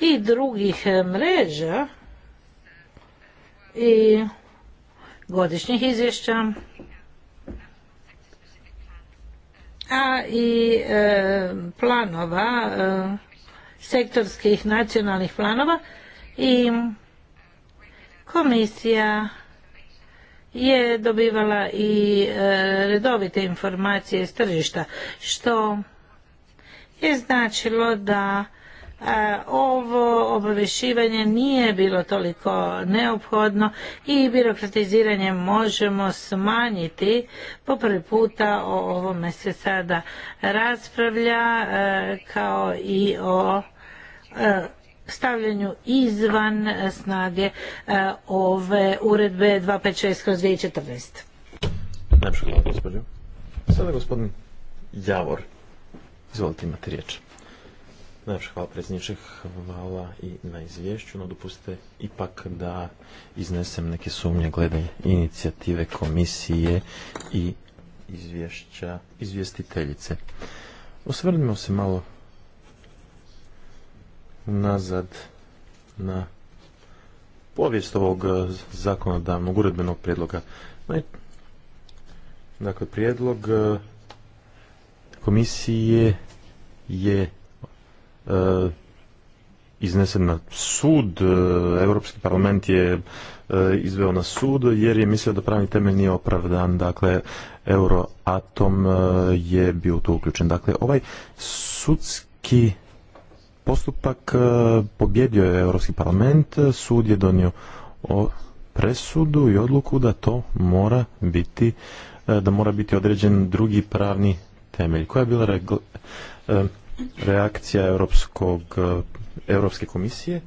i drugih eh, mreža i godišnjih izvješća a i eh, planova eh, sektorskih nacionalnih planova i komisija je dobivala i redovite informacije iz tržišta što je značilo da e, ovo obavješivanje nije bilo toliko neophodno i birokratiziranje možemo smanjiti po prvi puta o ovome se sada raspravlja e, kao i o e, stavljanju izvan snage ove uredbe 256 kroz 2014. Najpšak, Sada gospodin Javor Izvolite, imate riječ. Najviše hvala predsjedniče, hvala i na izvješću, no dopustite ipak da iznesem neke sumnje glede inicijative komisije i izvješća izvjestiteljice. Osvrnimo se malo nazad na povijest ovog zakonodavnog uredbenog prijedloga. Dakle, prijedlog eh, komisije je e, iznesen na sud, Europski parlament je e, izveo na sud jer je mislio da pravni temelj nije opravdan, dakle Euroatom e, je bio tu uključen. Dakle, ovaj sudski postupak pobjedio je Europski parlament, sud je donio o presudu i odluku da to mora biti da mora biti određen drugi pravni temelj. Koja je bila reakcija Europskog, e, Europske komisije,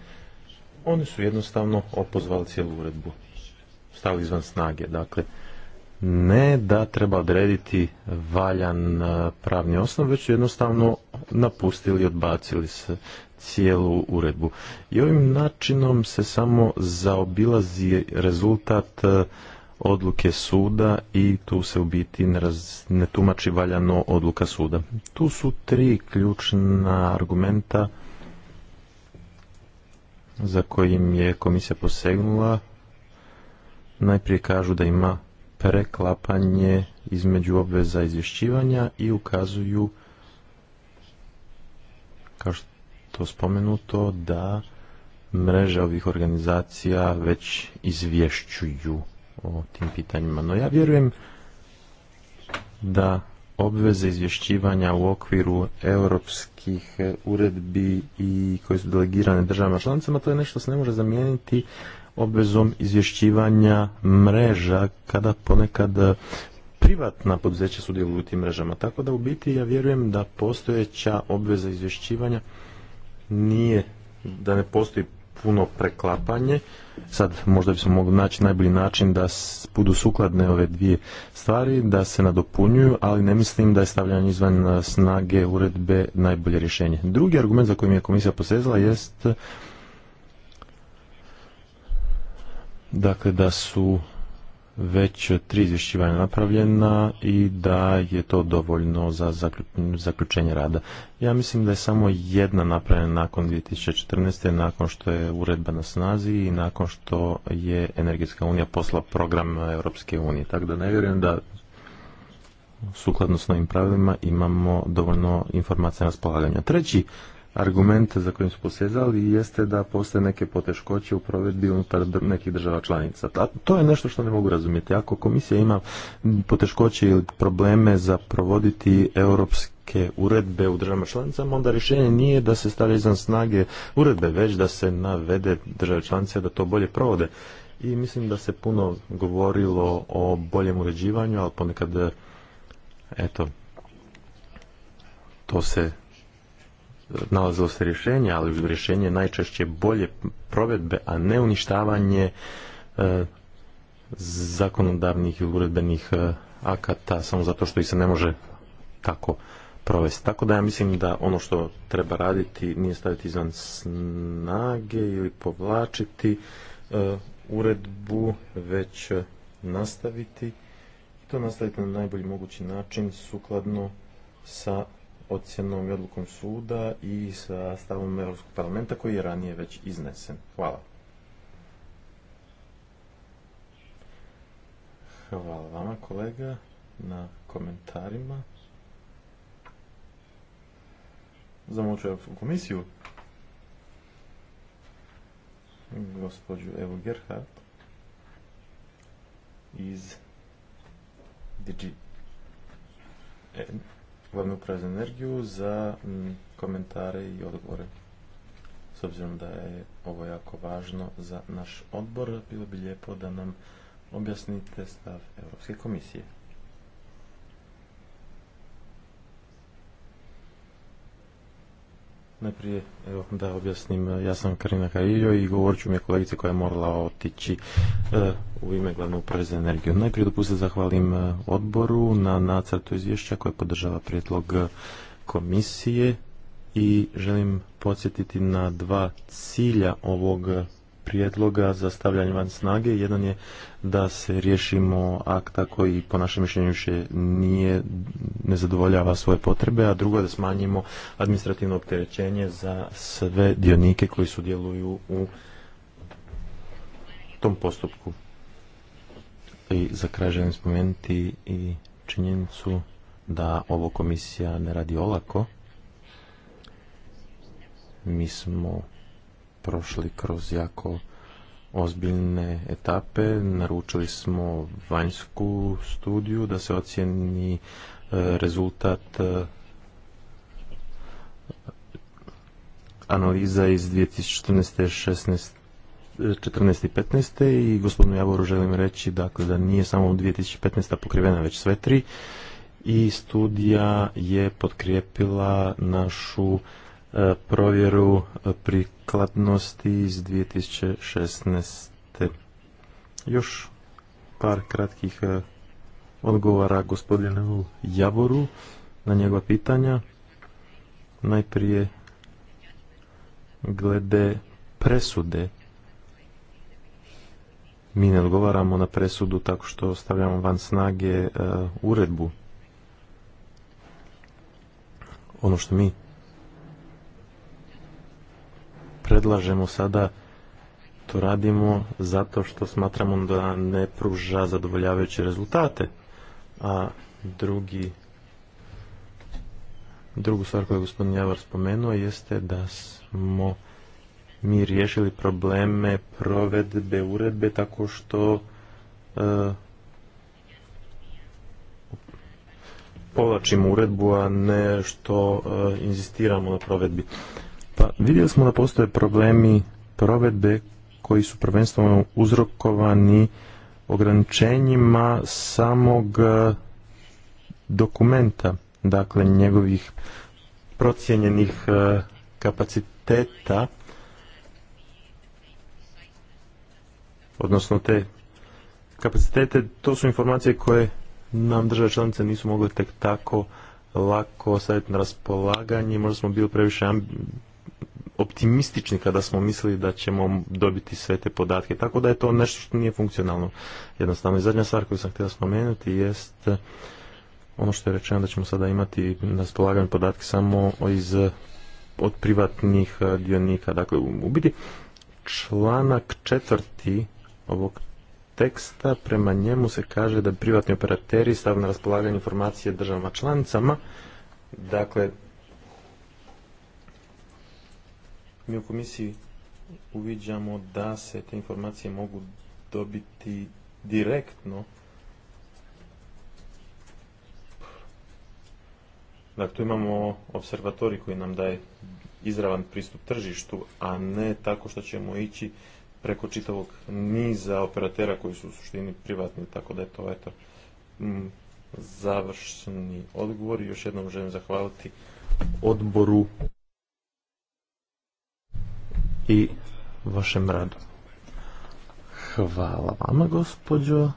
oni su jednostavno opozvali cijelu uredbu. Stavili izvan snage. Dakle, ne da treba odrediti valjan e, pravni osnov, već su jednostavno napustili i odbacili se cijelu uredbu. I ovim načinom se samo zaobilazi rezultat e, odluke suda i tu se u biti ne, tumači valjano odluka suda. Tu su tri ključna argumenta za kojim je komisija posegnula. Najprije kažu da ima preklapanje između obveza izvješćivanja i ukazuju kao što spomenuto da mreža ovih organizacija već izvješćuju o tim pitanjima. No ja vjerujem da obveze izvješćivanja u okviru europskih e, uredbi i koje su delegirane državama članicama, to je nešto se ne može zamijeniti obvezom izvješćivanja mreža kada ponekad e, privatna poduzeća sudjeluju u tim mrežama. Tako da u biti ja vjerujem da postojeća obveza izvješćivanja nije da ne postoji puno preklapanje. Sad možda bismo mogli naći najbolji način da budu sukladne ove dvije stvari, da se nadopunjuju, ali ne mislim da je stavljanje izvan snage uredbe najbolje rješenje. Drugi argument za kojim je komisija posezala jest dakle da su već tri izvješćivanja napravljena i da je to dovoljno za zaključenje rada. Ja mislim da je samo jedna napravljena nakon 2014. nakon što je uredba na snazi i nakon što je Energetska unija posla program Europske unije. Tako da ne vjerujem da sukladno s novim pravilima imamo dovoljno informacija na spolaganju. Treći argument za kojim su posezali jeste da postoje neke poteškoće u provedbi unutar nekih država članica. to je nešto što ne mogu razumjeti. Ako komisija ima poteškoće ili probleme za provoditi europske uredbe u državama članicama, onda rješenje nije da se stavlja izvan snage uredbe, već da se navede države članice da to bolje provode. I mislim da se puno govorilo o boljem uređivanju, ali ponekad eto, to se nalazilo se rješenje, ali rješenje je najčešće bolje provedbe, a ne uništavanje e, zakonodavnih i uredbenih e, akata samo zato što ih se ne može tako provesti. Tako da ja mislim da ono što treba raditi nije staviti izvan snage ili povlačiti e, uredbu, već nastaviti i to nastaviti na najbolji mogući način sukladno sa ocjenom i odlukom suda i sa stavom Europskog parlamenta koji je ranije već iznesen. Hvala. Hvala vama kolega na komentarima. Zamoću Europsku komisiju. Gospođu Evo Gerhardt iz DG glavnu upravu energiju za mm, komentare i odgovore. S obzirom da je ovo jako važno za naš odbor, bilo bi lijepo da nam objasnite stav Europske komisije. Najprije, evo, da objasnim, e, ja sam Karina Kariljo i govorit ću mi je kolegici koja je morala otići e, u ime glavnog uprave za energiju. Najprije dopustite zahvalim e, odboru na nacrtu izvješća koje podržava prijedlog komisije i želim podsjetiti na dva cilja ovog prijedloga za stavljanje van snage. Jedan je da se riješimo akta koji po našem mišljenju više nije, ne zadovoljava svoje potrebe, a drugo je da smanjimo administrativno opterećenje za sve dionike koji sudjeluju u tom postupku. I za kraj želim spomenuti i činjenicu da ovo komisija ne radi olako. Mi smo prošli kroz jako ozbiljne etape. Naručili smo vanjsku studiju da se ocjeni e, rezultat e, analiza iz 2014. i 15. i gospodinu Javoru želim reći dakle, da nije samo 2015. pokrivena već sve tri i studija je potkrijepila našu E, provjeru e, prikladnosti iz 2016. Još par kratkih e, odgovara gospodinu Javoru na njegova pitanja. Najprije glede presude. Mi ne odgovaramo na presudu tako što stavljamo van snage uredbu. Ono što mi predlažemo sada to radimo zato što smatramo da ne pruža zadovoljavajuće rezultate. A drugi drugu stvar koju je gospodin Javar spomenuo jeste da smo mi riješili probleme provedbe uredbe tako što e, povlačimo uredbu, a ne što e, inzistiramo na provedbi. Pa vidjeli smo da postoje problemi provedbe koji su prvenstveno uzrokovani ograničenjima samog e, dokumenta, dakle njegovih procijenjenih e, kapaciteta, odnosno te kapacitete, to su informacije koje nam države članice nisu mogle tek tako lako staviti na raspolaganje, možda smo bili previše optimistični kada smo mislili da ćemo dobiti sve te podatke. Tako da je to nešto što nije funkcionalno. Jednostavno, i zadnja stvar koju sam htio spomenuti jest eh, ono što je rečeno da ćemo sada imati na raspolaganju podatke samo iz eh, od privatnih eh, dionika. Dakle, u biti članak četvrti ovog teksta, prema njemu se kaže da privatni operateri stav na raspolaganje informacije državama članicama. Dakle, Mi u komisiji uviđamo da se te informacije mogu dobiti direktno Dakle, tu imamo observatori koji nam daje izravan pristup tržištu, a ne tako što ćemo ići preko čitavog niza operatera koji su u suštini privatni, tako da je to eto, mm, završni odgovor. Još jednom želim zahvaliti odboru i vašem radu. Hvala vama, gospođo.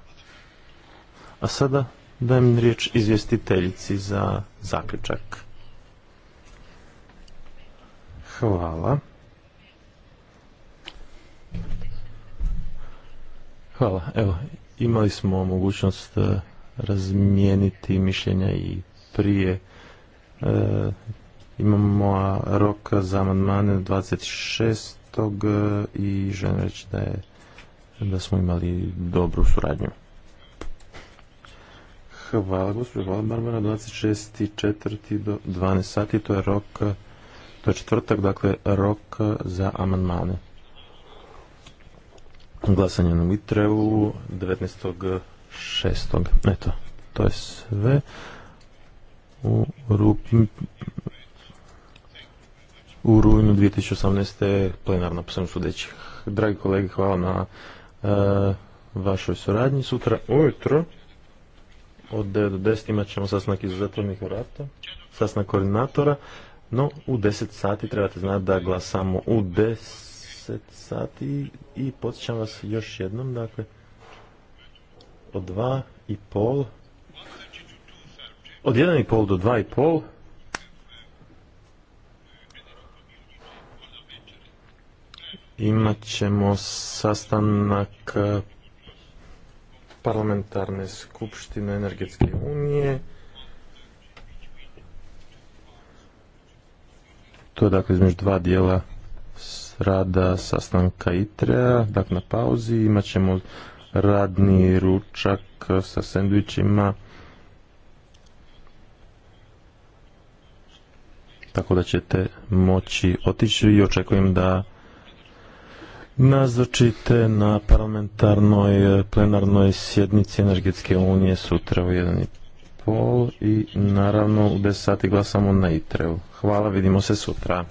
A sada dajem riječ izvjestiteljici za zaključak. Hvala. Hvala. Evo, imali smo mogućnost e, razmijeniti mišljenja i prije. E, imamo rok za amandmane 26 tog e, i želim reći da, je, da smo imali dobru suradnju. Hvala gospođo, hvala Barbara, 26.4. do 12 sati, to je rok, to je četvrtak, dakle rok za amandmane. Glasanje na Mitrevu 19.6. Eto, to je sve u rupi u rujnu 2018. plenarna po sudećih. Dragi kolege, hvala na uh, vašoj suradnji. Sutra ujutro od 9 do 10 imat ćemo sasnak iz zatvornih vrata, sasnak koordinatora, no u 10 sati trebate znati da glasamo u 10 sati i podsjećam vas još jednom, dakle, od 2 i pol, od 1 i pol do 2 i pol, imat ćemo sastanak e, parlamentarne skupštine Energetske unije. To je dakle između dva dijela rada sastanka ITREA, dakle na pauzi imat ćemo radni ručak sa sendvičima. Tako da ćete moći otići i očekujem da nazočite na parlamentarnoj e, plenarnoj sjednici Energetske unije sutra u 1.30 i naravno u 10 sati glasamo na ITREU. Hvala, vidimo se sutra.